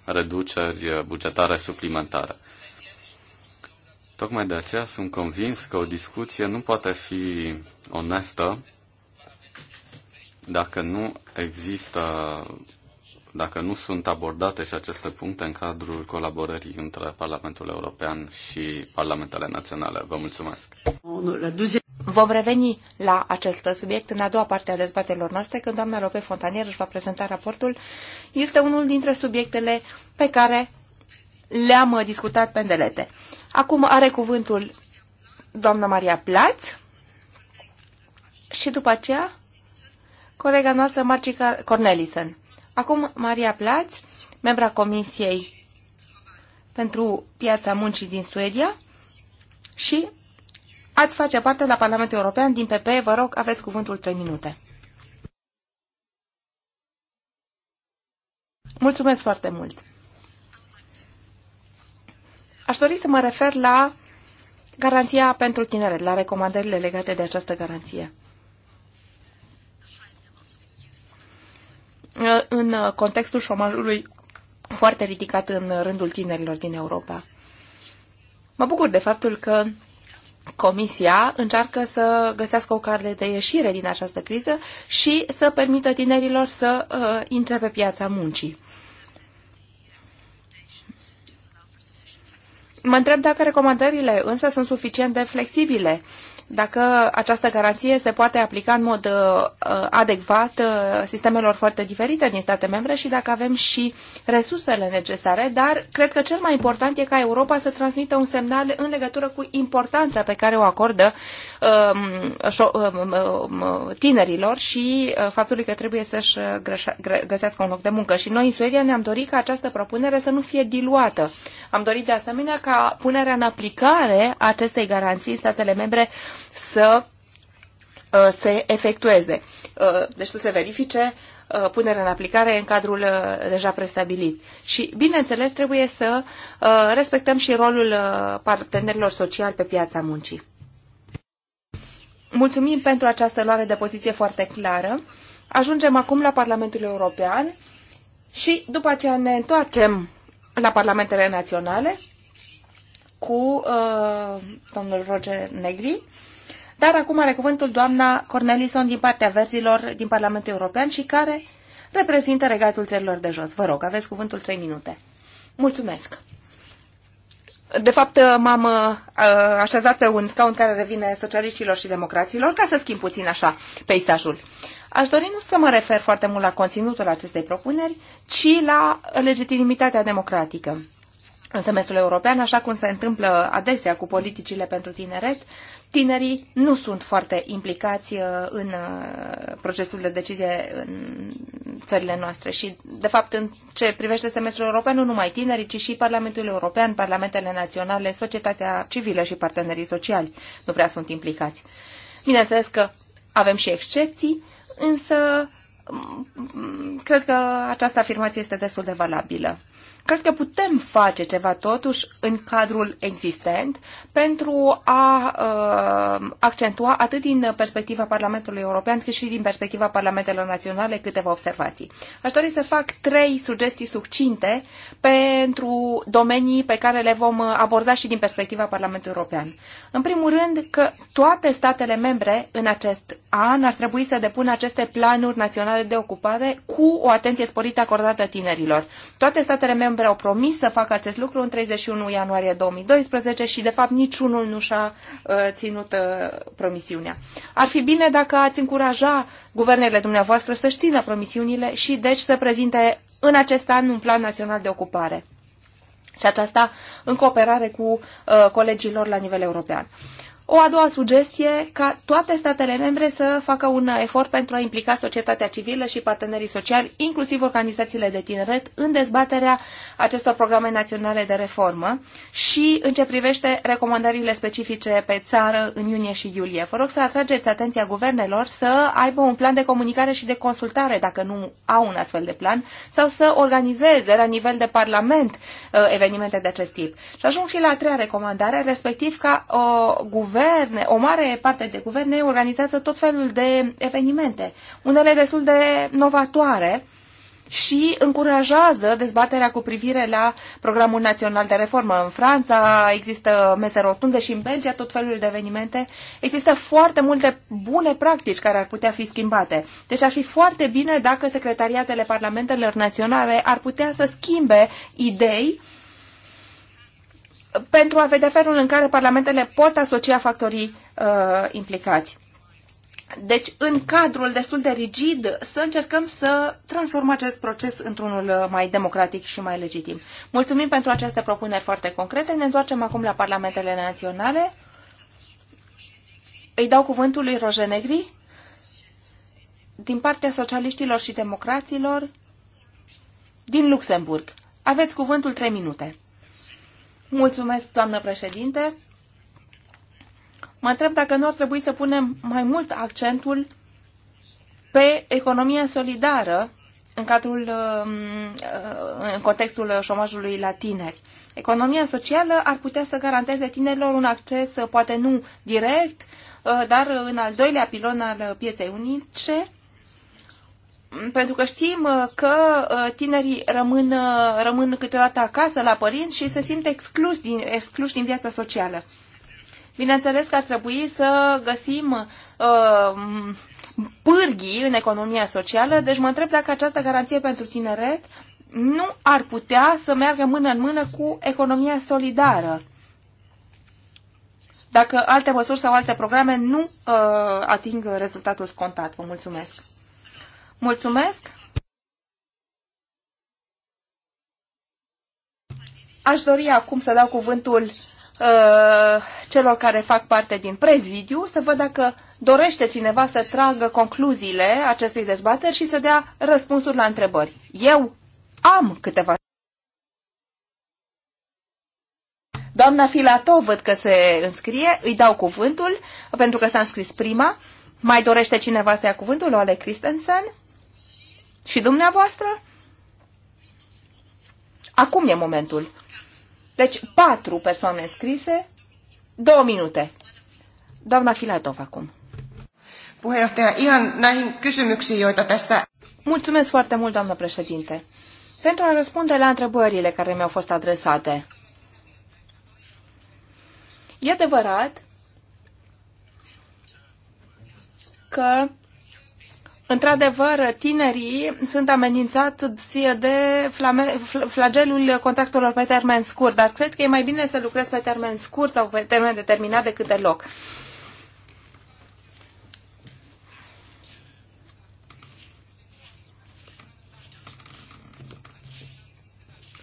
reduceri bugetare suplimentare. Tocmai de aceea sunt convins că o discuție nu poate fi onestă, dacă nu există, dacă nu sunt abordate și aceste puncte în cadrul colaborării între Parlamentul European și Parlamentele Naționale. Vă mulțumesc! Vom reveni la acest subiect în a doua parte a dezbaterilor noastre, când doamna Lope Fontanier își va prezenta raportul. Este unul dintre subiectele pe care le-am discutat pe îndelete. Acum are cuvântul doamna Maria Plaț, și după aceea colega noastră Marcica Cornelisen. Acum Maria Plaț, membra Comisiei pentru Piața Muncii din Suedia și ați face parte la Parlamentul European din PP. Vă rog, aveți cuvântul 3 minute. Mulțumesc foarte mult! Aș dori să mă refer la garanția pentru tineret, la recomandările legate de această garanție. Uh, în uh, contextul șomajului foarte ridicat în uh, rândul tinerilor din Europa. Mă bucur de faptul că Comisia încearcă să găsească o cale de ieșire din această criză și să permită tinerilor să uh, intre pe piața muncii. Mă întreb dacă recomandările însă sunt suficient de flexibile dacă această garanție se poate aplica în mod uh, adecvat uh, sistemelor foarte diferite din state membre și dacă avem și resursele necesare, dar cred că cel mai important e ca Europa să transmită un semnal în legătură cu importanța pe care o acordă um, um, um, tinerilor și uh, faptului că trebuie să-și găsească un loc de muncă. Și noi în Suedia ne-am dorit ca această propunere să nu fie diluată. Am dorit de asemenea ca punerea în aplicare acestei garanții în statele membre să uh, se efectueze. Uh, deci să se verifice uh, punerea în aplicare în cadrul deja prestabilit. Și, bineînțeles, trebuie să respectăm și rolul partenerilor sociali pe piața muncii. Mulțumim pentru această luare de poziție foarte clară. Ajungem acum la Parlamentul European și după aceea ne întoarcem la Parlamentele Naționale cu uh, domnul Roger Negri. Dar acum are cuvântul doamna Cornelison din partea verzilor din Parlamentul European și care reprezintă regatul țărilor de jos. Vă rog, aveți cuvântul 3 minute. Mulțumesc! De fapt, m-am uh, așezat pe un scaun care revine socialiștilor și democraților ca să schimb puțin așa peisajul. Aș dori nu să mă refer foarte mult la conținutul acestei propuneri, ci la legitimitatea democratică în semestrul european, așa cum se întâmplă adesea cu politicile pentru tineret, tinerii nu sunt foarte implicați uh, în uh, procesul de decizie în țările noastre și, de fapt, în ce privește semestrul european, nu numai tinerii, ci și Parlamentul European, Parlamentele Naționale, societatea civilă și partenerii sociali nu prea sunt implicați. Bineînțeles că avem și excepții, însă cred că această afirmație este destul de valabilă. Cred că putem face ceva totuși în cadrul existent pentru a uh, accentua atât din perspectiva Parlamentului European cât și din perspectiva Parlamentelor Naționale câteva observații. Aș dori să fac trei sugestii succinte pentru domenii pe care le vom aborda și din perspectiva Parlamentului European. În primul rând că toate statele membre în acest an ar trebui să depună aceste planuri naționale de ocupare cu o atenție sporită acordată tinerilor. Toate statele membre membre au promis să facă acest lucru în 31 ianuarie 2012 și, de fapt, niciunul nu și-a uh, ținut uh, promisiunea. Ar fi bine dacă ați încuraja guvernele dumneavoastră să-și țină promisiunile și, deci, să prezinte în acest an un plan național de ocupare. Și aceasta în cooperare cu uh, colegilor la nivel european. Uh, o a doua sugestie, ca toate statele membre să facă un efort pentru a implica societatea civilă și partenerii sociali, inclusiv organizațiile de tineret, în dezbaterea acestor programe naționale de reformă și în ce privește recomandările specifice pe țară în iunie și iulie. Vă rog să atrageți atenția guvernelor să aibă un plan de comunicare și de consultare, dacă nu au un astfel de plan, sau să organizeze la nivel de parlament uh, evenimente de acest tip. Și ajung și la a treia recomandare, respectiv ca o uh, guvern guverne, o mare parte de guverne organizează tot felul de evenimente, unele destul de novatoare și încurajează dezbaterea cu privire la programul național de reformă. În Franța există mese rotunde și în Belgia tot felul de evenimente. Există foarte multe bune practici care ar putea fi schimbate. Deci ar fi foarte bine dacă secretariatele parlamentelor naționale ar putea să schimbe idei uh, pentru a vedea felul în care parlamentele pot asocia factorii uh, implicați. Deci, în cadrul destul de rigid, să încercăm să transformăm acest proces într-unul uh, mai democratic și mai legitim. Mulțumim pentru aceste propuneri foarte concrete. Ne întoarcem acum la parlamentele naționale. Îi dau cuvântul lui Roger Negri. Din partea socialiștilor și democraților din Luxemburg. Aveți cuvântul 3 minute. Mulțumesc, doamnă președinte. Mă întreb dacă nu ar trebui să punem mai mult accentul pe economia solidară în cadrul, um, uh, în contextul șomajului la tineri. Economia socială ar putea să garanteze tinerilor un acces, uh, poate nu direct, uh, dar în al doilea pilon al pieței unice, pentru că știm uh, că uh, tinerii rămân, uh, rămân câteodată acasă la părinți și se simt excluși din, exclus din viața socială. Bineînțeles că ar trebui să găsim uh, pârghii în economia socială, deci mă întreb dacă această garanție pentru tineret nu ar putea să meargă mână în mână cu economia solidară. Dacă alte măsuri sau alte programe nu uh, ating rezultatul scontat. Vă mulțumesc! Mulțumesc! Aș dori acum să dau cuvântul uh, celor care fac parte din prezidiu, să văd dacă dorește cineva să tragă concluziile acestui dezbateri și să dea răspunsuri la întrebări. Eu am câteva. Doamna Filatov, văd că se înscrie, îi dau cuvântul, pentru că s-a înscris prima. Mai dorește cineva să ia cuvântul, Oale Christensen? Și dumneavoastră? Acum e momentul. Deci, patru persoane scrise, două minute. Doamna Filatov acum. Puheenjohtaja, ihan näihin kysymyksiin, joita tässä... Mulțumesc foarte mult, doamnă președinte, pentru a răspunde la întrebările care mi-au fost adresate. E adevărat că Într-adevăr, tinerii sunt amenințați de flagelul contractelor pe termen scurt, dar cred că e mai bine să lucrezi pe termen scurt sau pe termen determinat decât deloc.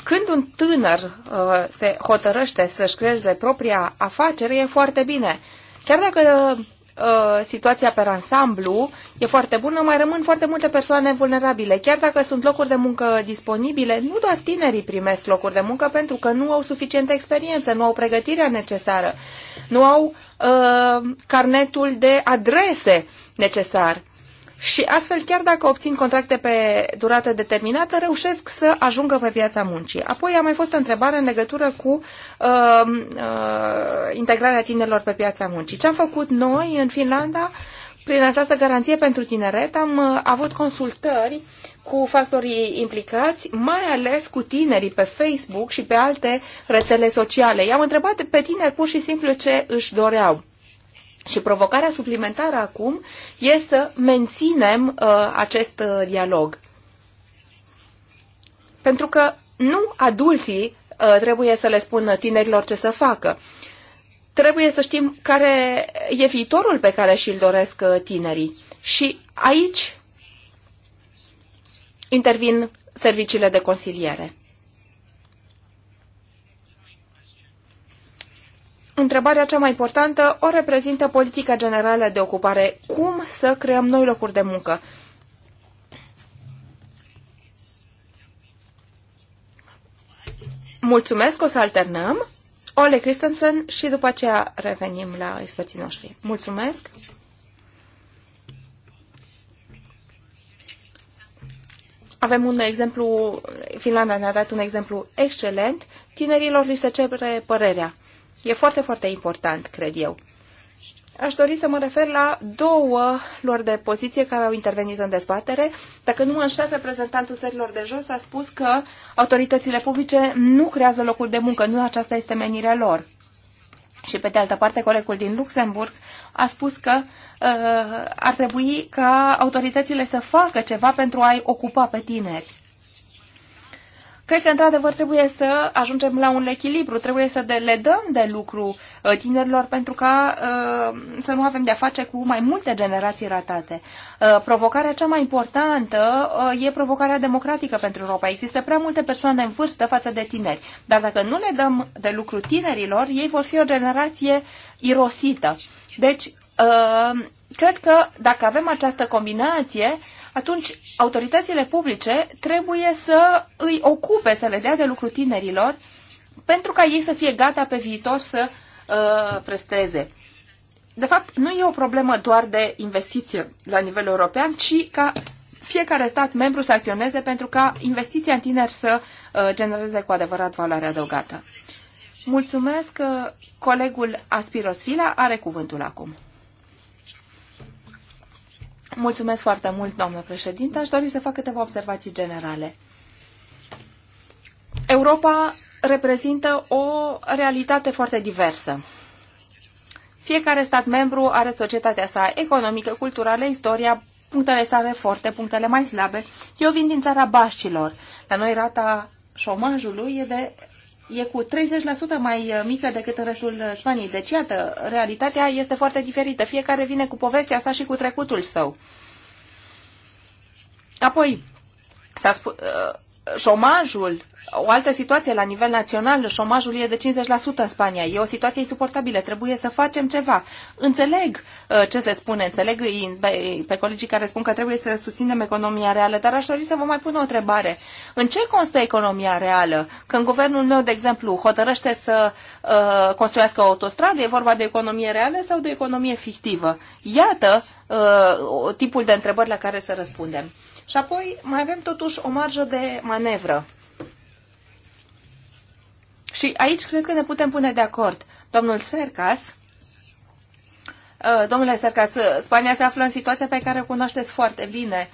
Când un tânăr uh, se hotărăște să-și creeze propria afacere, e foarte bine. Chiar dacă uh, Uh, situația pe ansamblu e foarte bună, mai rămân foarte multe persoane vulnerabile. Chiar dacă sunt locuri de muncă disponibile, nu doar tinerii primesc locuri de muncă pentru că nu au suficientă experiență, nu au pregătirea necesară, nu au uh, carnetul de adrese necesar și astfel, chiar dacă obțin contracte pe durată determinată, reușesc să ajungă pe piața muncii. Apoi a mai fost o întrebare în legătură cu uh, uh, integrarea tinerilor pe piața muncii. Ce am făcut noi în Finlanda? Prin această garanție pentru tineret am uh, avut consultări cu factorii implicați, mai ales cu tinerii pe Facebook și pe alte rețele sociale. I-am întrebat pe tineri pur și simplu ce își doreau și provocarea suplimentară acum e să menținem uh, acest uh, dialog. Pentru că nu adulții uh, trebuie să le spună tinerilor ce să facă. Trebuie să știm care e viitorul pe care și-l doresc uh, tinerii. Și aici intervin serviciile de consiliere. Întrebarea cea mai importantă o reprezintă politica generală de ocupare. Cum să creăm noi locuri de muncă? Mulțumesc, o să alternăm. Ole Christensen și după aceea revenim la experții noștri. Mulțumesc! Avem un exemplu, Finlanda ne-a dat un exemplu excelent, tinerilor li se cere părerea. E foarte, foarte important, cred eu. Aș dori să mă refer la două lor de poziție care au intervenit în dezbatere. Dacă nu mă înșel, reprezentantul țărilor de jos a spus că autoritățile publice nu creează locuri de muncă, nu aceasta este menirea lor. Și pe de altă parte, colegul din Luxemburg a spus că uh, ar trebui ca autoritățile să facă ceva pentru a-i ocupa pe tineri. Cred că, într-adevăr, trebuie să ajungem la un echilibru, trebuie să de, le dăm de lucru uh, tinerilor pentru ca uh, să nu avem de-a face cu mai multe generații ratate. Uh, provocarea cea mai importantă e provocarea democratică pentru Europa. Există prea multe persoane în vârstă față de tineri, dar dacă nu le dăm de lucru tinerilor, ei vor fi o generație irosită. Deci, cred că dacă avem această combinație, atunci autoritățile publice trebuie să îi ocupe, să le dea de lucru tinerilor, pentru ca ei să fie gata pe viitor să uh, presteze. De fapt, nu e o problemă doar de investiție la nivel european, ci ca fiecare stat membru să acționeze pentru ca investiția în tineri să uh, genereze cu adevărat valoare adăugată. Mulțumesc. Uh, colegul Aspiros Fila are cuvântul acum. Mulțumesc foarte mult, doamnă președinte. Aș dori să fac câteva observații generale. Europa reprezintă o realitate foarte diversă. Fiecare stat membru are societatea sa economică, culturală, istoria, punctele sale forte, punctele mai slabe. Eu vin din țara Bașcilor. La noi rata șomajului e de e cu 30% mai uh, mică decât în restul uh, Spaniei. Deci, iată, realitatea este foarte diferită. Fiecare vine cu povestea sa și cu trecutul său. Apoi, s-a spus, uh, șomajul o altă situație la nivel național, șomajul e de 50% în Spania, e o situație insuportabilă, trebuie să facem ceva. Înțeleg uh, ce se spune, înțeleg pe colegii care spun că trebuie să susținem economia reală, dar aș dori să vă mai pun o întrebare. În ce constă economia reală? Când guvernul meu, de exemplu, hotărăște să uh, construiască o autostradă, e vorba de economie reală sau de economie fictivă? Iată uh, tipul de întrebări la care să răspundem. Și apoi mai avem totuși o marjă de manevră și aici cred că ne putem pune de acord. Domnul Sercas, uh, domnule Sercas, uh, Spania se află în situația pe care o cunoașteți foarte bine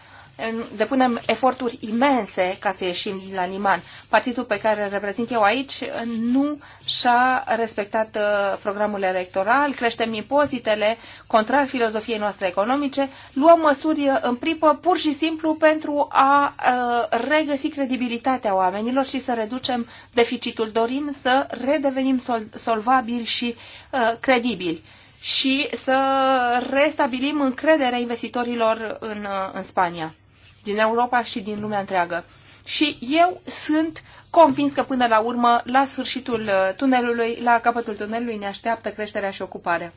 depunem eforturi imense ca să ieșim la liman. Partidul pe care îl reprezint eu aici nu și-a respectat uh, programul electoral, creștem impozitele, contrar filozofiei noastre economice, luăm măsuri uh, în pripă pur și simplu pentru a uh, regăsi credibilitatea oamenilor și să reducem deficitul. Dorim să redevenim solvabili și credibili și să restabilim încrederea investitorilor în, în Spania din Europa și din lumea întreagă. Și eu sunt convins că până la urmă, la sfârșitul uh, tunelului, la capătul tunelului, ne așteaptă creșterea și ocuparea.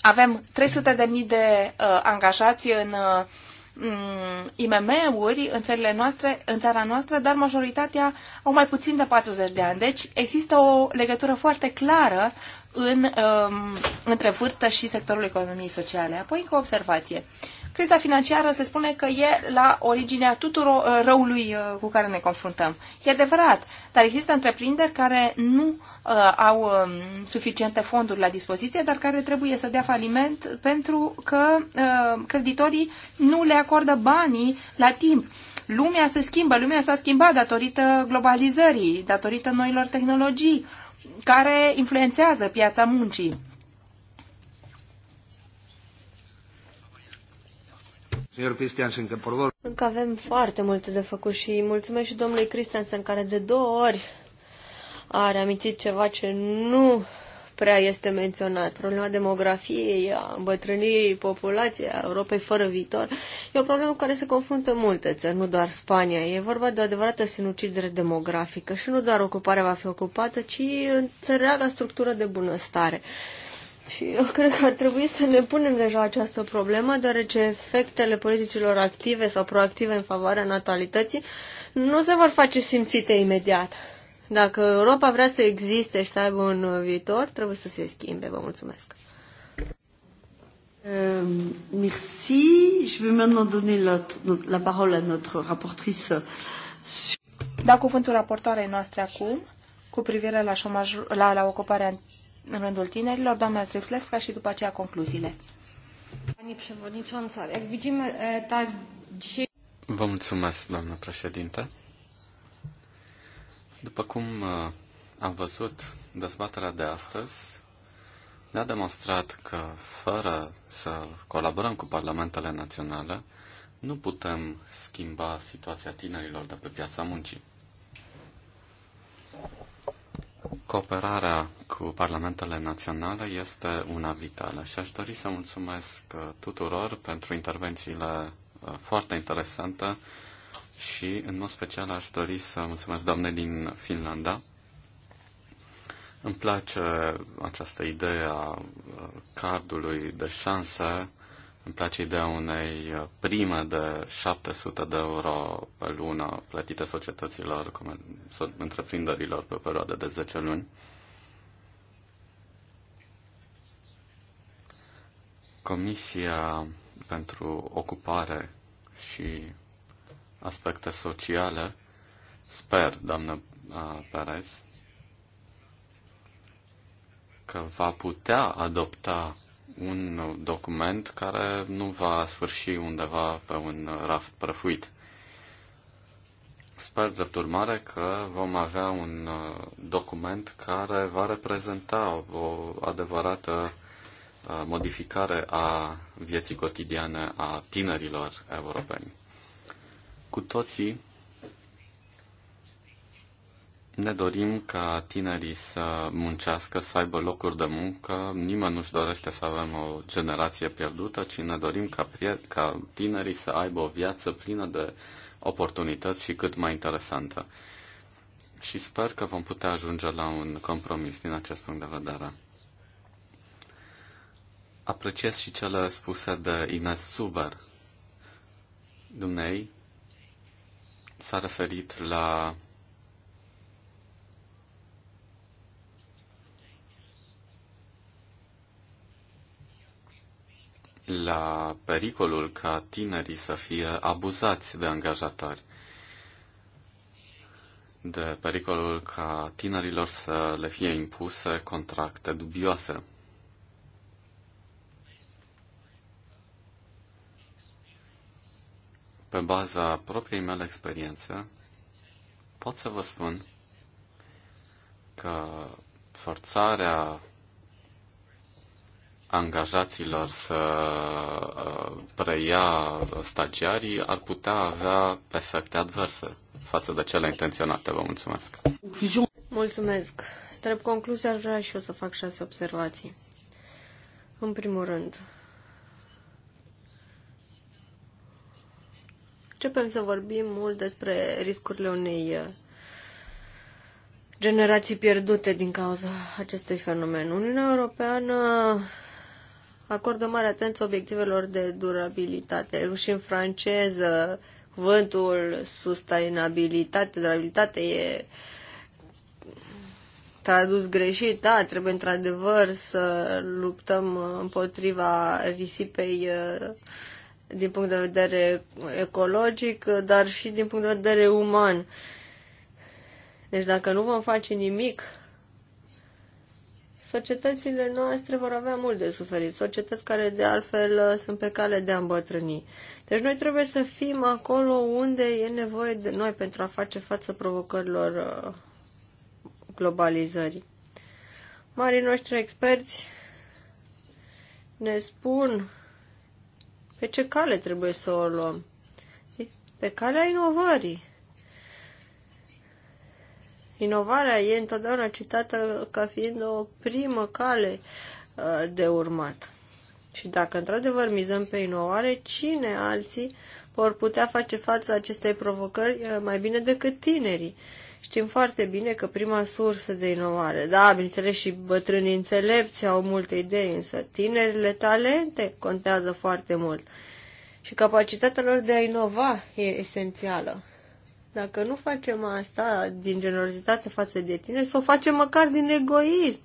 Avem 300.000 de, mii de uh, angajați în uh, mm, IMM-uri în țările noastre, în țara noastră, dar majoritatea au mai puțin de 40 de ani. Deci există o legătură foarte clară în, uh, între vârstă și sectorul economiei sociale. Apoi, încă o observație. Uh, Criza financiară se spune că e la originea tuturor uh, răului uh, cu care ne confruntăm. E adevărat, dar există întreprinderi care nu uh, au um, suficiente fonduri la dispoziție, dar care trebuie să dea faliment pentru că creditorii nu le acordă banii la timp lumea se schimbă, lumea s-a schimbat datorită globalizării, datorită noilor tehnologii care influențează piața muncii. Încă avem foarte multe de făcut și mulțumesc și domnului Christensen care de două ori a reamintit ceva ce nu prea este menționat. Problema demografiei, a îmbătrânirii populației, a Europei fără viitor, e o problemă cu care se confruntă multe țări, nu doar Spania. E vorba de o adevărată sinucidere demografică și nu doar ocuparea va fi ocupată, ci întreaga structură de bunăstare. Și eu cred că ar trebui să ne punem deja această problemă, deoarece efectele politicilor active sau proactive în favoarea natalității nu se vor face simțite imediat. Dacă Europa vrea să existe și să aibă un viitor, trebuie să se schimbe. Vă mulțumesc. Euh, merci. Je vais maintenant donner la, la parole à notre rapportrice. Da cuvântul raportoarei noastre acum cu privire la, șomaj, la, la ocuparea în rândul tinerilor, doamna Zrifleska și după aceea concluziile. Vă mulțumesc, doamnă președinte. După cum am văzut, dezbaterea de astăzi ne-a demonstrat că fără să colaborăm cu parlamentele naționale, nu putem schimba situația tinerilor de pe piața muncii. Cooperarea cu parlamentele naționale este una vitală și aș dori să mulțumesc uh, tuturor pentru intervențiile uh, foarte interesante și, în mod special, aș dori să mulțumesc doamnei din Finlanda. Îmi place această idee a uh, cardului de șanse îmi place ideea unei prime de 700 de euro pe lună plătite societăților, întreprinderilor pe o perioadă de 10 luni. Comisia pentru ocupare și aspecte sociale, sper, doamnă Perez, că va putea adopta un document care nu va sfârși undeva pe un raft prăfuit. Sper, drept urmare, că vom avea un uh, document care va reprezenta o adevărată uh, modificare a vieții cotidiane a tinerilor europeni. Cu toții ne dorim ca tinerii să muncească, să aibă locuri de muncă. Nimeni nu-și dorește să avem o generație pierdută, ci ne dorim ca, ca tinerii să aibă o viață plină de oportunități și cât mai interesantă. Și sper că vom putea ajunge la un compromis din acest punct de vedere. Apreciez și cele spuse de Ines Suber. Dumnei s-a referit la la pericolul ca tinerii să fie abuzați de angajatori, de pericolul ca tinerilor să le fie impuse contracte dubioase. Pe baza propriei mele experiențe, pot să vă spun că forțarea angajaților să uh, preia stagiarii ar putea avea efecte adverse față de cele intenționate. Vă mulțumesc. Mulțumesc. Trebuie concluzia aș vrea și eu să fac șase observații. În primul rând, începem să vorbim mult despre riscurile unei uh, generații pierdute din cauza acestui fenomen. Uniunea Europeană acordă mare atenție obiectivelor de durabilitate. Și în franceză, cuvântul sustainabilitate, durabilitate e tradus greșit, da, trebuie într-adevăr să luptăm împotriva risipei uh, din punct de vedere ecologic, dar și din punct de vedere uman. Deci dacă nu vom face nimic societățile noastre vor avea mult de suferit, societăți care de altfel sunt pe cale de a îmbătrâni. Deci noi trebuie să fim acolo unde e nevoie de noi pentru a face față provocărilor uh, globalizării. Marii noștri experți ne spun pe ce cale trebuie să o luăm. Pe calea inovării Inovarea e întotdeauna citată ca fiind o primă cale uh, de urmat. Și dacă într-adevăr mizăm pe inovare, cine alții vor putea face față acestei provocări uh, mai bine decât tinerii? Știm foarte bine că prima sursă de inovare, da, bineînțeles și bătrânii înțelepți au multe idei, însă tinerile talente contează foarte mult. Și capacitatea lor de a inova e esențială. Dacă nu facem asta din generozitate față de tine, să o facem măcar din egoism.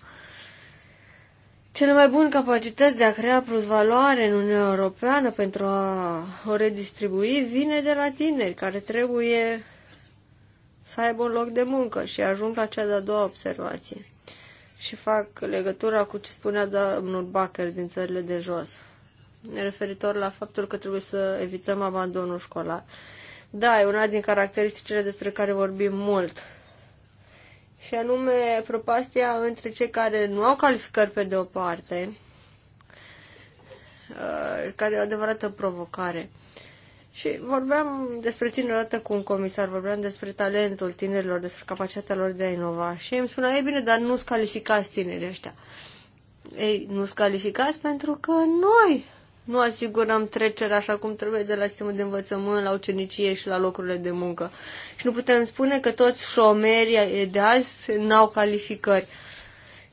Cele mai bune capacități de a crea plus valoare în Uniunea Europeană pentru a o redistribui vine de la tineri care trebuie să aibă un loc de muncă și ajung la cea de-a doua observație. Și fac legătura cu ce spunea domnul Bacher din țările de jos, referitor la faptul că trebuie să evităm abandonul școlar. Da, e una din caracteristicile despre care vorbim mult. Și anume propastia între cei care nu au calificări pe de o parte, uh, care e o adevărată provocare. Și vorbeam despre tine odată cu un comisar, vorbeam despre talentul tinerilor, despre capacitatea lor de a inova și îmi spunea, e bine, dar nu-ți calificați tinerii ăștia. Ei, nu-ți calificați pentru că noi nu asigurăm trecerea așa cum trebuie de la sistemul de învățământ la ucenicie și la locurile de muncă. Și nu putem spune că toți șomerii de azi n-au calificări.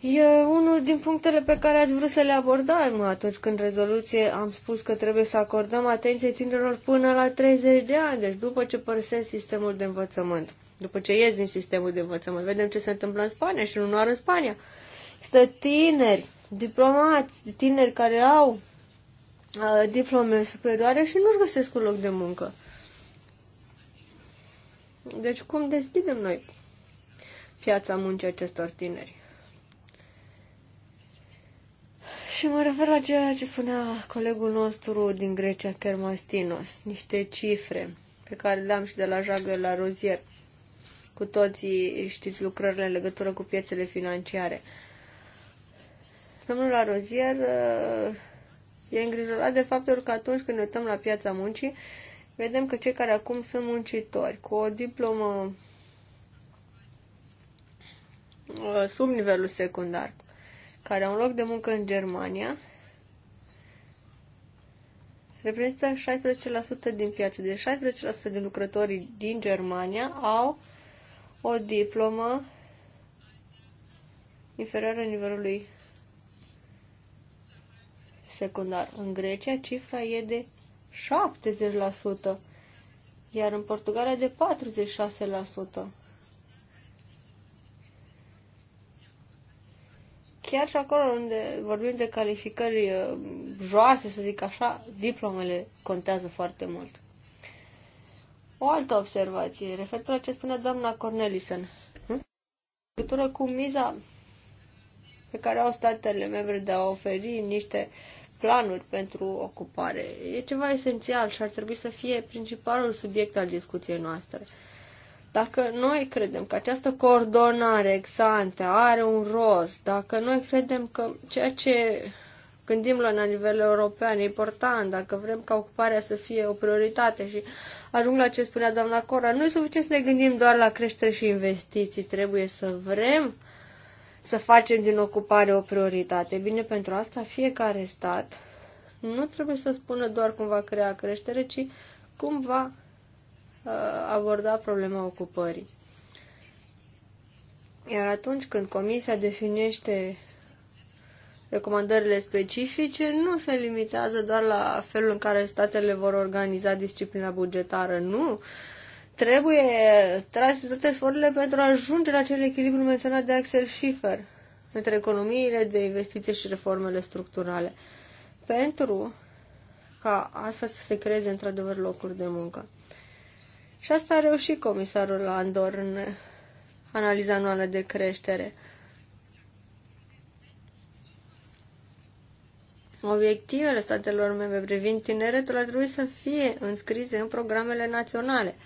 E unul din punctele pe care ați vrut să le abordăm atunci când rezoluție am spus că trebuie să acordăm atenție tinerilor până la 30 de ani, deci după ce părăsesc sistemul de învățământ. După ce ies din sistemul de învățământ, vedem ce se întâmplă în Spania și nu doar în Spania. Sunt tineri, diplomați, tineri care au diplome superioare și nu-și găsesc un loc de muncă. Deci cum deschidem noi piața muncii acestor tineri? Și mă refer la ceea ce spunea colegul nostru din Grecia, Kermastinos, niște cifre pe care le-am și de la Jagă la Rozier. Cu toții știți lucrările în legătură cu piețele financiare. Domnul la Rozier E îngrijorat de faptul că atunci când ne uităm la piața muncii, vedem că cei care acum sunt muncitori cu o diplomă uh, sub nivelul secundar, care au un loc de muncă în Germania, reprezintă 16% din piață. Deci 16% din lucrătorii din Germania au o diplomă inferioară nivelului secundar. În Grecia cifra e de 70%, iar în Portugalia de 46%. Chiar și acolo unde vorbim de calificări uh, joase, să zic așa, diplomele contează foarte mult. O altă observație, referitor la ce spunea doamna Cornelison, în legătură cu miza pe care au statele membre de a oferi niște uh, planuri pentru ocupare. E ceva esențial și ar trebui să fie principalul subiect al discuției noastre. Dacă noi credem că această coordonare exante are un rost, dacă noi credem că ceea ce gândim la, la nivel european e important, dacă vrem ca ocuparea să fie o prioritate și ajung la ce spunea doamna Cora, nu e suficient să ne gândim doar la creștere și investiții, trebuie să vrem să facem din ocupare o prioritate. Bine, pentru asta fiecare stat nu trebuie să spună doar cum va crea creștere, ci cum va uh, aborda problema ocupării. Iar atunci când Comisia definește recomandările specifice, nu se limitează doar la felul în care statele vor organiza disciplina bugetară, nu. Uh, trebuie trase toate sforurile pentru a ajunge la acel echilibru menționat de Axel Schiffer între economiile de investiție și reformele structurale, pentru ca asta să se creeze într-adevăr locuri de muncă. Și asta a reușit comisarul Andor în analiza anuală de creștere. Obiectivele statelor membre privind tineretul ar trebui să fie înscrise în programele naționale –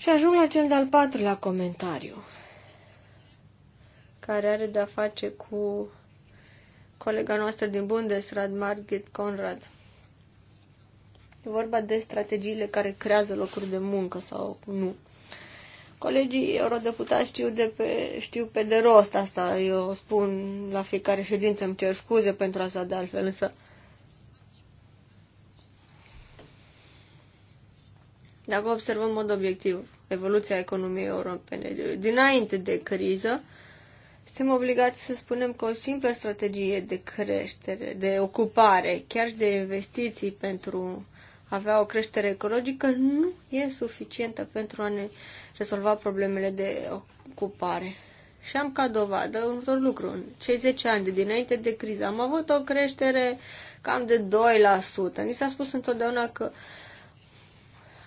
și ajung la cel de-al patrulea comentariu, care are de-a face cu colega noastră din Bundesrat, Margit Conrad. E vorba de strategiile care creează locuri de muncă sau nu. Colegii eurodeputați știu, de pe, știu pe de rost asta, eu spun la fiecare ședință, îmi cer scuze pentru asta de altfel, însă Dacă observăm în mod obiectiv evoluția economiei europene dinainte de criză, suntem obligați să spunem că o simplă strategie de creștere, de ocupare, chiar și de investiții pentru a avea o creștere ecologică nu e suficientă pentru a ne rezolva problemele de ocupare. Și am ca dovadă următorul lucru. În cei 10 ani de dinainte de criză am avut o creștere cam de 2%. Ni s-a spus întotdeauna că uh,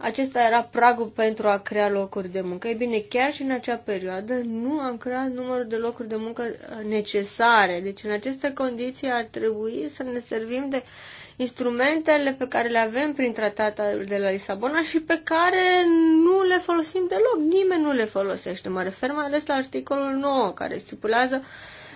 acesta era pragul pentru a crea locuri de muncă. Ei bine, chiar și în acea perioadă nu am creat numărul de locuri de muncă uh, necesare. Deci, în aceste condiții ar trebui să ne servim de instrumentele pe care le avem prin tratatul de la Lisabona și pe care nu le folosim deloc. Nimeni nu le folosește. Mă refer mai ales la articolul 9, care stipulează uh,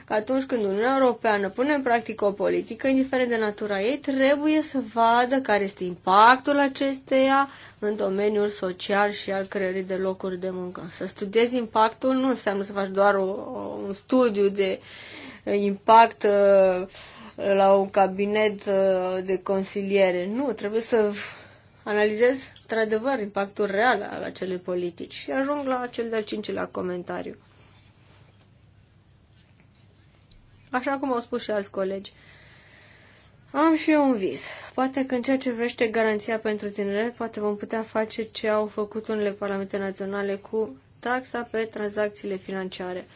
că atunci când Uniunea Europeană pune în practică o politică, indiferent de natura ei, trebuie să vadă care este impactul acesteia în domeniul social și al creării de locuri de muncă. Să studiezi impactul nu înseamnă să faci doar o, o, un studiu de impact uh, la un cabinet uh, de consiliere. Nu, trebuie să analizezi într-adevăr impactul real al acelei politici și ajung la cel de-al cincilea comentariu. Așa cum au spus și alți colegi. Am și eu un vis. Poate că în ceea ce vrește garanția pentru tineret, poate vom putea face ce au făcut unele parlamente naționale cu taxa pe tranzacțiile financiare.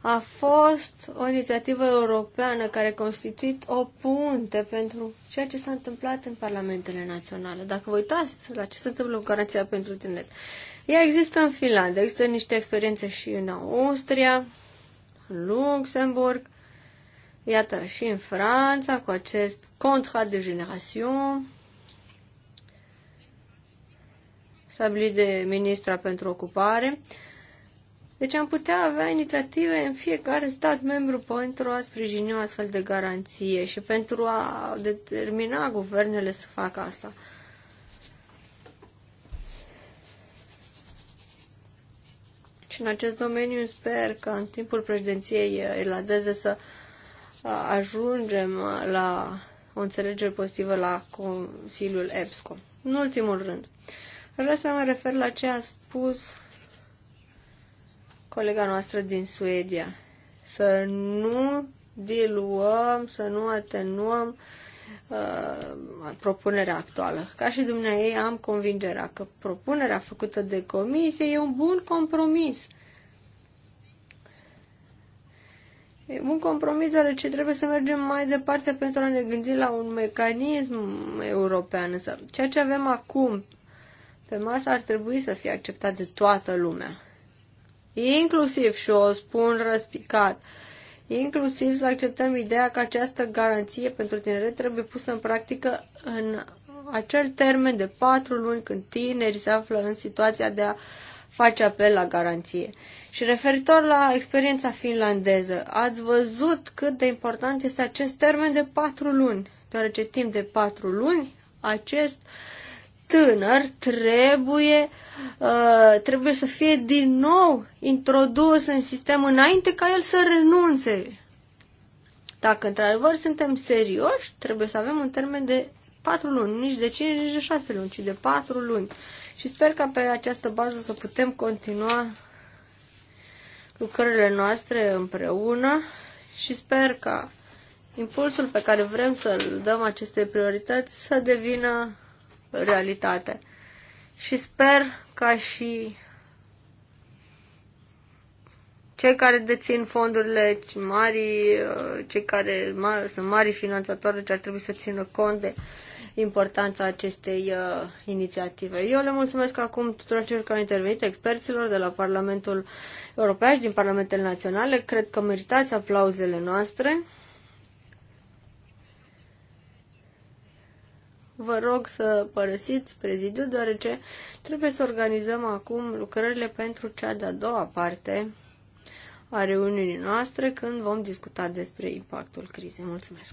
A fost o inițiativă europeană care a constituit o punte pentru ceea ce s-a întâmplat în parlamentele naționale. Dacă vă uitați la ce se întâmplă cu garanția pentru tineret, ea există în Finlanda, există niște experiențe și în Austria, în Luxemburg, Iată, și în Franța, cu acest contrat de generațion, stabilit de ministra pentru ocupare. Deci am putea avea inițiative în fiecare stat membru pentru a sprijini o astfel de garanție și pentru a determina guvernele să facă asta. Și în acest domeniu sper că în timpul președinției irlandeze să uh, ajungem la o înțelegere pozitivă la Consiliul EBSCO. În ultimul rând, aș vrea să mă refer la ce a spus colega noastră din Suedia. Să nu diluăm, să nu atenuăm uh, propunerea actuală. Ca și dumneavoastră am convingerea că propunerea făcută de comisie e un bun compromis. Uh, E un compromis deoarece trebuie să mergem mai departe pentru a ne gândi la un mecanism european. Însă ceea ce avem acum pe masă ar trebui să fie acceptat de toată lumea. Inclusiv, și o spun răspicat, inclusiv să acceptăm ideea că această garanție pentru tineret trebuie pusă în practică în acel termen de patru luni când tinerii se află în situația de a face apel la garanție. Și referitor la experiența finlandeză, ați văzut cât de important este acest termen de patru luni, deoarece timp de patru luni acest tânăr trebuie, uh, trebuie să fie din nou introdus în sistem înainte ca el să renunțe. Dacă într-adevăr suntem serioși, trebuie să avem un termen de 4 luni, nici de 5, nici de 6 luni, ci de 4 luni. Și sper ca pe această bază să putem continua lucrările noastre împreună și sper ca impulsul pe care vrem să-l dăm acestei priorități să devină realitate. Și sper ca și cei care dețin fondurile mari, uh, cei care sunt mari finanțatori, ce deci ar trebui să țină cont de uh, importanța acestei uh, inițiative. Eu le mulțumesc acum tuturor celor care au intervenit, experților de la Parlamentul European și din Parlamentele Naționale. Cred că meritați aplauzele noastre. Vă rog să părăsiți prezidiul, deoarece trebuie să organizăm acum lucrările pentru cea de-a doua parte a reuniunii noastre când vom discuta despre impactul crizei. Mulțumesc!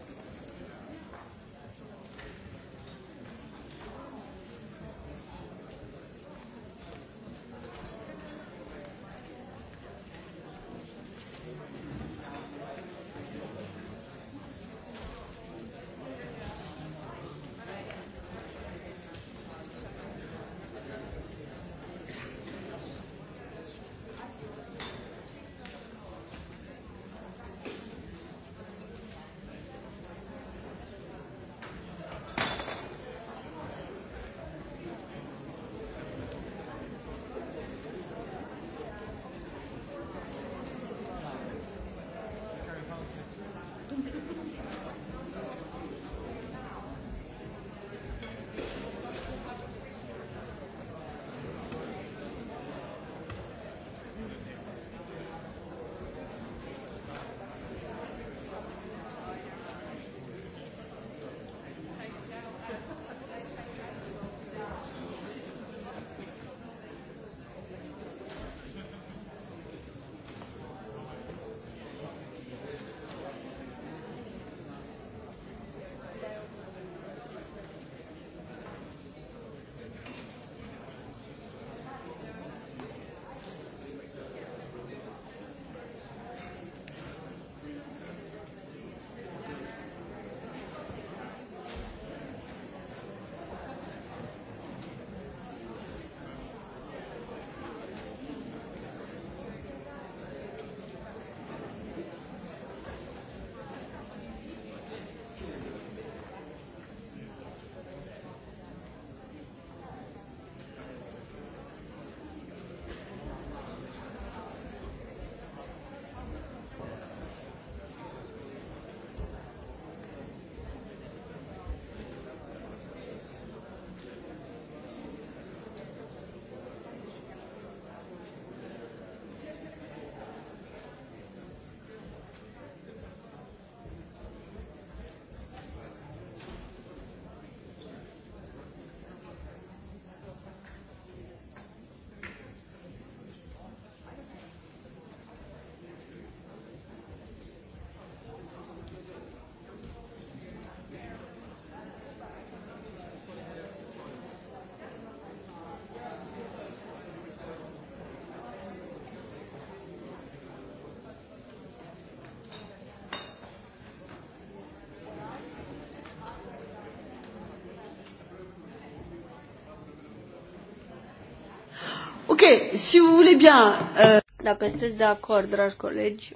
Ok, si vous voulez bien... Euh, Dacă sunteți de acord, dragi colegi,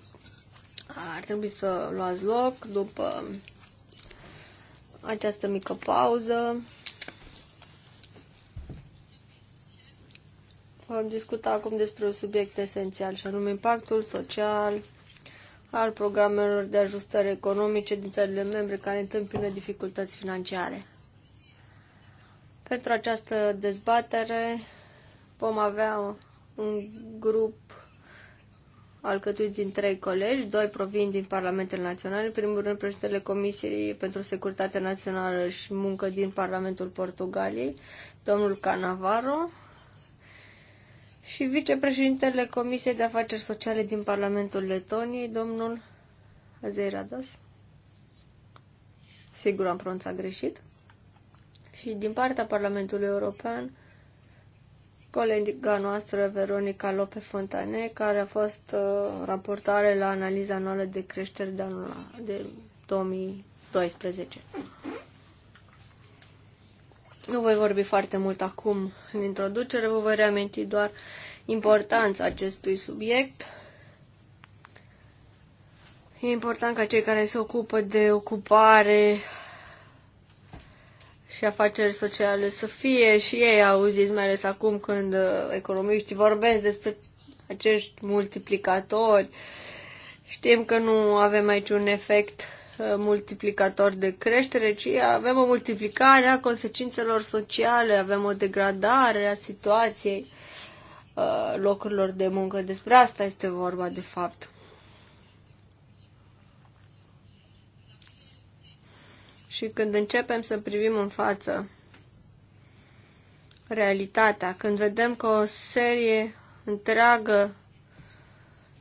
ar trebui să luați loc după această mică pauză. Vom discuta acum despre un subiect esențial, și anume impactul social al programelor de ajustare economice din țările membre care întâmpină dificultăți financiare. Pentru această dezbatere Vom avea un grup alcătuit din trei colegi, doi provin din Parlamentele Naționale, în primul rând președintele Comisiei pentru Securitate Națională și Muncă din Parlamentul Portugaliei, domnul Canavaro, și vicepreședintele Comisiei de Afaceri Sociale din Parlamentul Letoniei, domnul Azeiradas. Sigur am pronunțat greșit. Și din partea Parlamentului European, colega noastră Veronica Lope Fontane, care a fost uh, raportare la analiza anuală de creștere de anul de 2012. Nu voi vorbi foarte mult acum în introducere, vă voi reaminti doar importanța acestui subiect. E important ca cei care se ocupă de ocupare, și afaceri sociale să fie și ei auziți, mai ales acum când uh, economiștii vorbesc despre acești multiplicatori. Știm că nu avem aici un efect uh, multiplicator de creștere, ci avem o multiplicare a consecințelor sociale, avem o degradare a situației uh, locurilor de muncă. Despre asta este vorba, de fapt. Și când începem să privim în față realitatea, când vedem că o serie întreagă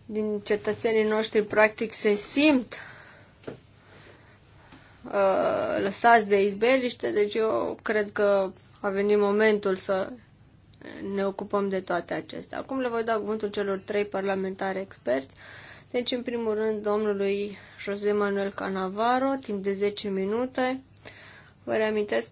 din cetățenii noștri practic se simt uh, lăsați de izbeliște, deci eu cred că a venit momentul să ne ocupăm de toate acestea. Acum le voi da cuvântul celor trei parlamentari experți deci, în primul rând, domnului José Manuel Canavaro, timp de 10 minute. Vă reamintesc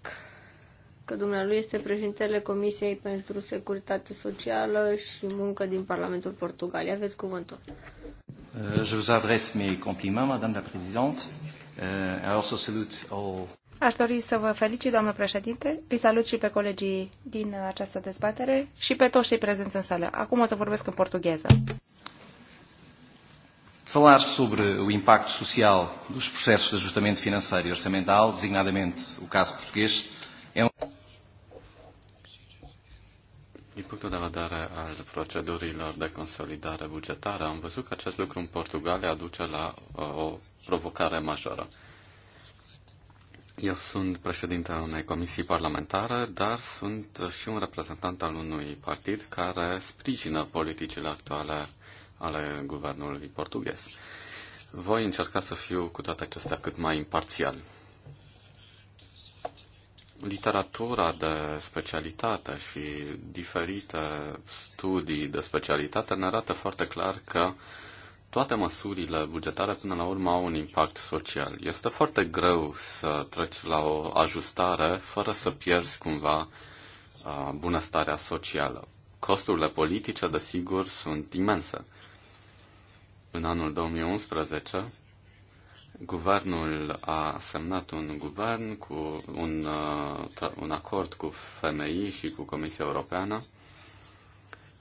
că dumnealui este președintele Comisiei pentru Securitate Socială și Muncă din Parlamentul Portugalia. Aveți cuvântul. Uh, je vous adresse mes compliments, Madame la Présidente. Uh, alors, să salut au... Aș dori să vă felicit, doamnă președinte. Îi salut și pe colegii din această dezbatere și pe toți cei prezenți în sală. Acum o să vorbesc în portugheză. Falar sobre o impacto social dos processos de ajustamento financeiro e orçamental, designadamente o caso português, é um. Din punctul de vedere al procedurilor de consolidare bugetară, am văzut că acest lucru în Portugalia aduce la uh, o provocare majoră. Eu sunt președintele unei comisii parlamentare, dar sunt și un reprezentant al unui partid care sprijină politicile actuale ale guvernului portughez. Voi încerca să fiu cu toate acestea cât mai imparțial. Literatura de specialitate și diferite studii de specialitate ne arată foarte clar că toate măsurile bugetare până la urmă au un impact social. Este foarte greu să treci la o ajustare fără să pierzi cumva uh, bunăstarea socială. Costurile politice, desigur, sunt imense. În anul 2011, guvernul a semnat un guvern cu un, uh, un acord cu FMI și cu Comisia Europeană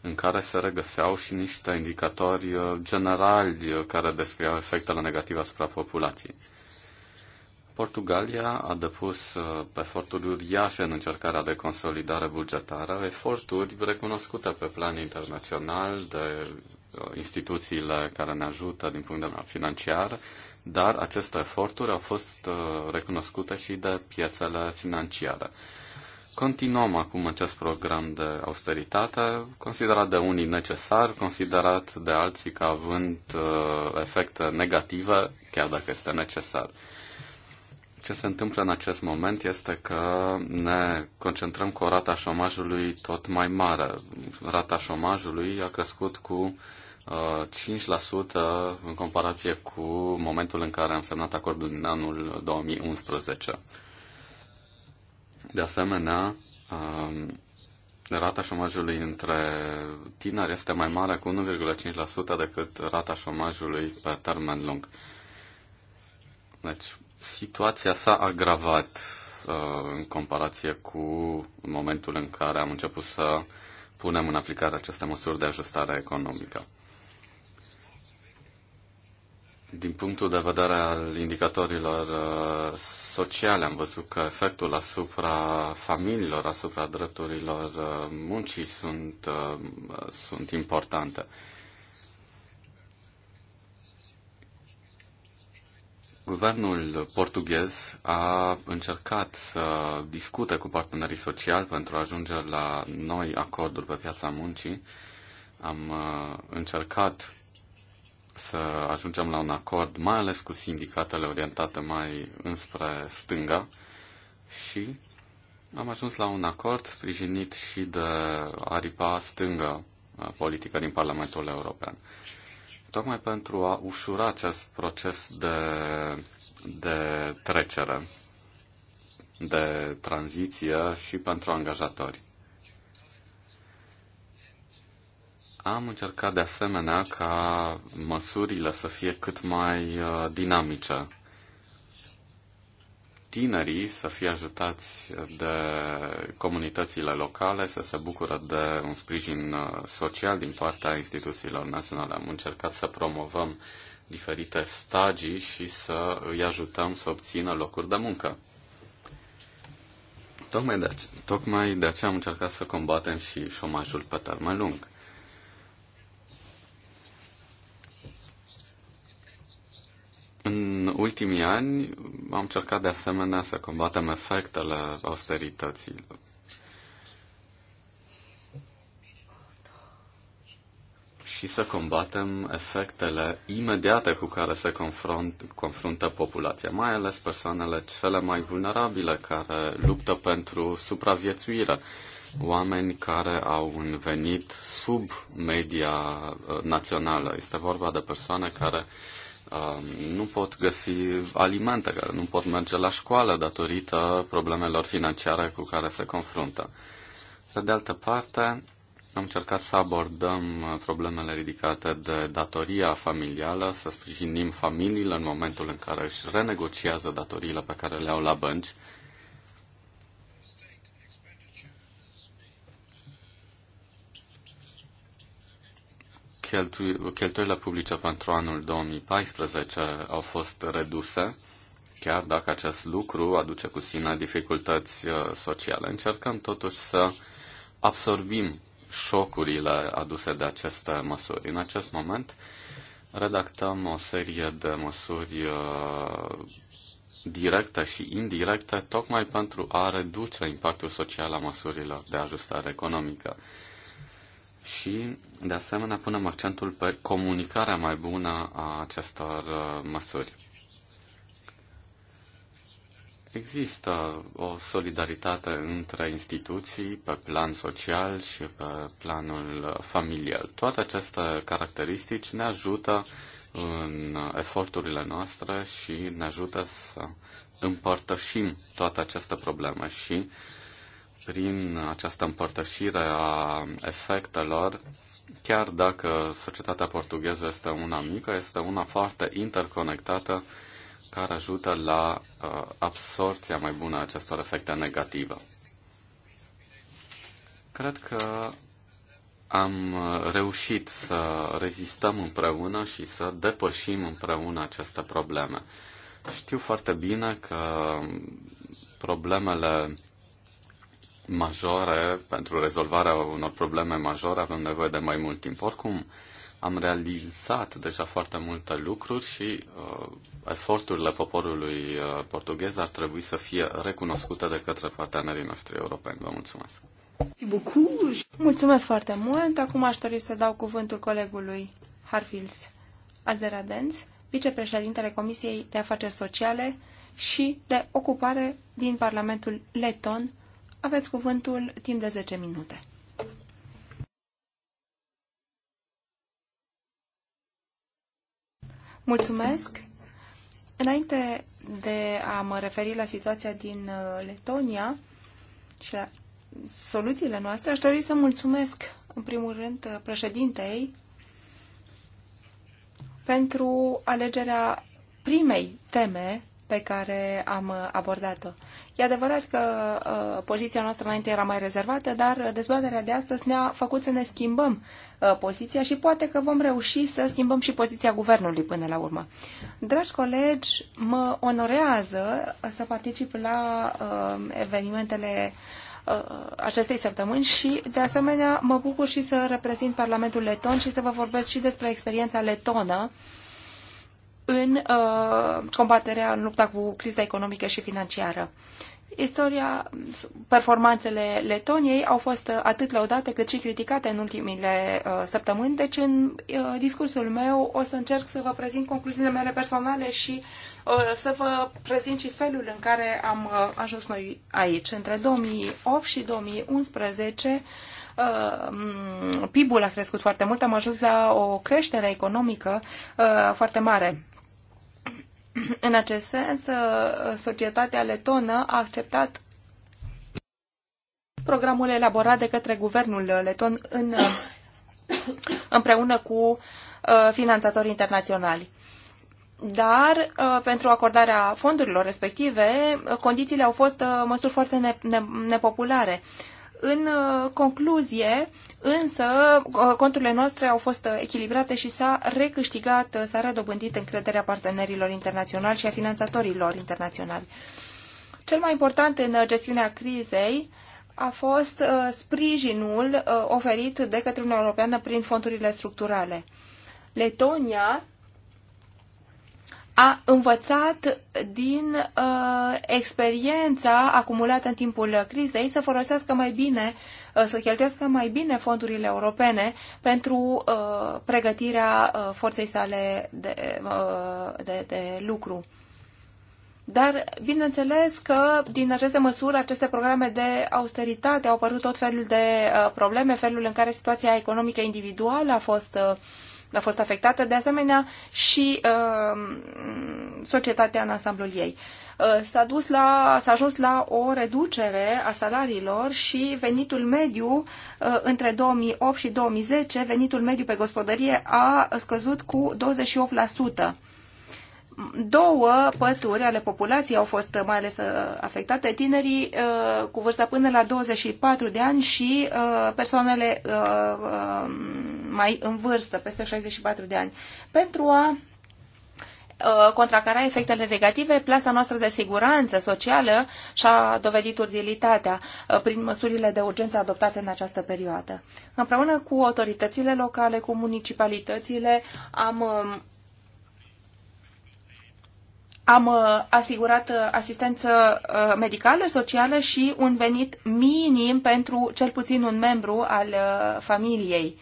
în care se regăseau și niște indicatori uh, generali uh, care descriau efectele negative asupra populației. Portugalia a depus eforturi uriașe în încercarea de consolidare bugetară, eforturi recunoscute pe plan internațional de instituțiile care ne ajută din punct de vedere financiar, dar aceste eforturi au fost uh, recunoscute și de piețele financiare. Continuăm acum acest program de austeritate, considerat de unii necesar, considerat de alții ca având uh, efecte negative, chiar dacă este necesar. Ce se întâmplă în acest moment este că ne concentrăm cu o rata șomajului tot mai mare. Rata șomajului a crescut cu 5% în comparație cu momentul în care am semnat acordul din anul 2011. De asemenea, um, rata șomajului între tineri este mai mare cu 1,5% decât rata șomajului pe termen lung. Deci, situația s-a agravat uh, în comparație cu momentul în care am început să punem în aplicare aceste măsuri de ajustare economică. Din punctul de vedere al indicatorilor uh, sociale, am văzut că efectul asupra familiilor, asupra drepturilor uh, muncii sunt, uh, sunt importante. Guvernul portughez a încercat să discute cu partenerii sociali pentru a ajunge la noi acorduri pe piața muncii. Am încercat să ajungem la un acord, mai ales cu sindicatele orientate mai înspre stânga și am ajuns la un acord sprijinit și de aripa stângă uh, politică din Parlamentul European. Tocmai pentru a ușura acest proces de, de trecere, de tranziție și pentru angajatori. Am încercat de asemenea ca măsurile să fie cât mai uh, dinamice. Tinerii să fie ajutați de comunitățile locale să se bucură de un sprijin uh, social din partea instituțiilor naționale. Am încercat să promovăm diferite stagii și să îi ajutăm să obțină locuri de muncă. Tocmai de, tocmai de aceea am încercat să combatem și șomajul pe termen lung. În ultimii ani am încercat de asemenea să combatem efectele austerității. și să combatem efectele imediate cu care se confrunt, confruntă populația, mai ales persoanele cele mai vulnerabile care luptă pentru supraviețuire, oameni care au un venit sub media uh, națională. Este vorba de persoane care uh, Um, nu pot găsi alimente, care nu pot merge la școală datorită problemelor financiare cu care se confruntă. Pe de altă parte, am încercat să abordăm problemele ridicate de datoria familială, să sprijinim familiile în momentul în care își renegociază datoriile pe care le au la bănci, cheltu- cheltuielile publice pentru anul 2014 au fost reduse, chiar dacă acest lucru aduce cu sine dificultăți uh, sociale. Încercăm totuși să absorbim șocurile aduse de aceste măsuri. În acest moment redactăm o serie de măsuri uh, directe și indirecte, tocmai pentru a reduce impactul social a măsurilor de ajustare economică. Și de asemenea, punem accentul pe comunicarea mai bună a acestor uh, măsuri. Există o solidaritate între instituții pe plan social și pe planul familial. Toate aceste caracteristici ne ajută în eforturile noastre și ne ajută să împărtășim toată această problemă și prin această împărtășire a efectelor chiar dacă societatea portugheză este una mică, este una foarte interconectată care ajută la uh, absorția mai bună a acestor efecte negative. Cred că am reușit să rezistăm împreună și să depășim împreună aceste probleme. Știu foarte bine că problemele majore, pentru rezolvarea unor probleme majore, avem nevoie de mai mult timp. Oricum, am realizat deja foarte multe lucruri și uh, eforturile poporului uh, portughez ar trebui să fie recunoscute de către partenerii noștri europeni. Vă mulțumesc! Mulțumesc foarte mult! Acum aș dori să dau cuvântul colegului Harfields Azeradens vicepreședintele Comisiei de Afaceri Sociale și de Ocupare din Parlamentul Leton aveți cuvântul timp de 10 minute. Mulțumesc! Înainte de a mă referi la situația din uh, Letonia și la soluțiile noastre, aș dori să mulțumesc, în primul rând, uh, președintei pentru alegerea primei teme pe care am uh, abordat-o. E adevărat că uh, poziția noastră înainte era mai rezervată, dar dezbaterea de astăzi ne-a făcut să ne schimbăm uh, poziția și poate că vom reuși să schimbăm și poziția guvernului până la urmă. Dragi colegi, mă onorează să particip la uh, evenimentele uh, acestei săptămâni și, de asemenea, mă bucur și să reprezint Parlamentul Leton și să vă vorbesc și despre experiența letonă în uh, combaterea, în lupta cu criza economică și financiară. Istoria, performanțele Letoniei au fost atât laudate cât și criticate în ultimile uh, săptămâni, deci în uh, discursul meu o să încerc să vă prezint concluziile mele personale și uh, să vă prezint și felul în care am uh, ajuns noi aici. Între 2008 și 2011 uh, PIB-ul a crescut foarte mult, am ajuns la o creștere economică uh, foarte mare. În acest sens, ă, societatea letonă a acceptat programul elaborat de către guvernul leton în, ă, împreună cu ă, finanțatori internaționali dar pentru acordarea fondurilor respective, condițiile au fost măsuri foarte nepopulare. În uh, concluzie, însă, uh, conturile noastre au fost uh, echilibrate și s-a recâștigat, s-a redobândit încrederea partenerilor internaționali și a finanțatorilor internaționali. Cel mai important în gestiunea crizei a fost sprijinul oferit de către Uniunea Europeană prin fondurile structurale. Letonia a învățat din uh, experiența acumulată în timpul crizei să folosească mai bine, uh, să cheltuiască mai bine fondurile europene pentru uh, pregătirea uh, forței sale de, uh, de, de lucru. Dar, bineînțeles că din aceste măsuri, aceste programe de austeritate au apărut tot felul de uh, probleme, felul în care situația economică individuală a fost uh, a fost afectată, de asemenea și uh, societatea în ansamblul ei. Uh, s-a, dus la, s-a ajuns la o reducere a salariilor și venitul mediu uh, între 2008 și 2010, venitul mediu pe gospodărie a scăzut cu 28% două pături ale populației au fost mai ales uh, afectate, tinerii uh, cu vârsta până la 24 de ani și uh, persoanele um, mai în vârstă, peste 64 de ani. Pentru a contracara efectele negative, plasa noastră de siguranță socială și-a dovedit utilitatea prin măsurile de urgență adoptate în această perioadă. Împreună cu autoritățile locale, cu municipalitățile, am um, am uh, asigurat uh, asistență uh, medicală, socială și un venit minim pentru cel puțin un membru al familiei.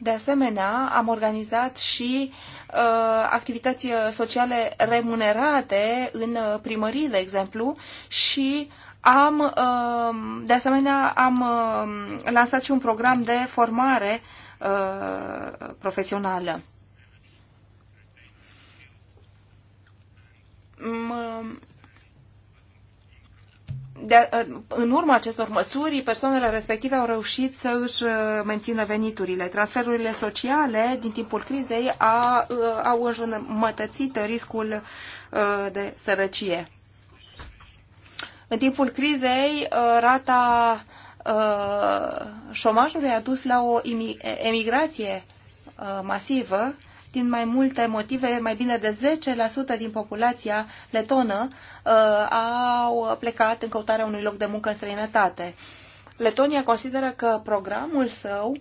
De asemenea, am organizat și uh, activități sociale remunerate în primării, de exemplu, și am, uh, de asemenea, am uh, lansat și un program de formare uh, profesională. de, în urma acestor măsuri, persoanele respective au reușit să își uh, mențină veniturile. Transferurile sociale din timpul crizei a, uh, au înjumătățit riscul uh, de sărăcie. În timpul crizei, rata șomajului a dus la o emigrație masivă din mai multe motive, mai bine de 10% din populația letonă uh, au plecat în căutarea unui loc de muncă în străinătate. Letonia consideră că programul său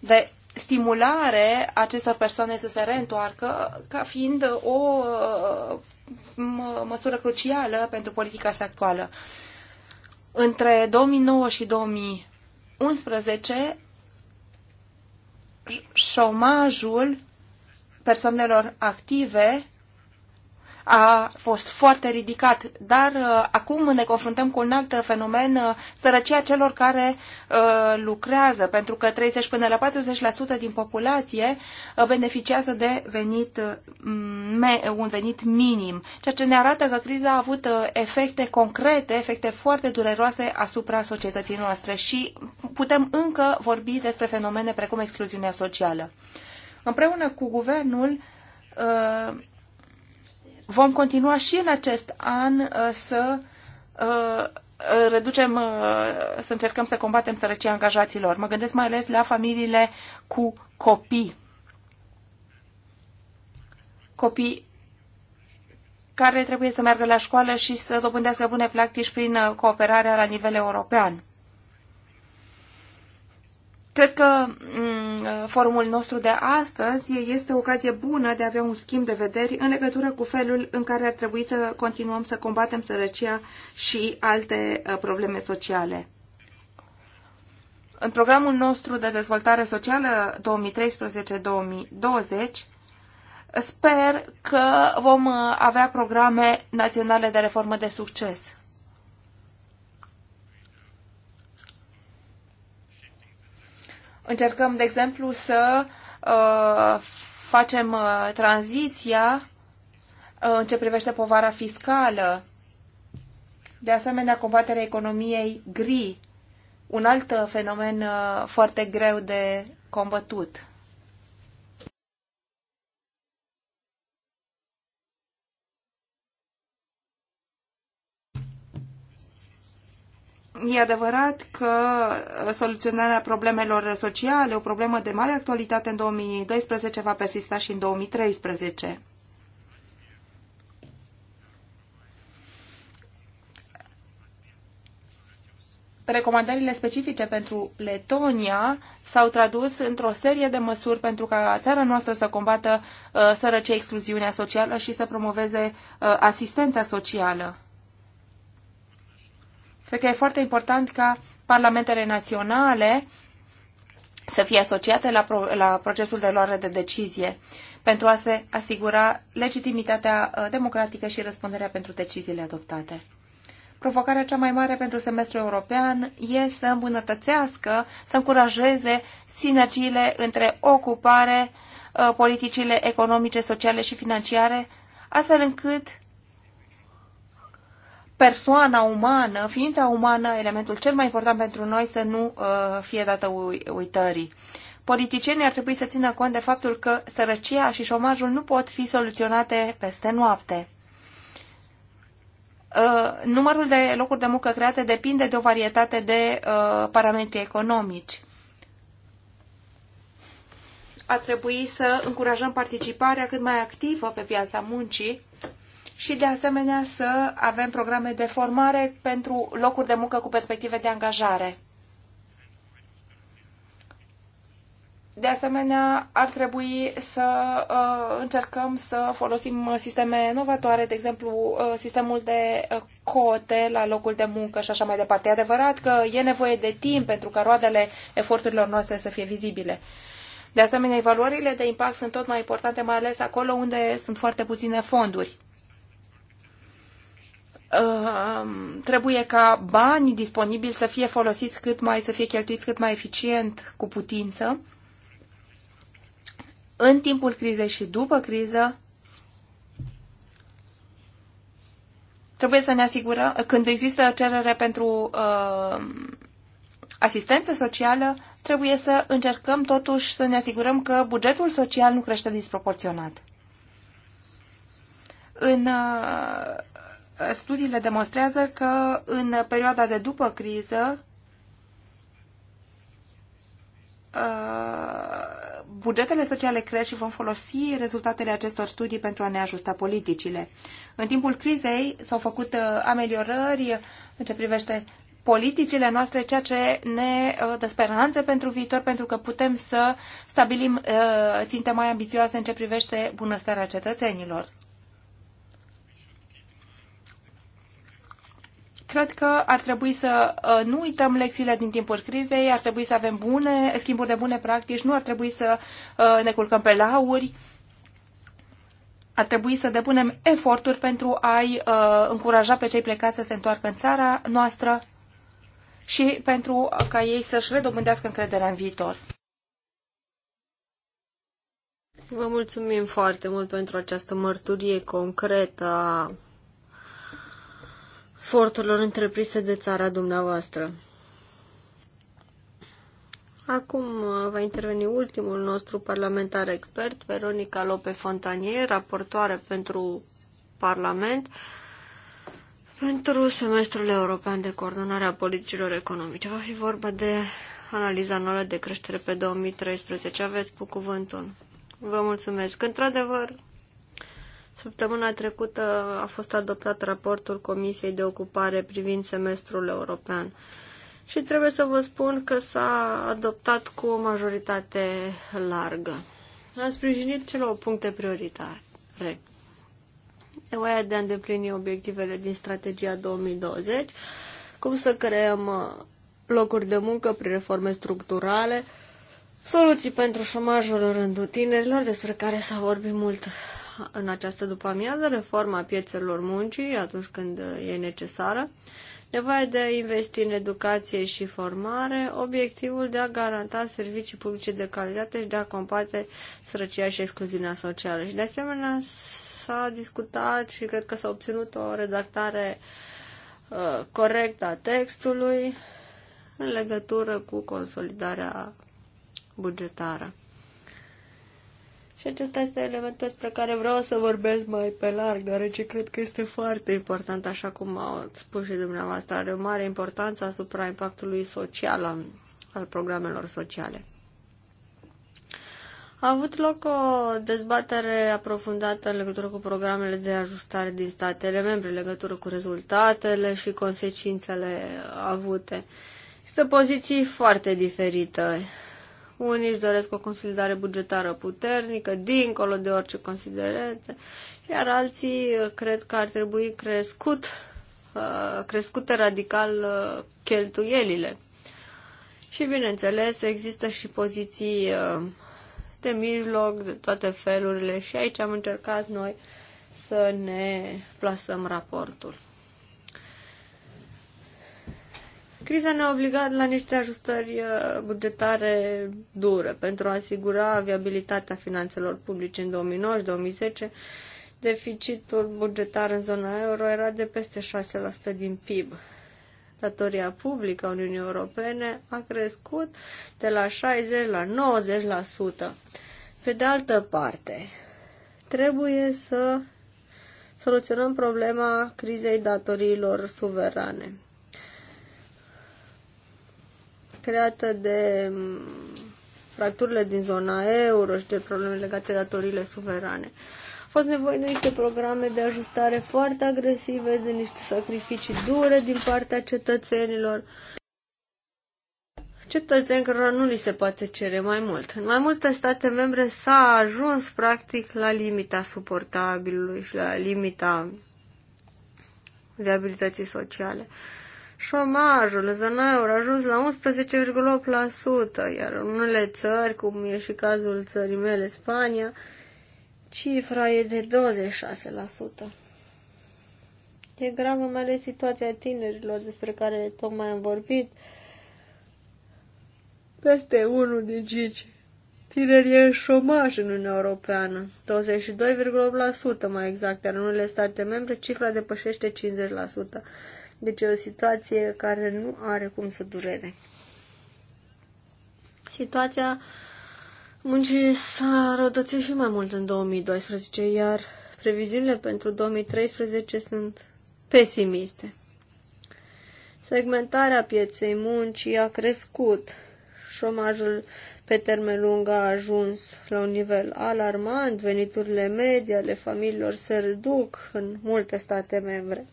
de stimulare acestor persoane să se reîntoarcă ca fiind o uh, măsură crucială pentru politica sa actuală. Între 2009 și 2011 șomajul persoanelor active a fost foarte ridicat, dar uh, acum ne confruntăm cu un alt fenomen, uh, sărăcia celor care uh, lucrează, pentru că 30 până la 40% din populație beneficiază de venit, un venit minim, ceea ce ne arată că criza a avut efecte concrete, efecte foarte dureroase asupra societății noastre și putem încă vorbi despre fenomene precum excluziunea socială. Împreună cu guvernul, vom continua și în acest an uh, să uh, reducem, uh, să încercăm să combatem sărăcia angajaților. Mă gândesc mai ales la familiile cu copii. Copii care trebuie să meargă la școală și să dobândească bune practici prin cooperarea la nivel european. Cred că mm, forumul nostru de astăzi este o ocazie bună de a avea un schimb de vederi în legătură cu felul în care ar trebui să continuăm să combatem sărăcia și alte uh, probleme sociale. În programul nostru de dezvoltare socială 2013-2020, sper că vom uh, avea programe naționale de reformă de succes. Încercăm, de exemplu, să uh, facem uh, tranziția uh, în ce privește povara fiscală. De asemenea, combaterea economiei gri, un alt fenomen foarte greu de combătut. E adevărat că uh, soluționarea problemelor sociale, o problemă de mare actualitate în 2012, va persista și în 2013. Recomandările specifice pentru Letonia s-au tradus într-o serie de măsuri pentru ca țara noastră să combată uh, sărăcia, excluziunea socială și să promoveze uh, asistența socială. Cred că e foarte important ca parlamentele naționale să fie asociate la, pro, la procesul de luare de decizie pentru a se asigura legitimitatea uh, democratică și răspunderea pentru deciziile adoptate. Provocarea cea mai mare pentru semestrul european e să îmbunătățească, să încurajeze sinergiile între ocupare, uh, politicile economice, sociale și financiare, astfel încât persoana umană, ființa umană, elementul cel mai important pentru noi să nu uh, fie dată uitării. Politicienii ar trebui să țină cont de faptul că sărăcia și șomajul nu pot fi soluționate peste noapte. Uh, numărul de locuri de muncă create depinde de o varietate de uh, parametri economici ar trebui să încurajăm participarea cât mai activă pe piața muncii și de asemenea să avem programe de formare pentru locuri de muncă cu perspective de angajare. De asemenea, ar trebui să uh, încercăm să folosim sisteme inovatoare, de exemplu, uh, sistemul de uh, cote la locul de muncă și așa mai departe. E adevărat că e nevoie de timp pentru ca roadele eforturilor noastre să fie vizibile. De asemenea, evaluările de impact sunt tot mai importante, mai ales acolo unde sunt foarte puține fonduri. Ehm, trebuie ca banii disponibili să fie folosiți cât mai, să fie cheltuiți cât mai eficient cu putință. În timpul crizei și după criză, trebuie să ne asigurăm, când există cerere pentru uh, asistență socială, trebuie să încercăm totuși să ne asigurăm că bugetul social nu crește disproporționat. În uh, studiile demonstrează că în perioada de după criză uh, bugetele sociale cresc și vom folosi rezultatele acestor studii pentru a ne ajusta politicile. În timpul crizei s-au făcut uh, ameliorări în ce privește politicile noastre, ceea ce ne uh, dă speranțe pentru viitor, pentru că putem să stabilim ținte mai ambițioase în ce privește bunăstarea cetățenilor. cred că ar trebui să uh, nu uităm lecțiile din timpul crizei, ar trebui să avem bune, schimburi de bune practici, nu ar trebui să uh, ne culcăm pe lauri. Ar trebui să depunem eforturi pentru a-i uh, încuraja pe cei plecați să se întoarcă în țara noastră și pentru ca ei să-și redobândească încrederea în viitor. Vă mulțumim foarte mult pentru această mărturie concretă a eforturilor întreprise de țara dumneavoastră. Acum uh, va interveni ultimul nostru parlamentar expert, Veronica Lope Fontanier, raportoare pentru Parlament pentru semestrul european de coordonare a politicilor economice. Va fi vorba de analiza anuală de creștere pe 2013. Aveți cu cuvântul. Vă mulțumesc. Într-adevăr, Săptămâna trecută a fost adoptat raportul Comisiei de Ocupare privind semestrul european. Și trebuie să vă spun că s-a adoptat cu o majoritate largă. Am sprijinit cele puncte prioritare. Nevoia de a îndeplini obiectivele din strategia 2020, cum să creăm uh, locuri de muncă prin reforme structurale, soluții pentru șomajul în rândul tinerilor, despre care s-a vorbit mult în această după-amiază, reforma piețelor muncii atunci când e necesară, nevoia de a investi în educație și formare, obiectivul de a garanta servicii publice de calitate și de a combate sărăcia și excluziunea socială. Și de asemenea s-a discutat și cred că s-a obținut o redactare uh, corectă a textului în legătură cu consolidarea bugetară. Și acesta este elementul despre care vreau să vorbesc mai pe larg, deoarece cred că este foarte important, așa cum au spus și dumneavoastră, are o mare importanță asupra impactului social al, al programelor sociale. A avut loc o dezbatere aprofundată în legătură cu programele de ajustare din statele membre, în legătură cu rezultatele și consecințele avute. Există poziții foarte diferite unii își doresc o consolidare bugetară puternică, dincolo de orice considerente, iar alții uh, cred că ar trebui crescut, uh, crescute radical uh, cheltuielile. Și, bineînțeles, există și poziții de mijloc, de toate felurile și aici am încercat noi să ne plasăm raportul. Criza ne-a obligat la niște ajustări uh, bugetare dure pentru a asigura viabilitatea finanțelor publice în 2009-2010. Deficitul bugetar în zona euro era de peste 6% din PIB. Datoria publică a Uniunii Europene a crescut de la 60 la 90%. Pe de altă parte, trebuie să soluționăm problema crizei datoriilor suverane creată de mm, fracturile din zona euro și de probleme legate de datorile suverane. A fost nevoie de niște programe de ajustare foarte agresive, de niște sacrificii dure din partea cetățenilor. Cetățeni cărora nu li se poate cere mai mult. În mai multe state membre s-a ajuns practic la limita suportabilului și la limita viabilității sociale șomajul în euro a ajuns la 11,8%, iar în unele țări, cum e și cazul țării mele, Spania, cifra e de 26%. E gravă mai ales situația tinerilor despre care tocmai am vorbit. Peste 1 din 5 tineri e în șomaj în Uniunea Europeană, 22,8% mai exact, iar în unele state membre cifra depășește 50%. Deci e o situație care nu are cum să dureze. Situația muncii s-a rădățit și mai mult în 2012, iar previziunile pentru 2013 sunt pesimiste. Segmentarea pieței muncii a crescut, șomajul pe termen lung a ajuns la un nivel alarmant, veniturile medii ale familiilor se reduc în multe state membre.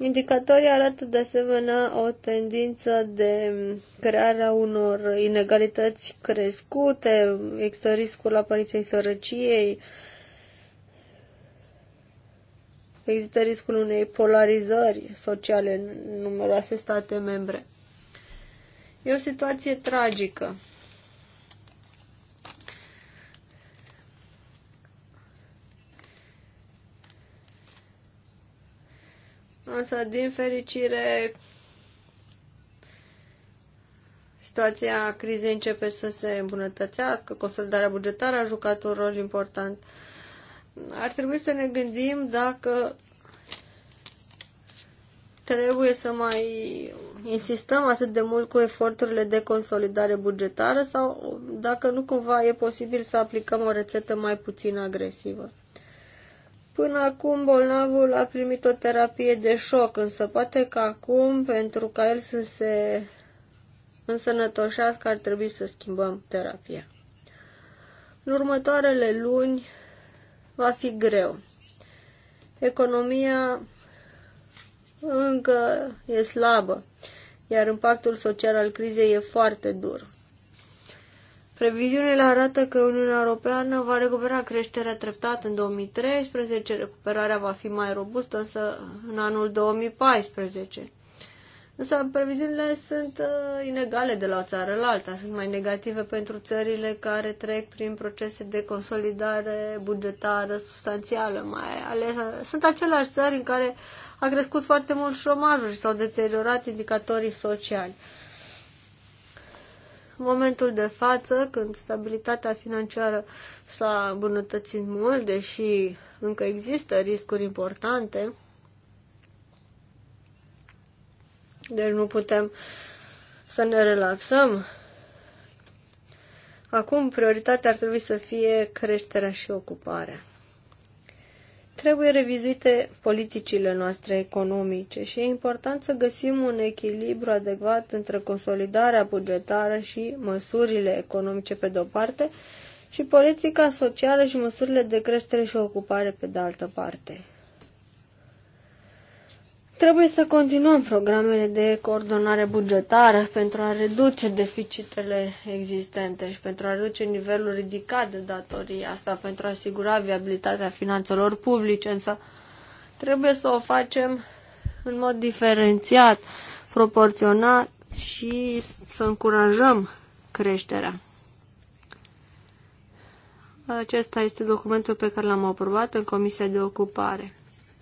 Indicatorii arată de asemenea o tendință de crearea unor inegalități crescute, există riscul apariției sărăciei, există riscul unei polarizări sociale în numeroase state membre. E o situație tragică Însă, din fericire, situația crizei începe să se îmbunătățească, consolidarea bugetară a jucat un rol important. Ar trebui să ne gândim dacă trebuie să mai insistăm atât de mult cu eforturile de consolidare bugetară sau dacă nu cumva e posibil să aplicăm o rețetă mai puțin agresivă. Până acum bolnavul a primit o terapie de șoc, însă poate că acum, pentru ca el să se însănătoșească, ar trebui să schimbăm terapia. În următoarele luni va fi greu. Economia încă e slabă, iar impactul social al crizei e foarte dur. Previziunile arată că Uniunea Europeană va recupera creșterea treptată în 2013, recuperarea va fi mai robustă însă în anul 2014. Însă previziunile sunt uh, inegale de la o țară la alta, sunt mai negative pentru țările care trec prin procese de consolidare bugetară substanțială, mai ales uh, sunt aceleași țări în care a crescut foarte mult șomajul și s-au deteriorat indicatorii sociali. În momentul de față, când stabilitatea financiară s-a îmbunătățit mult, deși încă există riscuri importante, deci nu putem să ne relaxăm. Acum, prioritatea ar trebui să fie creșterea și ocuparea. Trebuie revizuite politicile noastre economice și e important să găsim un echilibru adecvat între consolidarea bugetară și măsurile economice pe de-o parte și politica socială și măsurile de creștere și ocupare pe de altă parte. Trebuie să continuăm programele de coordonare bugetară pentru a reduce deficitele existente și pentru a reduce nivelul ridicat de datorii, asta pentru a asigura viabilitatea finanțelor publice, însă trebuie să o facem în mod diferențiat, proporționat și să încurajăm creșterea. Acesta este documentul pe care l-am aprobat în Comisia de Ocupare.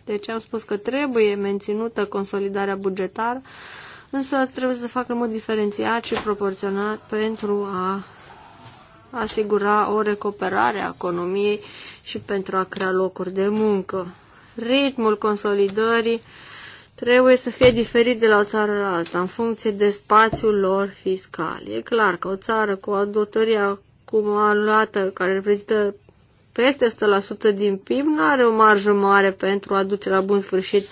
Deci am spus că trebuie menținută consolidarea bugetară, însă trebuie să facă mod diferențiat și proporționat pentru a asigura o recuperare a economiei și pentru a crea locuri de muncă. Ritmul consolidării trebuie să fie diferit de la o țară la alta, în funcție de spațiul lor fiscal. E clar că o țară cu o dotărie acumulată care reprezintă peste 100% din PIB, nu are o marjă mare pentru a duce la bun sfârșit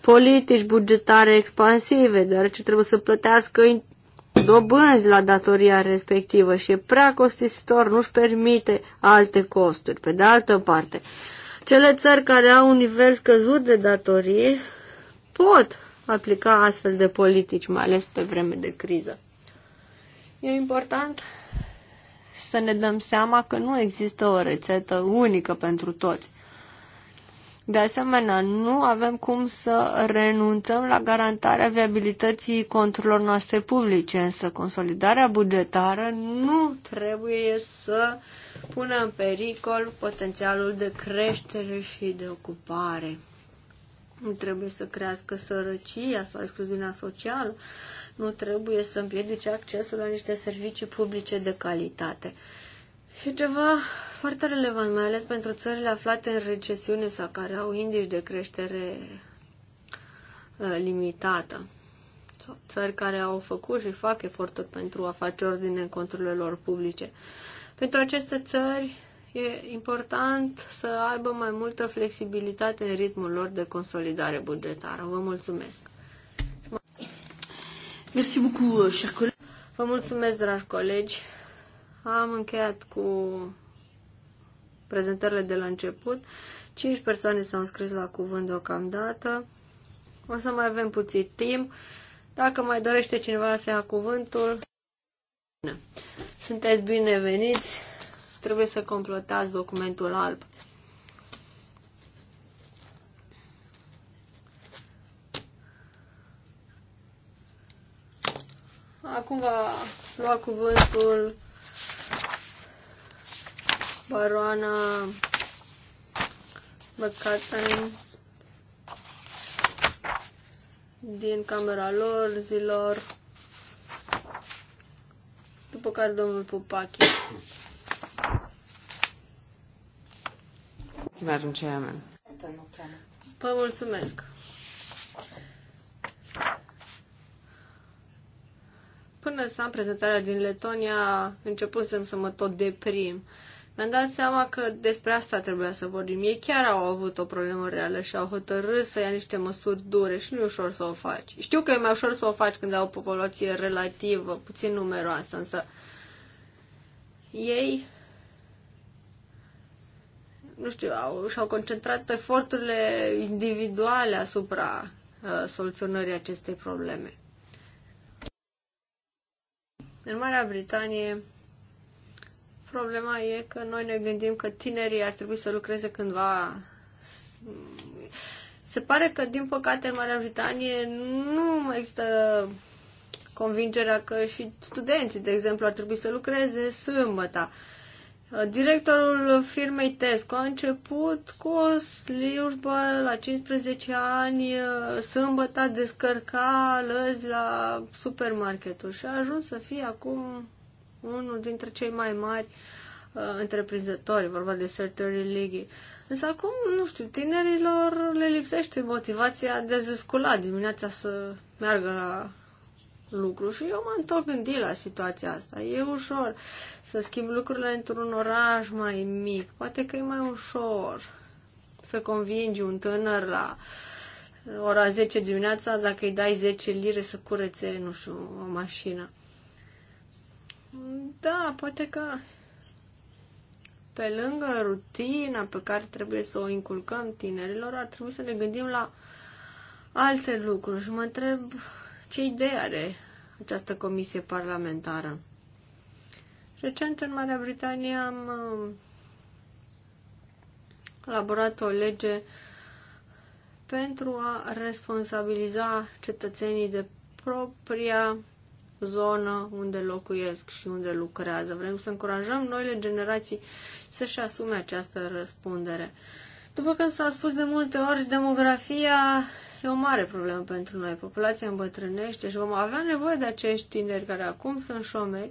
politici bugetare expansive, deoarece trebuie să plătească dobânzi la datoria respectivă și e prea costisitor, nu-și permite alte costuri. Pe de altă parte, cele țări care au un nivel scăzut de datorie pot aplica astfel de politici, mai ales pe vreme de criză. E important să ne dăm seama că nu există o rețetă unică pentru toți. De asemenea, nu avem cum să renunțăm la garantarea viabilității conturilor noastre publice, însă consolidarea bugetară nu trebuie să pună în pericol potențialul de creștere și de ocupare. Nu trebuie să crească sărăcia sau excluziunea socială nu trebuie să împiedice accesul la niște servicii publice de calitate. Și ceva foarte relevant, mai ales pentru țările aflate în recesiune sau care au indici de creștere ă, limitată. Sau țări care au făcut și fac eforturi pentru a face ordine în conturile lor publice. Pentru aceste țări e important să aibă mai multă flexibilitate în ritmul lor de consolidare bugetară. Vă mulțumesc! beaucoup, euh, Vă mulțumesc, dragi colegi. Am încheiat cu prezentările de la început. Cinci persoane s-au înscris la cuvânt deocamdată. O să mai avem puțin timp. Dacă mai dorește cineva să ia cuvântul, sunteți bineveniți. Trebuie să completați documentul alb. Acum va lua cuvântul baroana McCartan din camera lor, zilor, după care domnul Pupachi. Madam Chairman. Vă mulțumesc. până să am prezentarea din Letonia, începusem să mă tot deprim. Mi-am dat seama că despre asta trebuia să vorbim. Ei chiar au avut o problemă reală și au hotărât să ia niște măsuri dure și nu e ușor să o faci. Știu că e mai ușor să o faci când au o populație relativă, puțin numeroasă, însă ei nu știu, au, și-au concentrat eforturile individuale asupra uh, soluționării acestei probleme. În Marea Britanie, problema e că noi ne gândim că tinerii ar trebui să lucreze cândva. Se pare că, din păcate, în Marea Britanie nu mai există convingerea că și studenții, de exemplu, ar trebui să lucreze sâmbătă. Directorul firmei Tesco a început cu o slujbă la 15 ani, sâmbătă descărca lăzi la supermarketul și a ajuns să fie acum unul dintre cei mai mari uh, întreprinzători, vorba de Sertorii League. Însă acum, nu știu, tinerilor le lipsește motivația de a zăscula dimineața să meargă la lucru și eu m-am tot gândit la situația asta. E ușor să schimb lucrurile într-un oraș mai mic. Poate că e mai ușor să convingi un tânăr la uh, ora 10 dimineața dacă îi dai 10 lire să curețe, nu știu, o mașină. Da, poate că pe lângă rutina pe care trebuie să o inculcăm tinerilor, ar trebui să ne gândim la alte lucruri. Și mă întreb ce idee are această comisie parlamentară? Recent, în Marea Britanie, am uh, elaborat o lege pentru a responsabiliza cetățenii de propria zonă unde locuiesc și unde lucrează. Vrem să încurajăm noile generații să-și asume această răspundere. După cum s-a spus de multe ori, demografia e o mare problemă pentru noi. Populația îmbătrânește și vom avea nevoie de acești tineri care acum sunt șomeri.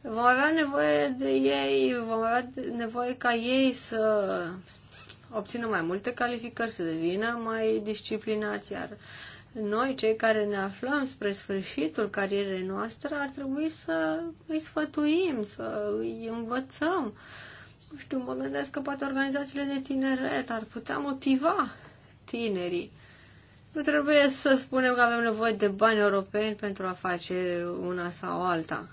Vom avea nevoie de ei, vom avea nevoie ca ei să obțină mai multe calificări, să devină mai disciplinați, iar noi, cei care ne aflăm spre sfârșitul carierei noastre, ar trebui să îi sfătuim, să îi învățăm. Nu știu, mă gândesc că poate organizațiile de tineret ar putea motiva tinerii nu trebuie să spunem că avem nevoie de bani europeni pentru a face una sau alta.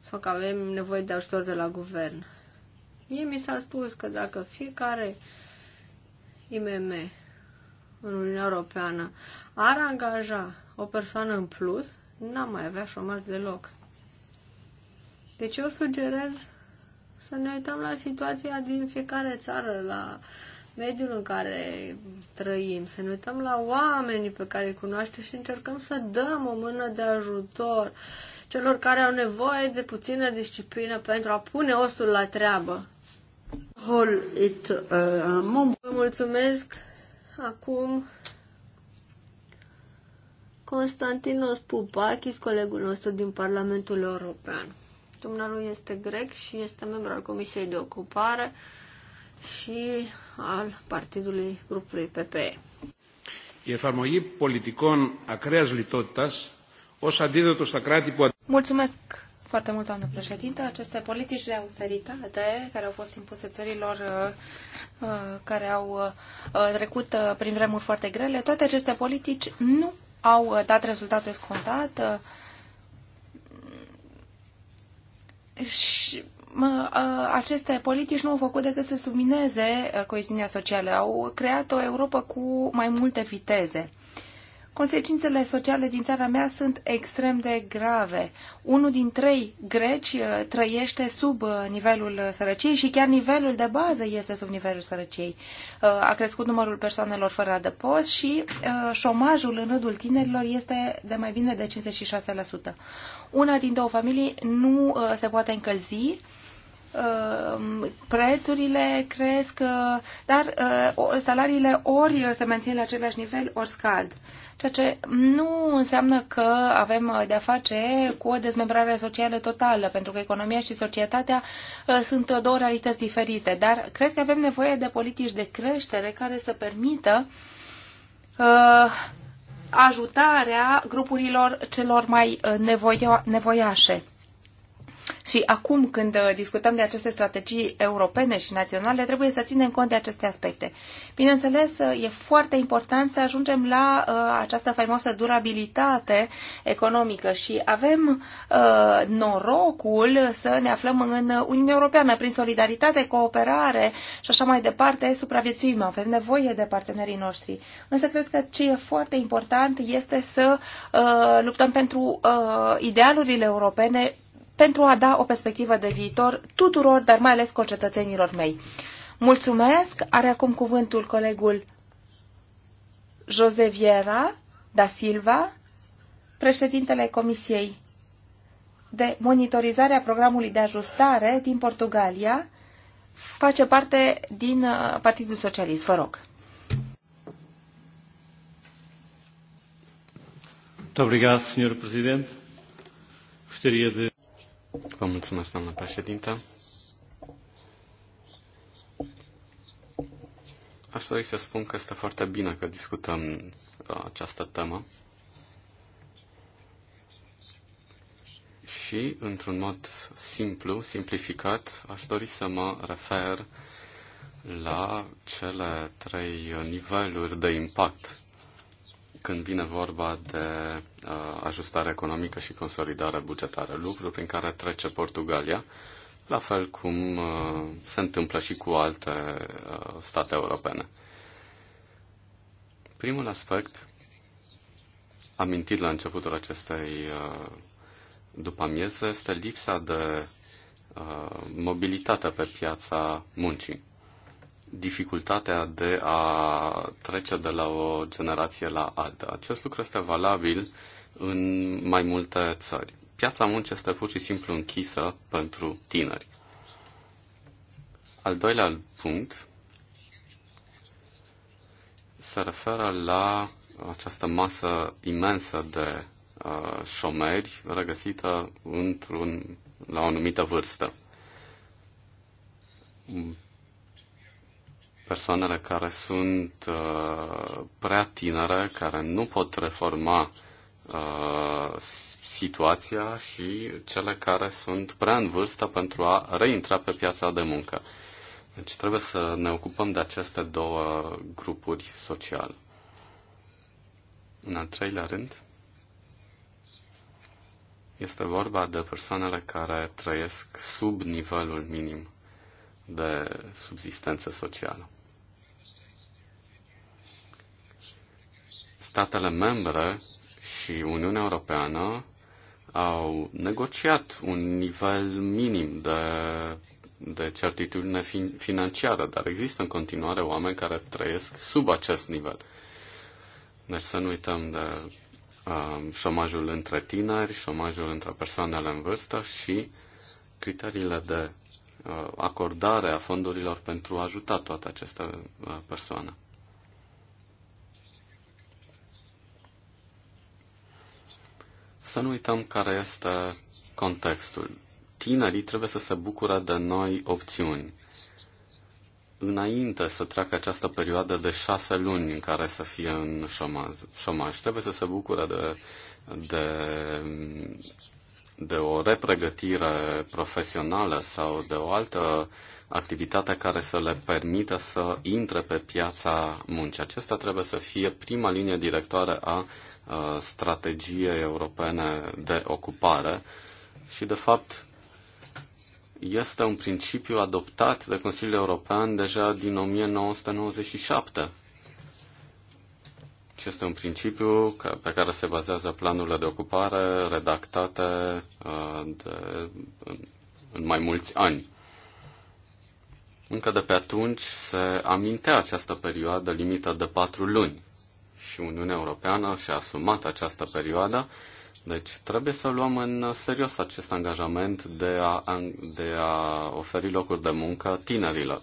Sau că avem nevoie de ajutor de la guvern. Mie mi s-a spus că dacă fiecare IMM în Uniunea Europeană ar angaja o persoană în plus, n-am mai avea șomaj deloc. Deci eu sugerez să ne uităm la situația din fiecare țară, la uh, mediul în care trăim, să ne uităm la oamenii pe care îi cunoaștem și încercăm să dăm o mână de ajutor celor care au nevoie de puțină disciplină pentru a pune osul la treabă. it, uh, Vă mulțumesc acum Constantinos Pupakis, colegul nostru din Parlamentul European. Dumnealui este grec și este membru al Comisiei de Ocupare și al partidului grupului PPE. Η εφαρμογή πολιτικών ακραίας λιτότητας ως αντίδοτο στα κράτη που... Mulțumesc foarte mult, doamnă președintă. Aceste politici de austeritate care au fost impuse țărilor uh, care au uh, trecut uh, prin vremuri foarte grele, toate aceste politici nu au dat rezultate scontate și aceste politici nu au făcut decât să submineze coeziunea socială. Au creat o Europa cu mai multe viteze. Consecințele sociale din țara mea sunt extrem de grave. Unul din trei greci trăiește sub nivelul sărăciei și chiar nivelul de bază este sub nivelul sărăciei. A crescut numărul persoanelor fără adăpost și șomajul în rândul tinerilor este de mai bine de 56%. Una din două familii nu se poate încălzi Ehm, prețurile cresc, eh, dar eh, salariile ori se mențin la același nivel, ori scad. Ceea ce nu înseamnă că avem eh, de-a face cu o dezmembrare socială totală, pentru că economia și societatea sunt două realități diferite, dar cred că avem nevoie de politici de creștere care să permită ajutarea grupurilor celor mai nevoia- nevoiașe și acum când uh, discutăm de aceste strategii europene și naționale, trebuie să ținem cont de aceste aspecte. Bineînțeles, uh, e foarte important să ajungem la uh, această faimoasă durabilitate economică și avem uh, norocul să ne aflăm în Uniunea Europeană. Prin solidaritate, cooperare și așa mai departe, supraviețuim. Avem nevoie de partenerii noștri. Însă cred că ce e foarte important este să uh, luptăm pentru uh, idealurile europene pentru a da o perspectivă de viitor tuturor, dar mai ales concetățenilor mei. Mulțumesc! Are acum cuvântul colegul Jose Viera da Silva, președintele Comisiei de monitorizare a programului de ajustare din Portugalia, face parte din uh, Partidul Socialist. Vă rog. Obrigado, Sr. Presidente. Gostaria de Vă mulțumesc, doamnă președintă. Aș dori să spun că este foarte bine că discutăm uh, această temă și, într-un mod simplu, simplificat, aș dori să mă refer la cele trei niveluri de impact când vine vorba de uh, ajustare economică și consolidare bugetară, lucru prin care trece Portugalia, la fel cum uh, se întâmplă și cu alte uh, state europene. Primul aspect amintit la începutul acestei uh, după amieză este lipsa de uh, mobilitate pe piața muncii dificultatea de a trece de la o generație la alta. Acest lucru este valabil în mai multe țări. Piața muncii este pur și simplu închisă pentru tineri. Al doilea punct se referă la această masă imensă de uh, șomeri regăsită într-un, la o anumită vârstă persoanele care sunt uh, prea tinere, care nu pot reforma uh, situația și cele care sunt prea în vârstă pentru a reintra pe piața de muncă. Deci trebuie să ne ocupăm de aceste două grupuri sociale. În al treilea rând, este vorba de persoanele care trăiesc sub nivelul minim de subsistență socială. statele membre și Uniunea Europeană au negociat un nivel minim de, de certitudine fin, financiară, dar există în continuare oameni care trăiesc sub acest nivel. Deci să nu uităm de uh, șomajul între tineri, șomajul între persoanele în vârstă și criteriile de uh, acordare a fondurilor pentru a ajuta toate aceste uh, persoane. Să nu uităm care este contextul. Tinerii trebuie să se bucure de noi opțiuni. Înainte să treacă această perioadă de șase luni în care să fie în șomaz, șomaj trebuie să se bucure de, de, de o repregătire profesională sau de o altă uh, activitatea care să le permită să intre pe piața muncii. Acesta trebuie să fie prima linie directoare a uh, strategiei europene de ocupare și, de fapt, este un principiu adoptat de Consiliul European deja din 1997 și este un principiu pe care se bazează planurile de ocupare redactate uh, de, în mai mulți ani. Încă de pe atunci se amintea această perioadă limită de patru luni și Uniunea Europeană și-a asumat această perioadă, deci trebuie să luăm în serios acest angajament de a, de a oferi locuri de muncă tinerilor,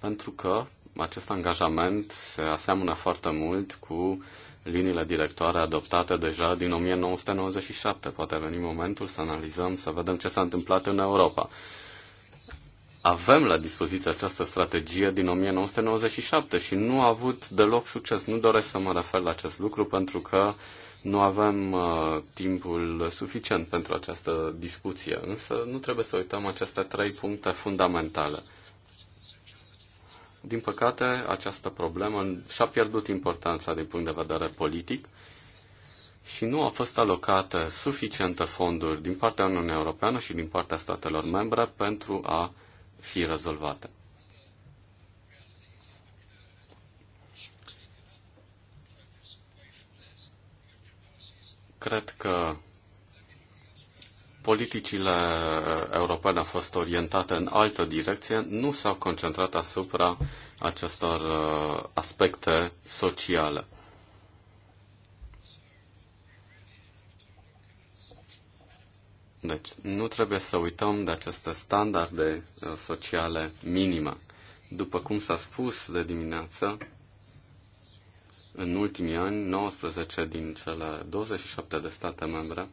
pentru că acest angajament se aseamănă foarte mult cu liniile directoare adoptate deja din 1997. Poate veni momentul să analizăm, să vedem ce s-a întâmplat în Europa avem la dispoziție această strategie din 1997 și nu a avut deloc succes. Nu doresc să mă refer la acest lucru pentru că nu avem uh, timpul suficient pentru această discuție, însă nu trebuie să uităm aceste trei puncte fundamentale. Din păcate, această problemă și-a pierdut importanța din punct de vedere politic și nu au fost alocate suficiente fonduri din partea Uniunii Europeană și din partea statelor membre pentru a fi rezolvată. Cred că politicile europene au fost orientate în altă direcție, nu s-au concentrat asupra acestor uh, aspecte sociale. Deci nu trebuie să uităm de aceste standarde uh, sociale minime. După cum s-a spus de dimineață, în ultimii ani, 19 din cele 27 de state membre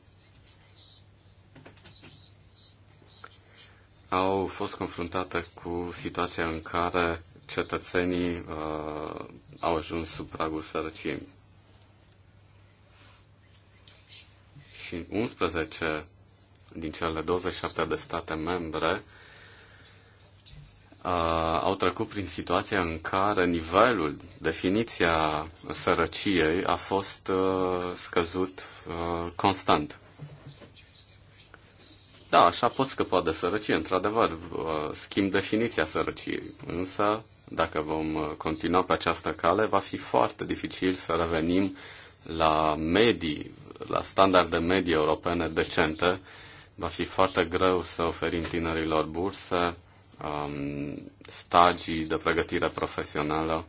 au fost confruntate cu situația în care cetățenii uh, au ajuns sub pragul sărăciei. Și 11 din cele 27 de state membre uh, au trecut prin situația în care nivelul, definiția sărăciei a fost uh, scăzut uh, constant. Da, așa pot scăpa de sărăcie, într-adevăr, uh, schimb definiția sărăciei, însă dacă vom uh, continua pe această cale, va fi foarte dificil să revenim la medii, la standarde medii europene decente, uh, va fi foarte greu să oferim tinerilor burse, um, stagii de pregătire profesională.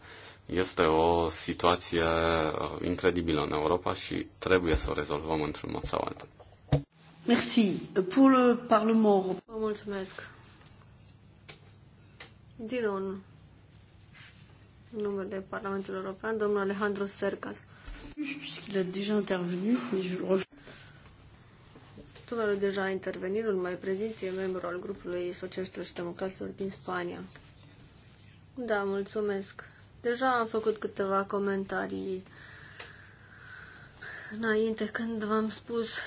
Este o situație uh, incredibilă în Europa și trebuie să o rezolvăm într-un mod sau altul. Merci. Pour le Parlement Vă mulțumesc. Din nou, în numele Parlamentului European, domnul Alejandro Sercas. Puisqu'il a déjà intervenu, mais je le tuturor deja a intervenit, îl mai prezint, e membru al grupului Socialiștilor și Democraților din Spania. Da, mulțumesc. Deja am făcut câteva comentarii înainte când v-am spus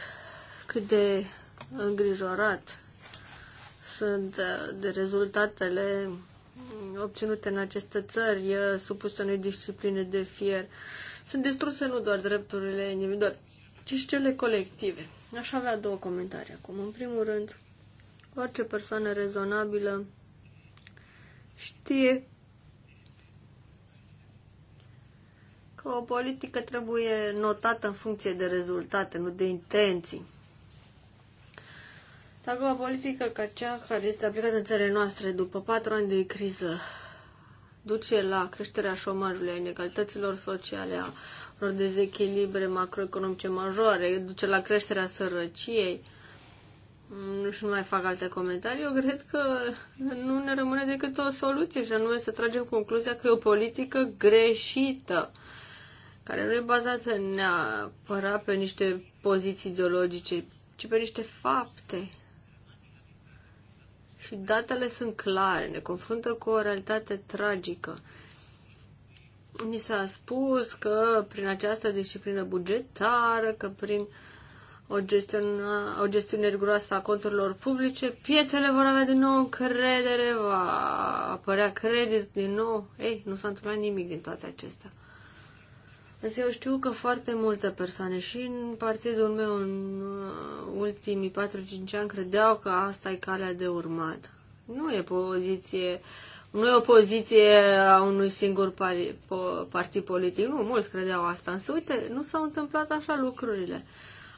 cât de îngrijorat sunt de rezultatele obținute în aceste țări supuse unei discipline de fier. Sunt distruse nu doar drepturile individuale, ci și cele colective. Aș avea două comentarii acum. În primul rând, orice persoană rezonabilă știe că o politică trebuie notată în funcție de rezultate, nu de intenții. Dacă o politică ca cea care este aplicată în țările noastre după patru ani de criză duce la creșterea șomajului, a inegalităților sociale, a unor dezechilibre macroeconomice majore, duce la creșterea sărăciei, mm, nu știu, nu mai fac alte comentarii, eu cred că nu ne rămâne decât o soluție și anume să tragem concluzia că e o politică greșită, care nu e bazată neapărat pe niște poziții ideologice, ci pe niște fapte. Și datele sunt clare, ne confruntă cu o realitate tragică. Ni s-a spus că prin această disciplină bugetară, că prin o gestiune, o gestiune riguroasă a conturilor publice, piețele vor avea din nou încredere, va apărea credit din nou. Ei, nu s-a întâmplat nimic din toate acestea. Însă eu știu că foarte multe persoane și în partidul meu în uh, ultimii 4-5 ani credeau că asta e calea de urmat. Nu e poziție uh, nu e o poziție a unui singur partid politic, nu, mulți credeau asta, însă uite, nu s-au întâmplat așa lucrurile.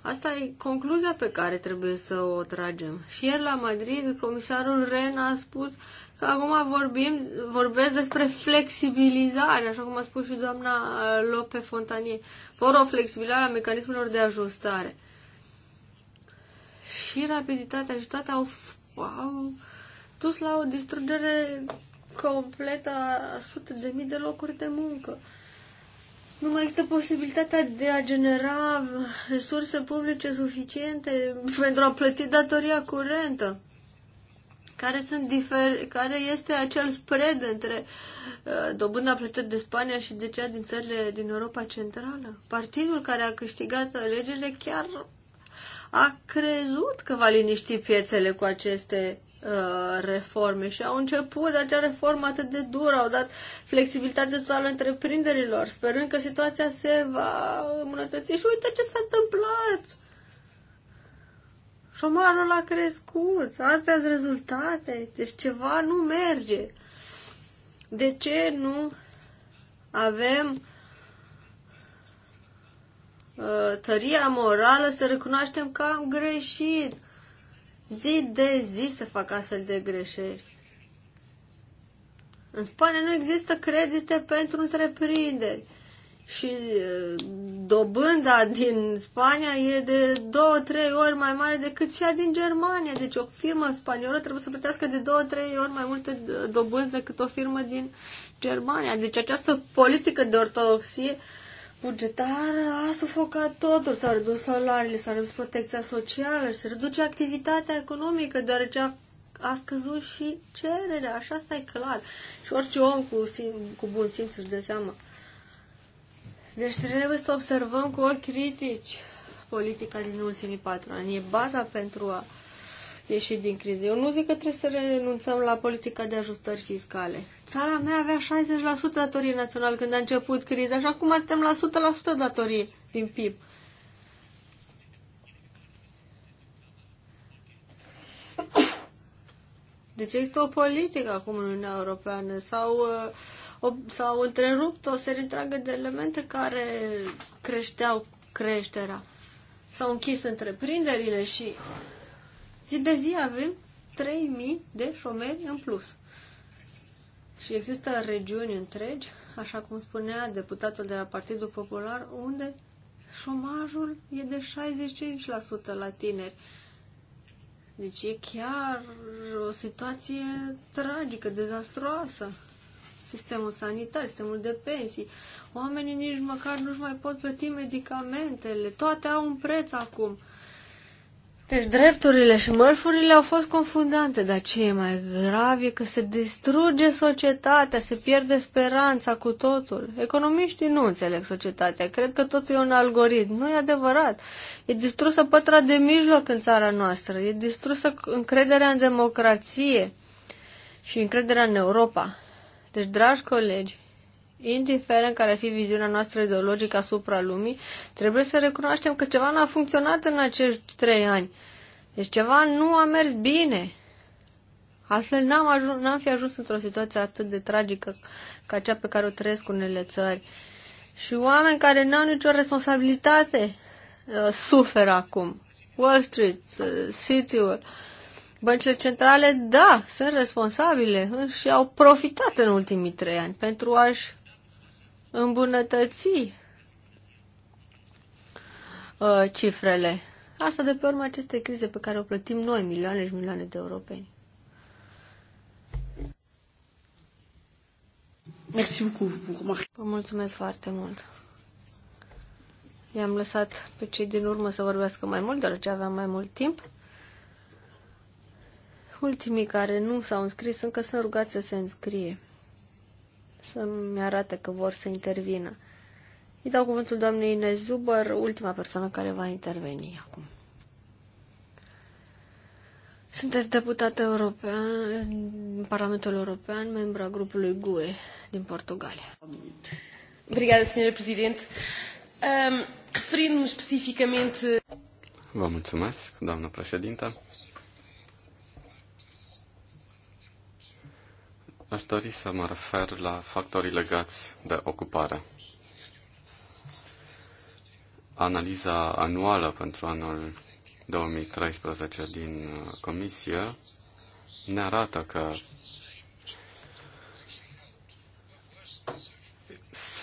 Asta e concluzia pe care trebuie să o tragem. Și ieri la Madrid, comisarul Ren a spus că acum vorbim, vorbesc despre flexibilizare, așa cum a spus și doamna uh, Lope Fontanie, vor o flexibilizare a mecanismelor de ajustare. Și rapiditatea și toate au, au dus la o distrugere complet a sute de mii de locuri de muncă. Nu mai există posibilitatea de a genera resurse publice suficiente pentru a plăti datoria curentă. Care, sunt difer- care este acel spread între uh, dobânda plătită de Spania și de cea din țările din Europa Centrală? Partidul care a câștigat alegerile chiar a crezut că va liniști piețele cu aceste Uh, reforme și au început de acea reformă atât de dură, au dat flexibilitate totală întreprinderilor, sperând că situația se va îmbunătăți și uite ce s-a întâmplat! Șomajul a crescut, astea sunt rezultate, deci ceva nu merge. De ce nu avem uh, tăria morală să recunoaștem că am greșit? zi de zi să fac astfel de greșeli. În Spania nu există credite pentru întreprinderi și uh, dobânda din Spania e de 2-3 ori mai mare decât cea din Germania. Deci o firmă spaniolă trebuie să plătească de 2-3 ori mai multe uh, dobânzi decât o firmă din Germania. Deci această politică de ortodoxie uh, bugetară a sufocat totul, s-au redus salariile, s-a redus protecția socială, se reduce activitatea economică, deoarece a, a scăzut și cererea, așa stai clar. Și orice om cu, sim, cu bun simț își dă seama. Deci trebuie să observăm cu ochi critici politica din ultimii patru ani. E baza pentru a ieșit din criză. Eu nu zic că trebuie să renunțăm la politica de ajustări fiscale. Țara mea avea 60% datorie națională când a început criza și acum suntem la 100% datorie din PIB. Deci există o politică acum în Uniunea Europeană. S-au, uh, s-au întrerupt o serie întreagă de elemente care creșteau creșterea. S-au închis întreprinderile și zi de zi avem 3000 de șomeri în plus. Și există regiuni întregi, așa cum spunea deputatul de la Partidul Popular, unde șomajul e de 65% la tineri. Deci e chiar o situație tragică, dezastroasă. Sistemul sanitar, sistemul de pensii. Oamenii nici măcar nu-și mai pot plăti medicamentele. Toate au un preț acum. Deci drepturile și mărfurile au fost confundante, dar ce e mai grav e că se distruge societatea, se pierde speranța cu totul. Economiștii nu înțeleg societatea, cred că totul e un algoritm. Nu e adevărat. E distrusă pătra de mijloc în țara noastră, e distrusă încrederea în democrație și încrederea în Europa. Deci, dragi colegi, indiferent care ar fi viziunea noastră ideologică asupra lumii, trebuie să recunoaștem că ceva n-a funcționat în acești trei ani. Deci ceva nu a mers bine. Altfel n-am, ajuns, n-am fi ajuns într-o situație atât de tragică ca cea pe care o trăiesc unele țări. Și oameni care n-au nicio responsabilitate uh, suferă acum. Wall Street, uh, city băncile centrale, da, sunt responsabile și au profitat în ultimii trei ani pentru a-și îmbunătăți uh, cifrele. Asta de pe urma acestei crize pe care o plătim noi, milioane și milioane de europeni. Merci beaucoup. Vă mulțumesc foarte mult. I-am lăsat pe cei din urmă să vorbească mai mult, deoarece aveam mai mult timp. Ultimii care nu s-au înscris încă sunt rugați să se înscrie să-mi arate că vor să intervină. Îi dau cuvântul doamnei Inez Zuber, ultima persoană care va interveni acum. Sunteți deputată european în Parlamentul European, membru a grupului GUE din Portugalia. Obrigada, Sr. Presidente. Um, Referindo-me specificamente... Vă mulțumesc, doamnă președintă. Aș dori să mă refer la factorii legați de ocupare. Analiza anuală pentru anul 2013 din Comisie ne arată că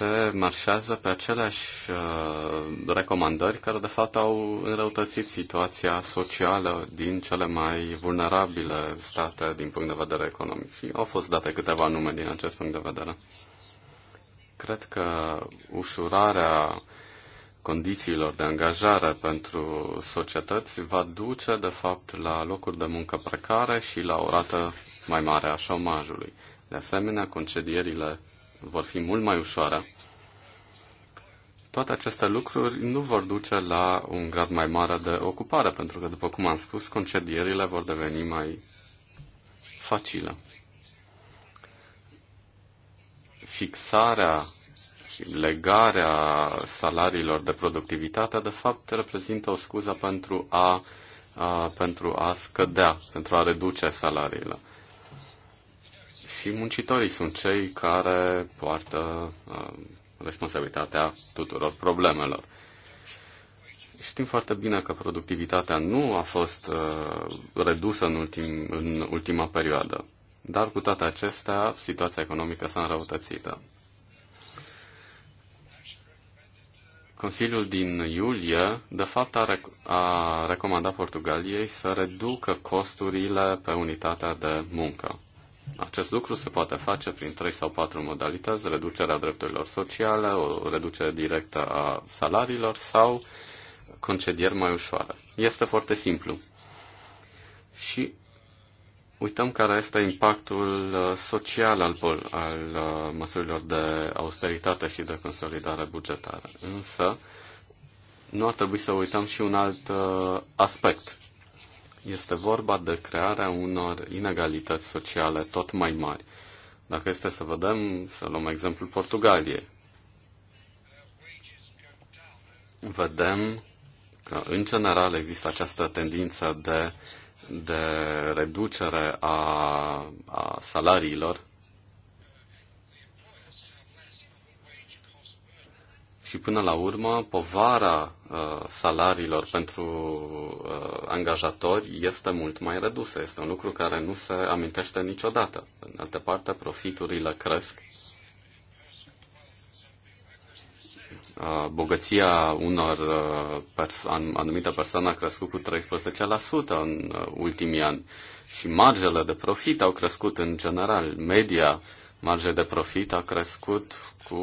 se marșează pe aceleași uh, recomandări care de fapt au înrăutățit situația socială din cele mai vulnerabile state din punct de vedere economic. Și au fost date câteva nume din acest punct de vedere. Cred că ușurarea condițiilor de angajare pentru societăți va duce, de fapt, la locuri de muncă precare și la o rată mai mare a șomajului. De asemenea, concedierile vor fi mult mai ușoare, toate aceste lucruri nu vor duce la un grad mai mare de ocupare, pentru că, după cum am spus, concedierile vor deveni mai facile. Fixarea și legarea salariilor de productivitate, de fapt, reprezintă o scuză pentru a, a, pentru a scădea, pentru a reduce salariile și muncitorii sunt cei care poartă uh, responsabilitatea tuturor problemelor. Știm foarte bine că productivitatea nu a fost uh, redusă în, ultim, în ultima perioadă, dar cu toate acestea, situația economică s-a înrăutățită. Consiliul din iulie, de fapt, a, rec- a recomandat Portugaliei să reducă costurile pe unitatea de muncă. Acest lucru se poate face prin trei sau patru modalități, reducerea drepturilor sociale, o reducere directă a salariilor sau concedieri mai ușoare. Este foarte simplu. Și uităm care este impactul uh, social al, al uh, măsurilor de austeritate și de consolidare bugetară. Însă, nu ar trebui să uităm și un alt uh, aspect este vorba de crearea unor inegalități sociale tot mai mari. Dacă este să vedem, să luăm exemplul Portugaliei, vedem că, în general, există această tendință de, de reducere a, a salariilor și până la urmă povara uh, salariilor pentru uh, angajatori este mult mai redusă. Este un lucru care nu se amintește niciodată. În altă parte, profiturile cresc. Uh, bogăția unor uh, perso- anumite persoane a crescut cu 13% în uh, ultimii ani și marjele de profit au crescut în general. Media marge de profit a crescut cu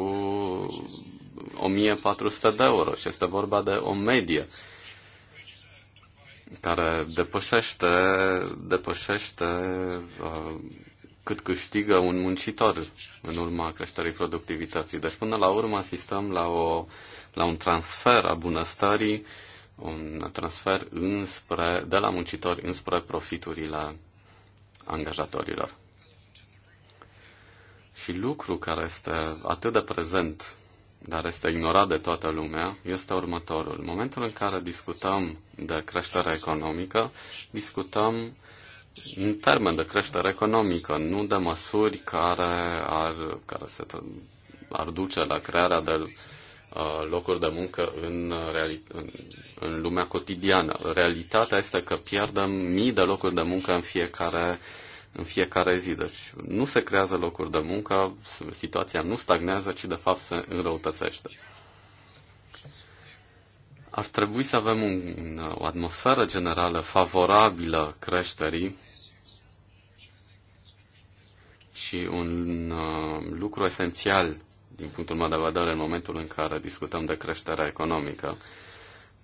1400 de euro și este vorba de o medie care depășește, depășește uh, cât câștigă un muncitor în urma creșterii productivității. Deci până la urmă asistăm la, o, la un transfer a bunăstării, un transfer înspre, de la muncitori înspre profiturile angajatorilor. Și lucru care este atât de prezent dar este ignorat de toată lumea, este următorul. În momentul în care discutăm de creștere economică, discutăm în termen de creștere economică, nu de măsuri care ar, care se, ar duce la crearea de uh, locuri de muncă în, reali, în, în lumea cotidiană. Realitatea este că pierdem mii de locuri de muncă în fiecare uh, în fiecare zi. Deci nu se creează locuri de muncă, situația nu stagnează, ci de fapt se înrăutățește. Ar trebui să avem un, o atmosferă generală favorabilă creșterii și un uh, lucru esențial din punctul meu de vedere în momentul în care discutăm de creșterea economică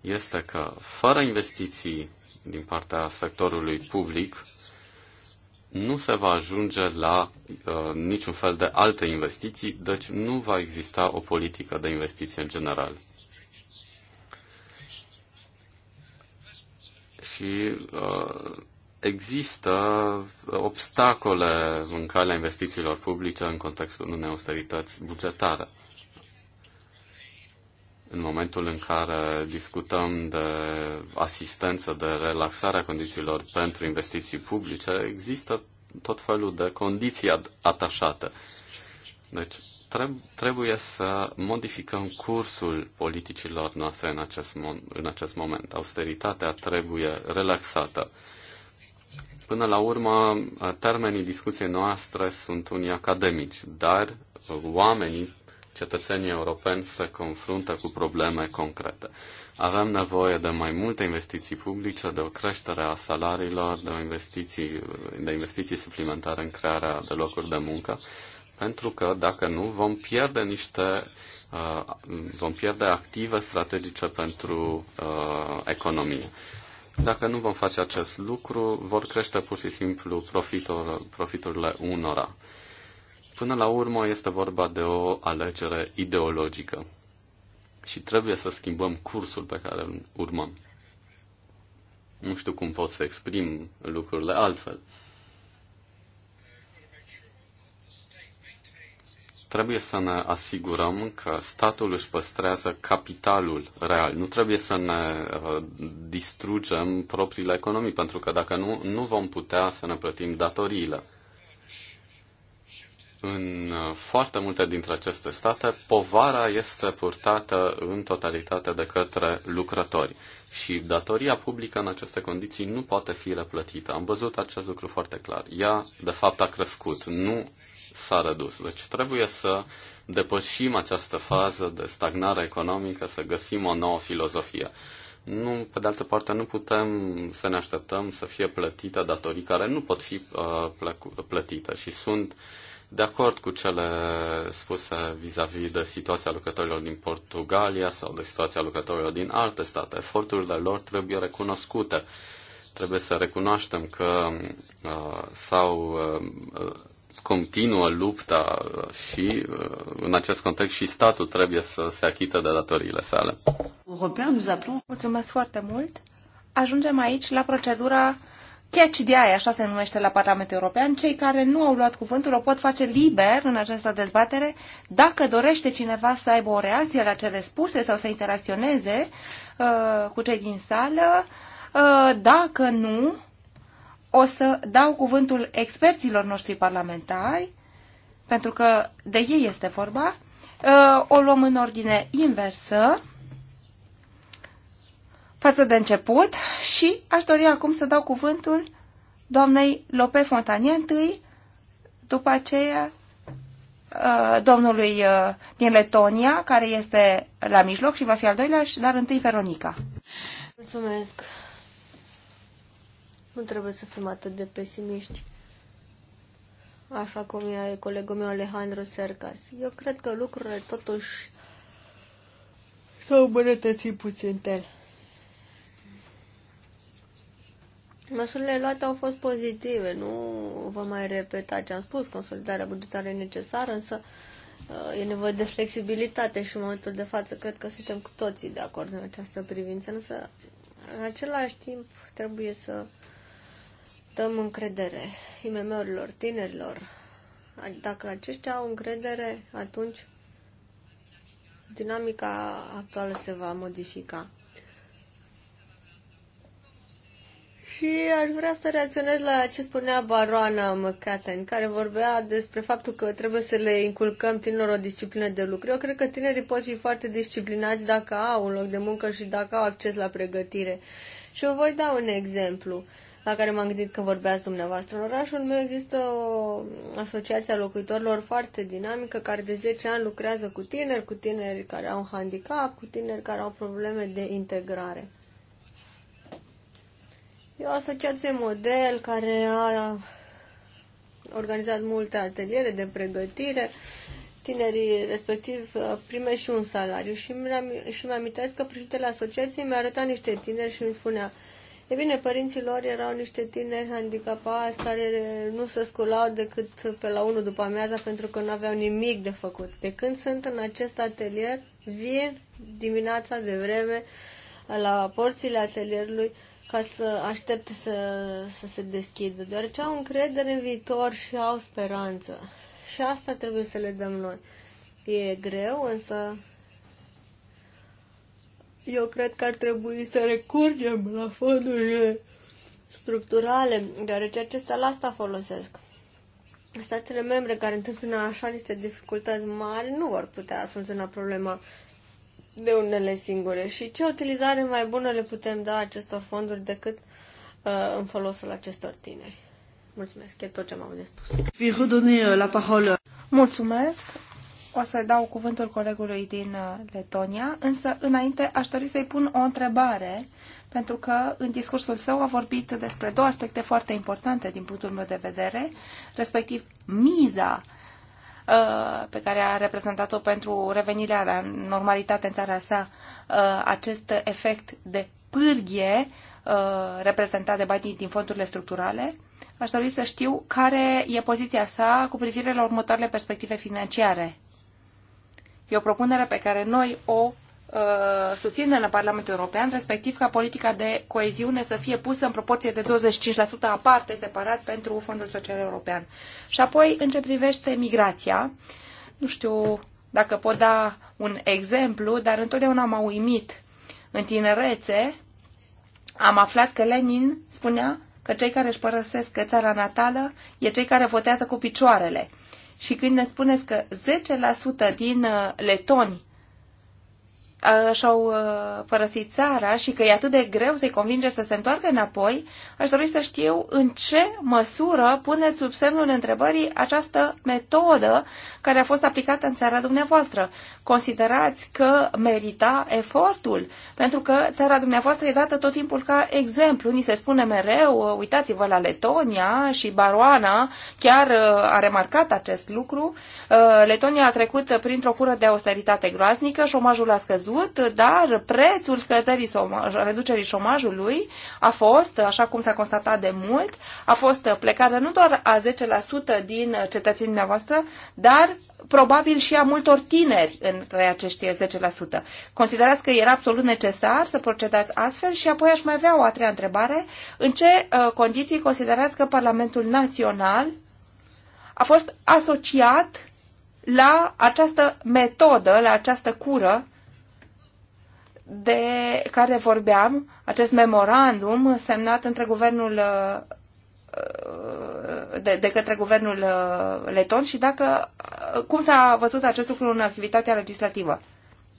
este că fără investiții din partea sectorului public nu se va ajunge la uh, niciun fel de alte investiții, deci nu va exista o politică de investiție în general. Și uh, există obstacole în calea investițiilor publice în contextul unei austerități bugetare în momentul în care discutăm de asistență, de relaxarea condițiilor pentru investiții publice, există tot felul de condiții atașate. Deci trebuie să modificăm cursul politicilor noastre în acest, în acest moment. Austeritatea trebuie relaxată. Până la urmă, termenii discuției noastre sunt unii academici, dar oamenii cetățenii europeni se confruntă cu probleme concrete. Avem nevoie de mai multe investiții publice, de o creștere a salariilor, de, o investiții, de investiții suplimentare în crearea de locuri de muncă, pentru că dacă nu vom pierde niște uh, vom pierde active strategice pentru uh, economie. Dacă nu vom face acest lucru, vor crește pur și simplu profitul, profiturile unora. Uh, Până la urmă este vorba de o alegere ideologică și trebuie să schimbăm cursul pe care îl urmăm. Nu știu cum pot să exprim lucrurile altfel. Trebuie să ne asigurăm că statul își păstrează capitalul real. Nu trebuie să ne uh, distrugem propriile economii, pentru că dacă nu, nu vom putea să ne plătim datoriile. În uh, foarte multe dintre aceste state, povara este purtată în totalitate de către lucrători și datoria publică în aceste condiții nu poate fi replătită. Am văzut acest lucru foarte clar. Ea, de fapt, a crescut, nu s-a redus. Deci trebuie să depășim această fază de stagnare economică, să găsim o nouă filozofie. Nu, pe de altă parte, nu putem să ne așteptăm să fie plătite datorii care nu pot fi uh, plătite și sunt uh, de acord cu cele spuse vis-a-vis -vis de situația lucrătorilor din Portugalia sau de situația lucrătorilor din alte state. Eforturile lor trebuie recunoscute. Trebuie să recunoaștem că uh, sau uh, continuă lupta și, uh, în acest context, și statul trebuie să se achită de datoriile sale. Mulțumesc foarte mult! Ajungem aici la procedura catch the eye, așa se numește la Parlamentul European, cei care nu au luat cuvântul o pot face liber în această dezbatere dacă dorește cineva să aibă o reacție la cele spuse sau să interacționeze uh, cu cei din sală. Uh, dacă nu, o să dau cuvântul experților noștri parlamentari, pentru că de ei este vorba. Uh, o luăm în ordine inversă față de început și aș dori acum să dau cuvântul doamnei Lope Fontanie întâi, după aceea uh, domnului uh, din Letonia, care este la mijloc și va fi al doilea, dar întâi Veronica. Mulțumesc. Nu trebuie să fim atât de pesimiști. Așa cum e colegul meu Alejandro Sercas. Eu cred că lucrurile totuși s-au îmbunătățit puțin tel. Măsurile luate au fost pozitive, nu vă mai repeta ce am spus, consolidarea bugetară e necesară, însă uh, e nevoie de flexibilitate și în momentul de față cred că suntem cu toții de acord în această privință, însă în același timp trebuie să dăm încredere IMM-urilor, tinerilor. Adică dacă aceștia au încredere, atunci dinamica actuală se va modifica. Și aș vrea să reacționez la ce spunea baroana McCatten, care vorbea despre faptul că trebuie să le inculcăm tinerilor o disciplină de lucru. Eu cred că tinerii pot fi foarte disciplinați dacă au un loc de muncă și dacă au acces la pregătire. Și eu voi da un exemplu la care m-am gândit când vorbeați dumneavoastră. În orașul meu există o asociație a locuitorilor foarte dinamică care de 10 ani lucrează cu tineri, cu tineri care au handicap, cu tineri care au probleme de integrare. E o asociație model care a organizat multe ateliere de pregătire. Tinerii respectiv uh, prime și un salariu și îmi amintesc că președintele asociației mi-a arătat niște tineri și îmi spunea E bine, părinții lor erau niște tineri handicapați care nu se sculau decât pe la unul după amiaza pentru că nu aveau nimic de făcut. De când sunt în acest atelier, vin dimineața de vreme la porțile atelierului, ca să aștepte să, să se deschidă, deoarece au încredere în viitor și au speranță. Și asta trebuie să le dăm noi. E greu, însă eu cred că ar trebui să recurgem la fondurile structurale, deoarece acestea la asta folosesc. Statele membre care întâmpină așa niște dificultăți mari nu vor putea soluționa problema de unele singure și ce utilizare mai bună le putem da acestor fonduri decât uh, în folosul acestor tineri. Mulțumesc, e tot ce m-am de spus. Uh, Mulțumesc. O să dau cuvântul colegului din uh, Letonia, însă înainte aș dori să-i pun o întrebare, pentru că în discursul său a vorbit despre două aspecte foarte importante din punctul meu de vedere, respectiv miza Uh, pe care a reprezentat-o pentru revenirea la normalitate în țara sa, uh, acest efect de pârghie uh, reprezentat de banii din fondurile structurale. Aș dori să știu care e poziția sa cu privire la următoarele perspective financiare. E o propunere pe care noi o Uh, susținere în Parlamentul European, respectiv ca politica de coeziune să fie pusă în proporție de 25% aparte, separat, pentru Fondul Social European. Și apoi, în ce privește migrația, nu știu dacă pot da un exemplu, dar întotdeauna m-a uimit. În tinerețe am aflat că Lenin spunea că cei care își părăsesc țara natală e cei care votează cu picioarele. Și când ne spuneți că 10% din uh, letoni Uh, și-au uh, părăsit țara și că e atât de greu să-i convinge să se întoarcă înapoi, aș dori să știu în ce măsură puneți sub semnul întrebării această metodă care a fost aplicată în țara dumneavoastră. Considerați că merita efortul? Pentru că țara dumneavoastră e dată tot timpul ca exemplu. Ni se spune mereu, ă, uitați-vă la Letonia și Baroana chiar ă, a remarcat acest lucru. Ă, Letonia a trecut printr-o cură de austeritate groaznică, șomajul a scăzut, dar prețul scăderii somaj, reducerii șomajului a fost, așa cum s-a constatat de mult, a fost plecarea nu doar a 10% din cetățenii dumneavoastră, dar probabil și a multor tineri între acești 10%. Considerați că era absolut necesar să procedați astfel și apoi aș mai avea o a treia întrebare. În ce uh, condiții considerați că Parlamentul Național a fost asociat la această metodă, la această cură de care vorbeam, acest memorandum semnat între guvernul uh, Uh, de, de către guvernul uh, leton și dacă uh, cum s-a văzut acest lucru în activitatea legislativă.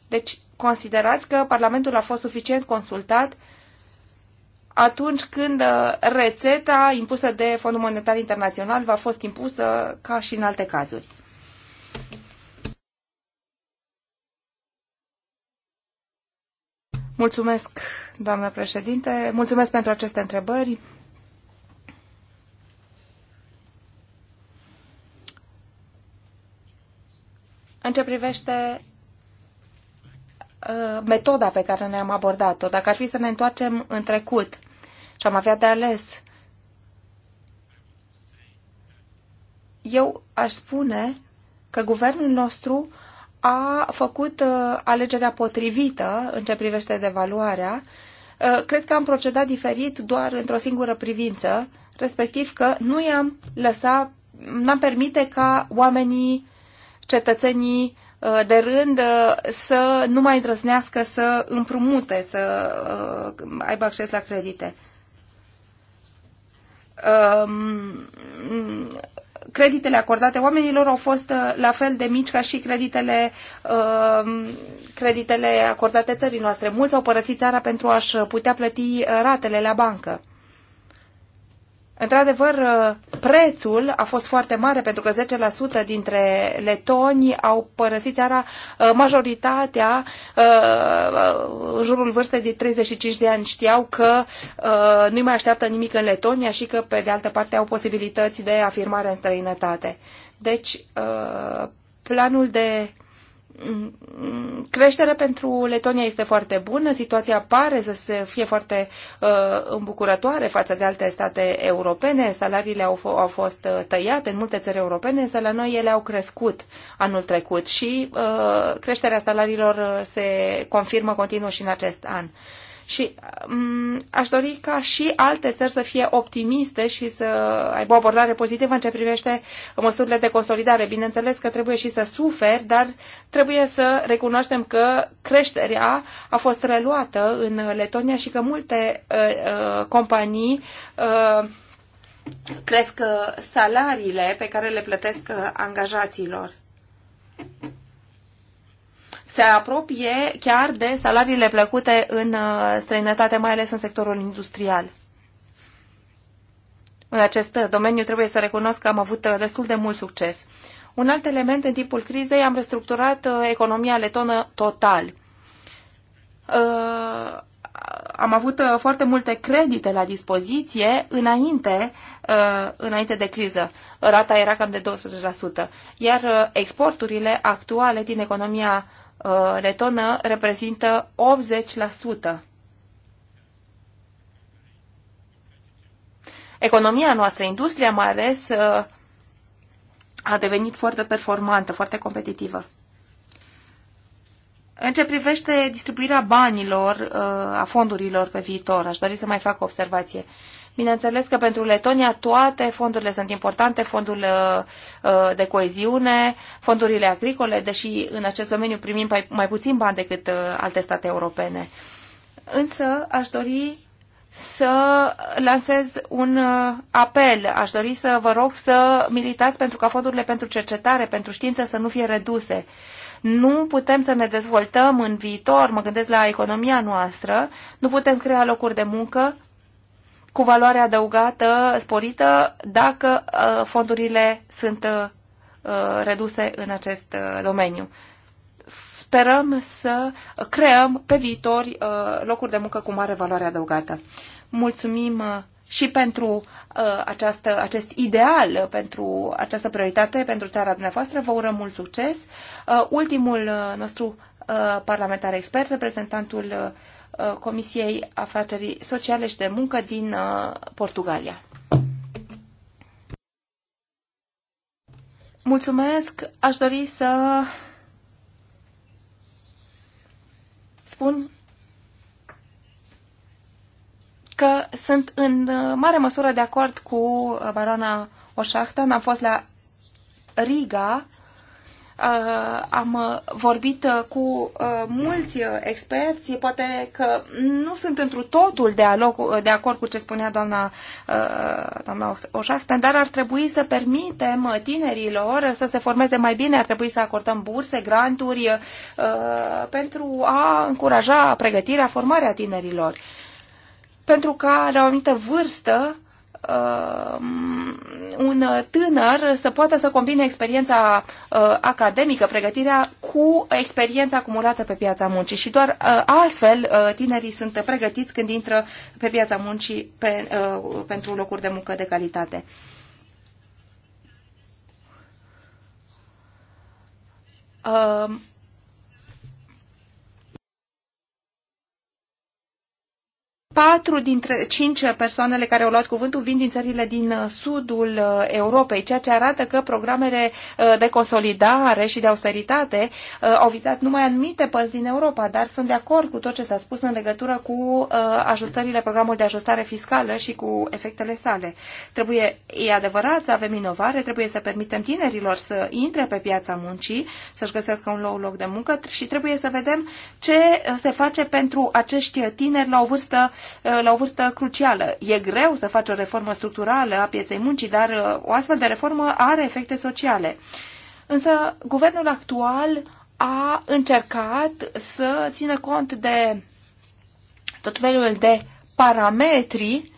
Deci, considerați că Parlamentul a fost suficient consultat atunci când rețeta impusă de Fondul Monetar Internațional va fost impusă ca și în alte cazuri. Mulțumesc, doamnă președinte. Mulțumesc pentru aceste întrebări. În ce privește uh, metoda pe care ne-am abordat-o, dacă ar fi să ne întoarcem în trecut și am avea de ales, eu aș spune că guvernul nostru a făcut uh, alegerea potrivită în ce privește devaluarea. Uh, cred că am procedat diferit doar într-o singură privință, respectiv că nu i-am lăsat, n-am permite ca oamenii cetățenii uh, de rând uh, să nu mai îndrăznească să împrumute, să uh, aibă acces la credite. Um, creditele acordate oamenilor au fost la fel de mici ca și creditele, um, creditele acordate țării noastre. Mulți au părăsit țara pentru a-și putea plăti ratele la bancă. Într-adevăr, uh, prețul a fost foarte mare pentru că 10% dintre letoni au părăsit țara, uh, majoritatea uh, în jurul vârstei de 35 de ani știau că nu mai așteaptă nimic în Letonia și că, pe de altă parte, au posibilități de afirmare în străinătate. Deci, planul de Mm, creșterea pentru Letonia este foarte bună, situația pare să se fie foarte uh, îmbucurătoare față de alte state europene, salariile au, au fost uh, tăiate în multe țări europene, însă la noi ele au crescut anul trecut și uh, creșterea salariilor uh, se confirmă continuu și în acest an. Uh, și um, aș dori ca și alte țări să fie optimiste și să aibă o abordare pozitivă în ce privește măsurile de consolidare. Bineînțeles că trebuie și să suferi, dar trebuie să recunoaștem că creșterea a fost reluată în Letonia și că multe uh, uh, companii uh, cresc uh, salariile pe care le plătesc uh, angajaților se apropie chiar de salariile plăcute în uh, străinătate, mai ales în sectorul industrial. În acest domeniu trebuie să recunosc că am avut uh, destul de mult succes. Un alt element în timpul crizei am restructurat uh, economia letonă total. Am avut foarte multe credite la dispoziție înainte, înainte de criză. Rata era cam de 20%. iar exporturile actuale din economia Uh, letonă reprezintă 80%. Economia noastră, industria mai ales, uh, a devenit foarte performantă, foarte competitivă. În ce privește distribuirea banilor, uh, a fondurilor pe viitor, aș dori să mai fac o observație. Bineînțeles că pentru Letonia toate fondurile sunt importante, fondul uh, uh, de coeziune, fondurile agricole, deși în acest domeniu primim mai puțin bani decât uh, alte state europene. Însă aș dori să lansez un apel. Aș dori să vă rog să militați pentru ca fondurile pentru cercetare, pentru știință să nu fie reduse. Nu putem să ne dezvoltăm în viitor, mă gândesc la economia noastră, nu putem crea locuri de muncă cu valoare adăugată sporită dacă uh, fondurile sunt uh, uh, reduse în acest domeniu. Sperăm să creăm pe viitor locuri de muncă cu mare valoare adăugată. Mulțumim și pentru această, acest ideal, pentru această prioritate pentru țara dumneavoastră. Vă urăm mult succes. Ultimul nostru parlamentar expert, reprezentantul Uh, Comisiei Afacerii Sociale și de Muncă din uh, Portugalia. Mulțumesc! Aș dori să spun că sunt în uh, mare măsură de acord cu baroana Oșahtan. Am fost la Riga Uh, am uh, vorbit uh, cu mulți experți, poate că nu sunt întru totul de, aloc, de acord cu ce spunea doamna, doamna dar ar trebui să permitem tinerilor să se formeze mai bine, ar trebui să acordăm burse, granturi pentru a încuraja pregătirea, formarea tinerilor. Pentru că la o anumită vârstă Um, un tânăr să poată să combine experiența uh, academică, pregătirea, cu experiența acumulată pe piața muncii. Și doar uh, astfel uh, tinerii sunt pregătiți când intră pe piața muncii pe, pentru locuri de muncă de calitate. Uh, Patru dintre cinci persoanele care au luat cuvântul vin din țările din uh, sudul uh, Europei, ceea ce arată că programele uh, de consolidare și de austeritate au vizat numai anumite părți din Europa, dar sunt de acord cu tot ce s-a spus în legătură cu ajustările programului de ajustare fiscală și cu efectele sale. Trebuie, e adevărat, să avem inovare, trebuie să permitem tinerilor să intre pe piața muncii, să-și găsească un nou loc de muncă și trebuie să vedem ce se face pentru acești tineri la o vârstă Uh, la o vârstă crucială. E greu să faci o reformă structurală a pieței muncii, dar uh, o astfel de reformă are efecte sociale. Însă, guvernul actual a încercat să țină cont de tot felul de parametri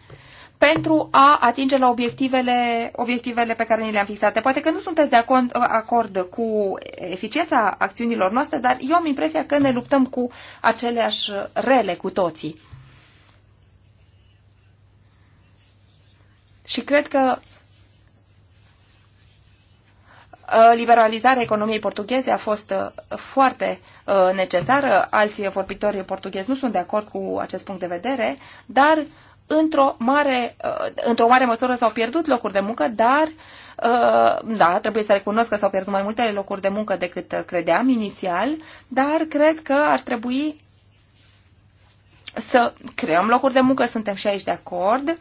pentru a atinge la obiectivele, obiectivele pe care ni le-am fixate. Poate că nu sunteți de acord, acord cu eficiența acțiunilor noastre, dar eu am impresia că ne luptăm cu aceleași rele cu toții. Și cred că uh, liberalizarea economiei portugheze a fost uh, foarte uh, necesară. Alții vorbitori portughezi nu sunt de acord cu acest punct de vedere, dar într-o mare, într-o mare măsură s-au pierdut locuri de muncă, dar da, trebuie să recunosc că s-au pierdut mai multe locuri de muncă decât credeam inițial, dar cred că ar trebui să creăm locuri de muncă, suntem și aici de acord,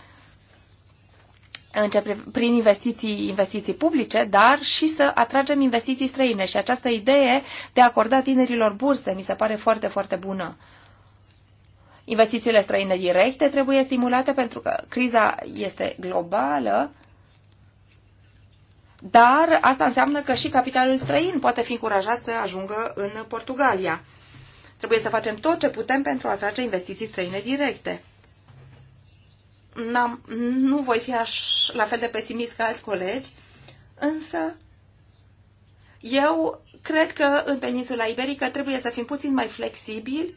prin investiții, investiții publice, dar și să atragem investiții străine. Și această idee de a acorda tinerilor burse mi se pare foarte, foarte bună. Investițiile străine directe trebuie stimulate pentru că criza este globală, dar asta înseamnă că și capitalul străin poate fi încurajat să ajungă în Portugalia. Trebuie să facem tot ce putem pentru a atrage investiții străine directe nu voi fi aș, la fel de pesimist ca alți colegi, însă eu cred că în peninsula iberică trebuie să fim puțin mai flexibili,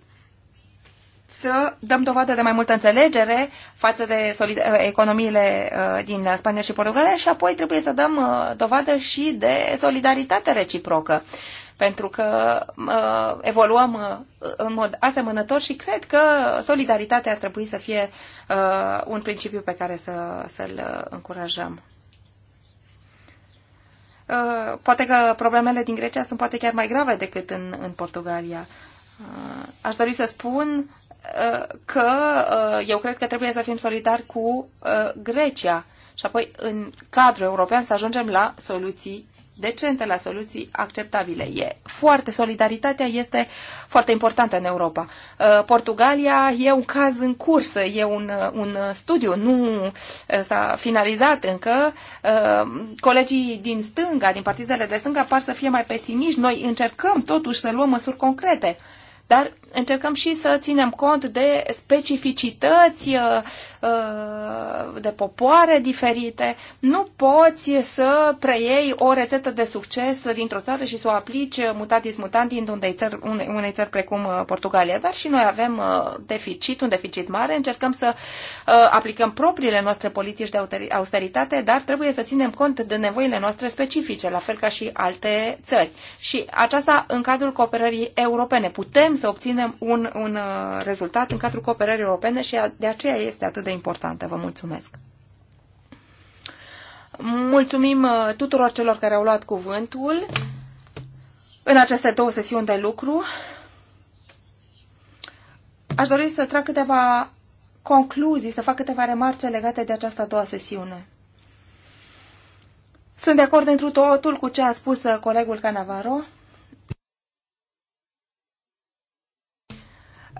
să dăm dovadă de mai multă înțelegere față de eh, economiile eh, din Spania și Portugalia și apoi trebuie să dăm eh, dovadă și de solidaritate reciprocă pentru că uh, evoluăm uh, în mod asemănător și cred că solidaritatea ar trebui să fie uh, un principiu pe care să, să-l uh, încurajăm. Uh, poate că problemele din Grecia sunt poate chiar mai grave decât în, în Portugalia. Uh, aș dori să spun uh, că uh, eu cred că trebuie să fim solidari cu Grecia și apoi în cadrul european să ajungem la soluții decente, la soluții acceptabile. E foarte, solidaritatea este foarte importantă în Europa. Uh, Portugalia e un caz în curs, e un, uh, un studiu, nu uh, s-a finalizat încă. Colegii din stânga, din partidele de stânga, par să fie mai pesimiști. Noi încercăm totuși să luăm măsuri concrete. Dar încercăm și să ținem cont de specificități uh, uh, de popoare diferite. Nu poți să preiei o rețetă de succes dintr-o țară și să o aplici mutatis din unei țări, unei țări precum uh, Portugalia. Dar și noi avem deficit, un deficit mare. Încercăm să aplicăm propriile noastre politici de austeritate, dar trebuie să ținem cont de nevoile noastre specifice, la fel ca și alte țări. Și aceasta în cadrul cooperării europene. Putem să obținem obținem un, un uh, rezultat în cadrul cooperării europene și de aceea este atât de importantă. Vă mulțumesc! Mulțumim uh, tuturor celor care au luat cuvântul în aceste două sesiuni de lucru. Aș dori să trag câteva concluzii, să fac câteva remarce legate de această a doua sesiune. Sunt de acord întru totul cu ce a spus uh, colegul Canavaro.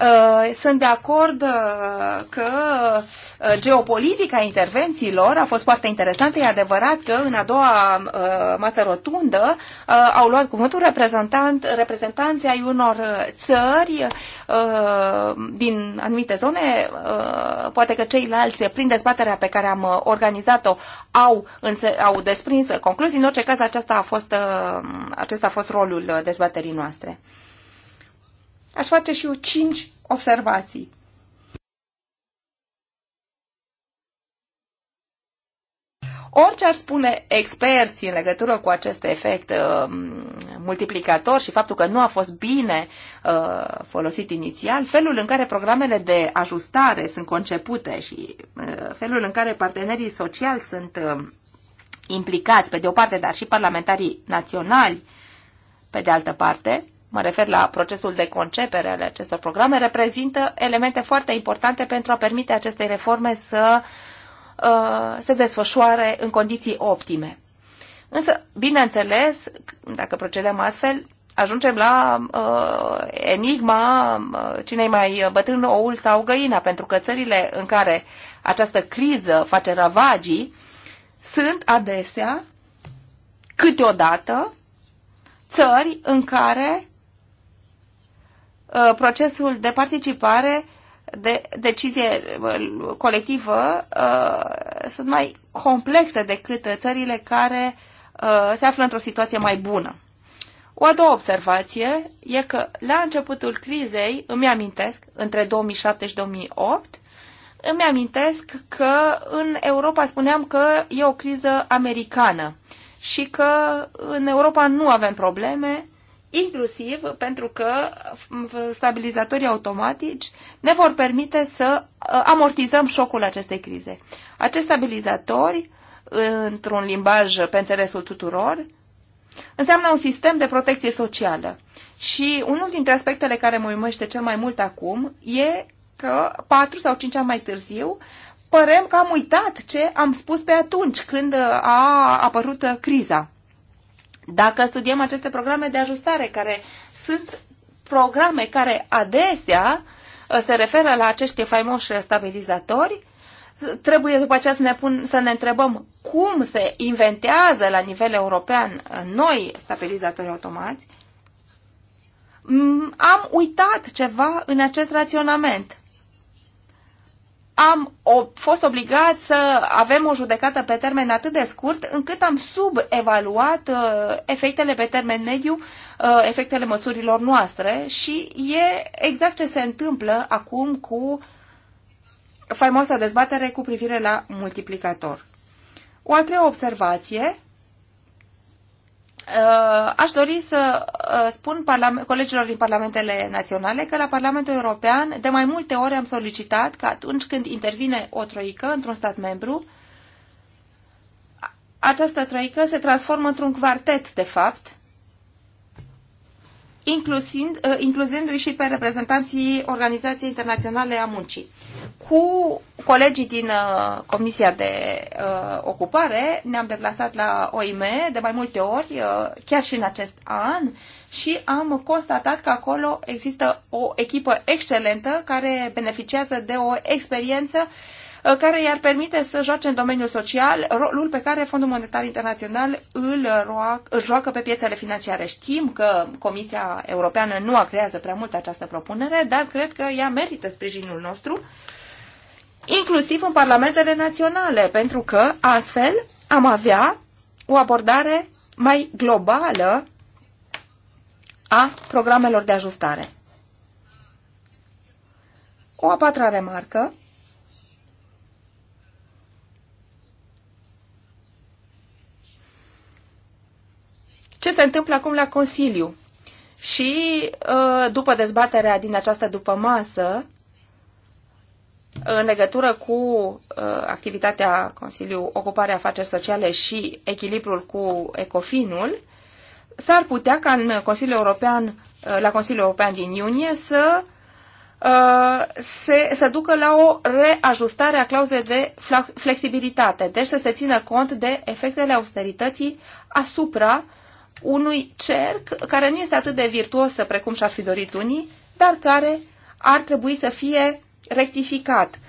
Uh, sunt de acord uh, că uh, geopolitica intervențiilor a fost foarte interesantă. E adevărat că în a doua masă rotundă au luat cuvântul reprezentant, reprezentanții ai unor țări din anumite zone. Poate că ceilalți, prin dezbaterea pe care am organizat-o, au, au desprins concluzii. În orice caz, aceasta a fost, acesta a fost rolul dezbaterii noastre aș face și eu cinci observații. Orice ar spune experții în legătură cu acest efect uh, multiplicator și faptul că nu a fost bine uh, folosit inițial, felul în care programele de ajustare sunt concepute și uh, felul în care partenerii sociali sunt uh, implicați, pe de o parte, dar și parlamentarii naționali, pe de altă parte, mă refer la procesul de concepere ale acestor programe, reprezintă elemente foarte importante pentru a permite acestei reforme să uh, se desfășoare în condiții optime. Însă, bineînțeles, dacă procedăm astfel, ajungem la uh, enigma uh, cine mai bătrân oul sau găina, pentru că țările în care această criză face ravagii sunt adesea, câteodată, țări în care Uh, procesul de participare de decizie uh, colectivă uh, sunt mai complexe decât țările care se află într-o situație mai bună. O a doua observație e că la începutul crizei, îmi amintesc, între 2007 și 2008, îmi amintesc că în Europa spuneam că e o criză americană și că în Europa nu avem probleme, inclusiv pentru că stabilizatorii automatici ne vor permite să uh, amortizăm șocul acestei crize. Acești stabilizatori, într-un limbaj pe înțelesul tuturor, înseamnă un sistem de protecție socială. Și unul dintre aspectele care mă uimește cel mai mult acum e că patru sau cinci ani mai târziu părem că am uitat ce am spus pe atunci când uh, a apărut uh, criza. Dacă studiem aceste programe de ajustare, care sunt programe care adesea uh, se referă la acești faimoși stabilizatori, trebuie după aceea să ne, pun, să ne întrebăm cum se inventează la nivel european uh, noi stabilizatori automați, am uitat ceva în acest raționament am o, fost obligat să avem o judecată pe termen atât de scurt încât am subevaluat uh, efectele pe termen mediu, uh, efectele măsurilor noastre și e exact ce se întâmplă acum cu faimoasa dezbatere cu privire la multiplicator. O a treia observație Uh, aș dori să uh, spun colegilor din Parlamentele Naționale că la Parlamentul European de mai multe ori am solicitat că atunci când intervine o troică într-un stat membru, această troică se transformă într-un quartet, de fapt, Uh, incluzându-i și pe reprezentanții Organizației Internaționale a Muncii. Cu colegii din uh, Comisia de uh, Ocupare ne-am deplasat la OIM de mai multe ori, chiar și în acest an, și am constatat că acolo există o echipă excelentă care beneficiază de o experiență uh, Uh, care i-ar permite să joace în domeniul social rolul pe care Fondul Monetar Internațional îl, îl joacă pe piețele financiare. Știm că Comisia Europeană nu acrează prea mult această propunere, dar cred că ea merită sprijinul nostru, inclusiv în parlamentele naționale, pentru că astfel am avea o abordare mai globală a programelor de ajustare. O a patra remarcă întâmplă acum la Consiliu. Și uh, după dezbaterea din această după masă, în legătură cu uh, activitatea consiliu, Ocuparea Afaceri Sociale și echilibrul cu Ecofinul, s-ar putea ca în Consiliul European, uh, la Consiliul European din iunie să se, să ducă la o reajustare a clauzei de flexibilitate, deci să se țină cont de efectele austerității asupra unui cerc care nu este atât de virtuosă precum și-ar fi dorit unii, dar care ar trebui să fie rectificat.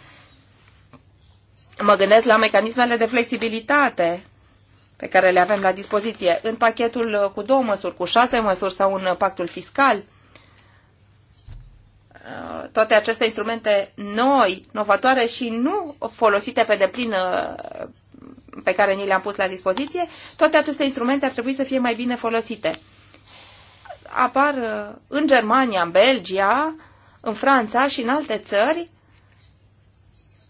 Mă gândesc la mecanismele de flexibilitate pe care le avem la dispoziție în pachetul cu două măsuri, cu șase măsuri sau în pactul fiscal. Toate aceste instrumente noi, novatoare și nu folosite pe deplin pe care ni le-am pus la dispoziție, toate aceste instrumente ar trebui să fie mai bine folosite. Apar uh, în Germania, în Belgia, în Franța și în alte țări,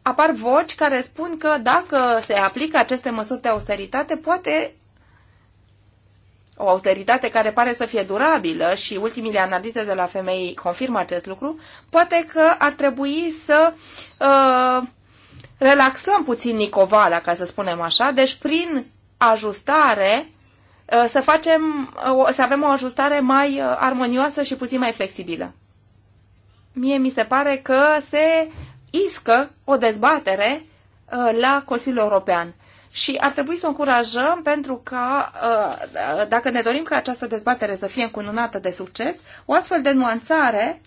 apar voci care spun că dacă se aplică aceste măsuri de austeritate, poate o austeritate care pare să fie durabilă și ultimile analize de la femei confirmă acest lucru, poate că ar trebui să uh, relaxăm puțin nicovala, ca să spunem așa, deci prin ajustare ă, să, facem, ă, să avem o ajustare mai ă, armonioasă și puțin mai flexibilă. Mie mi se pare că se iscă o dezbatere la Consiliul European. Și ar trebui să o încurajăm pentru că, dacă ne dorim ca această dezbatere să fie încununată de succes, o astfel de nuanțare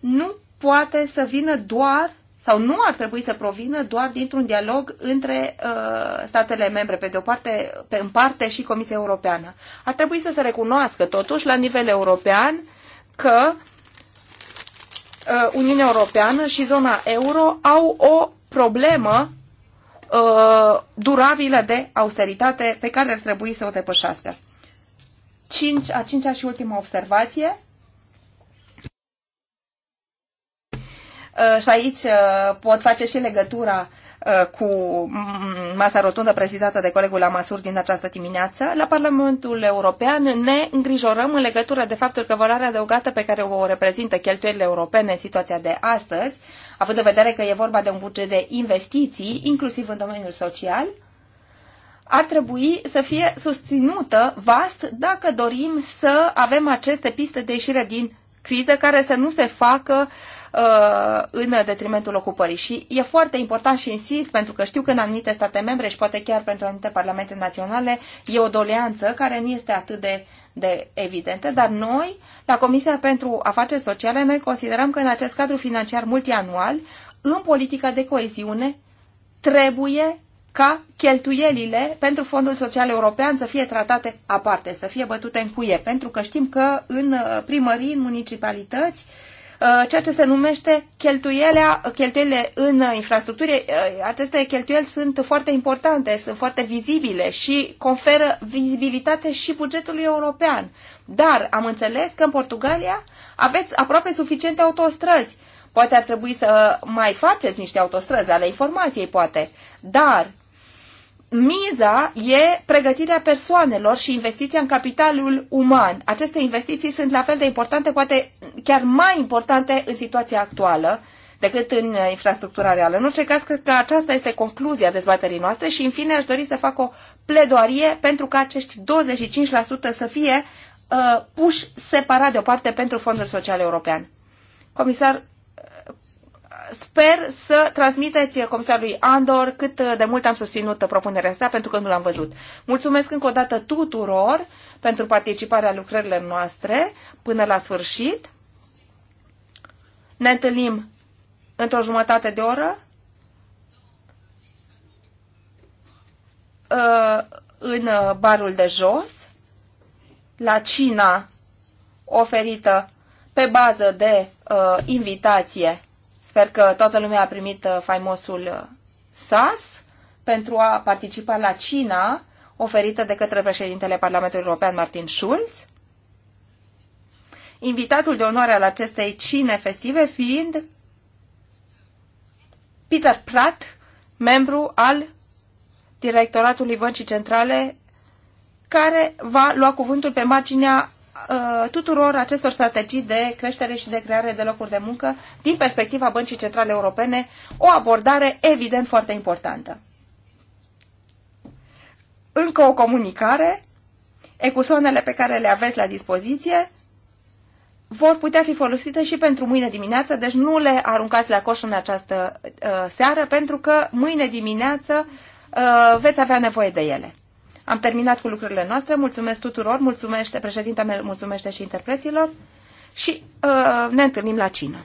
nu poate să vină doar sau nu ar trebui să provină doar dintr-un dialog între uh, statele membre, pe de o parte, pe în parte și Comisia Europeană. Ar trebui să se recunoască totuși la nivel european că uh, Uniunea Europeană și zona euro au o problemă uh, durabilă de austeritate pe care ar trebui să o depășească. Cinci, a cincea și ultima observație Uh, și aici uh, pot face și legătura uh, cu mm, mm, masa rotundă prezidată de colegul Amasur din această dimineață, la Parlamentul European ne îngrijorăm în legătură de faptul că valoarea adăugată pe care o reprezintă cheltuielile europene în situația de astăzi, având în vedere că e vorba de un buget de investiții, inclusiv în domeniul social, ar trebui să fie susținută vast dacă dorim să avem aceste piste de ieșire din criză care să nu se facă uh, Uh, în detrimentul ocupării. Și e foarte important și insist, pentru că știu că în anumite state membre și poate chiar pentru anumite parlamente naționale e o doleanță care nu este atât de, de evidentă, dar noi, la Comisia pentru Afaceri Sociale, noi considerăm că în acest cadru financiar multianual, în politica de coeziune, trebuie ca cheltuielile pentru Fondul Social European să fie tratate aparte, să fie bătute în cuie, pentru că știm că în primării, în municipalități, uh, Uh, ceea ce se numește cheltuielea, cheltuielile în infrastructură. Uh, aceste cheltuieli sunt foarte importante, sunt foarte vizibile și conferă vizibilitate și bugetului european. Dar am înțeles că în Portugalia aveți aproape suficiente autostrăzi. Poate ar trebui să mai faceți niște autostrăzi ale informației, poate. Dar miza e pregătirea persoanelor și investiția în capitalul uman. Aceste investiții sunt la fel de importante, poate chiar mai importante în situația actuală decât în infrastructura reală. În orice caz, cred că aceasta este concluzia dezbaterii noastre și, în fine, aș dori să fac o pledoarie pentru ca acești 25% să fie uh, puși separat deoparte pentru Fondul Social European. Comisar sper să transmiteți comisarului Andor cât de mult am susținut propunerea asta, pentru că nu l-am văzut. Mulțumesc încă o dată tuturor pentru participarea lucrărilor noastre până la sfârșit. Ne întâlnim într-o jumătate de oră uh, în barul de jos, la cina oferită pe bază de uh, invitație Sper că toată lumea a primit uh, faimosul SAS uh, pentru a participa la China oferită de către președintele Parlamentului European Martin Schulz. Invitatul de onoare al acestei cine festive fiind Peter Pratt, membru al Directoratului Băncii Centrale, care va lua cuvântul pe marginea Uh, tuturor acestor strategii de creștere și de creare de locuri de muncă din perspectiva Băncii Centrale Europene, o abordare evident foarte importantă. Încă o comunicare, ecusonele pe care le aveți la dispoziție vor putea fi folosite și pentru mâine dimineață, deci nu le aruncați la coș în această uh, seară, pentru că mâine dimineață uh, veți avea nevoie de ele. Am terminat cu lucrurile noastre. Mulțumesc tuturor, mulțumește președintele, mulțumește și interpreților și uh, ne întâlnim la cină.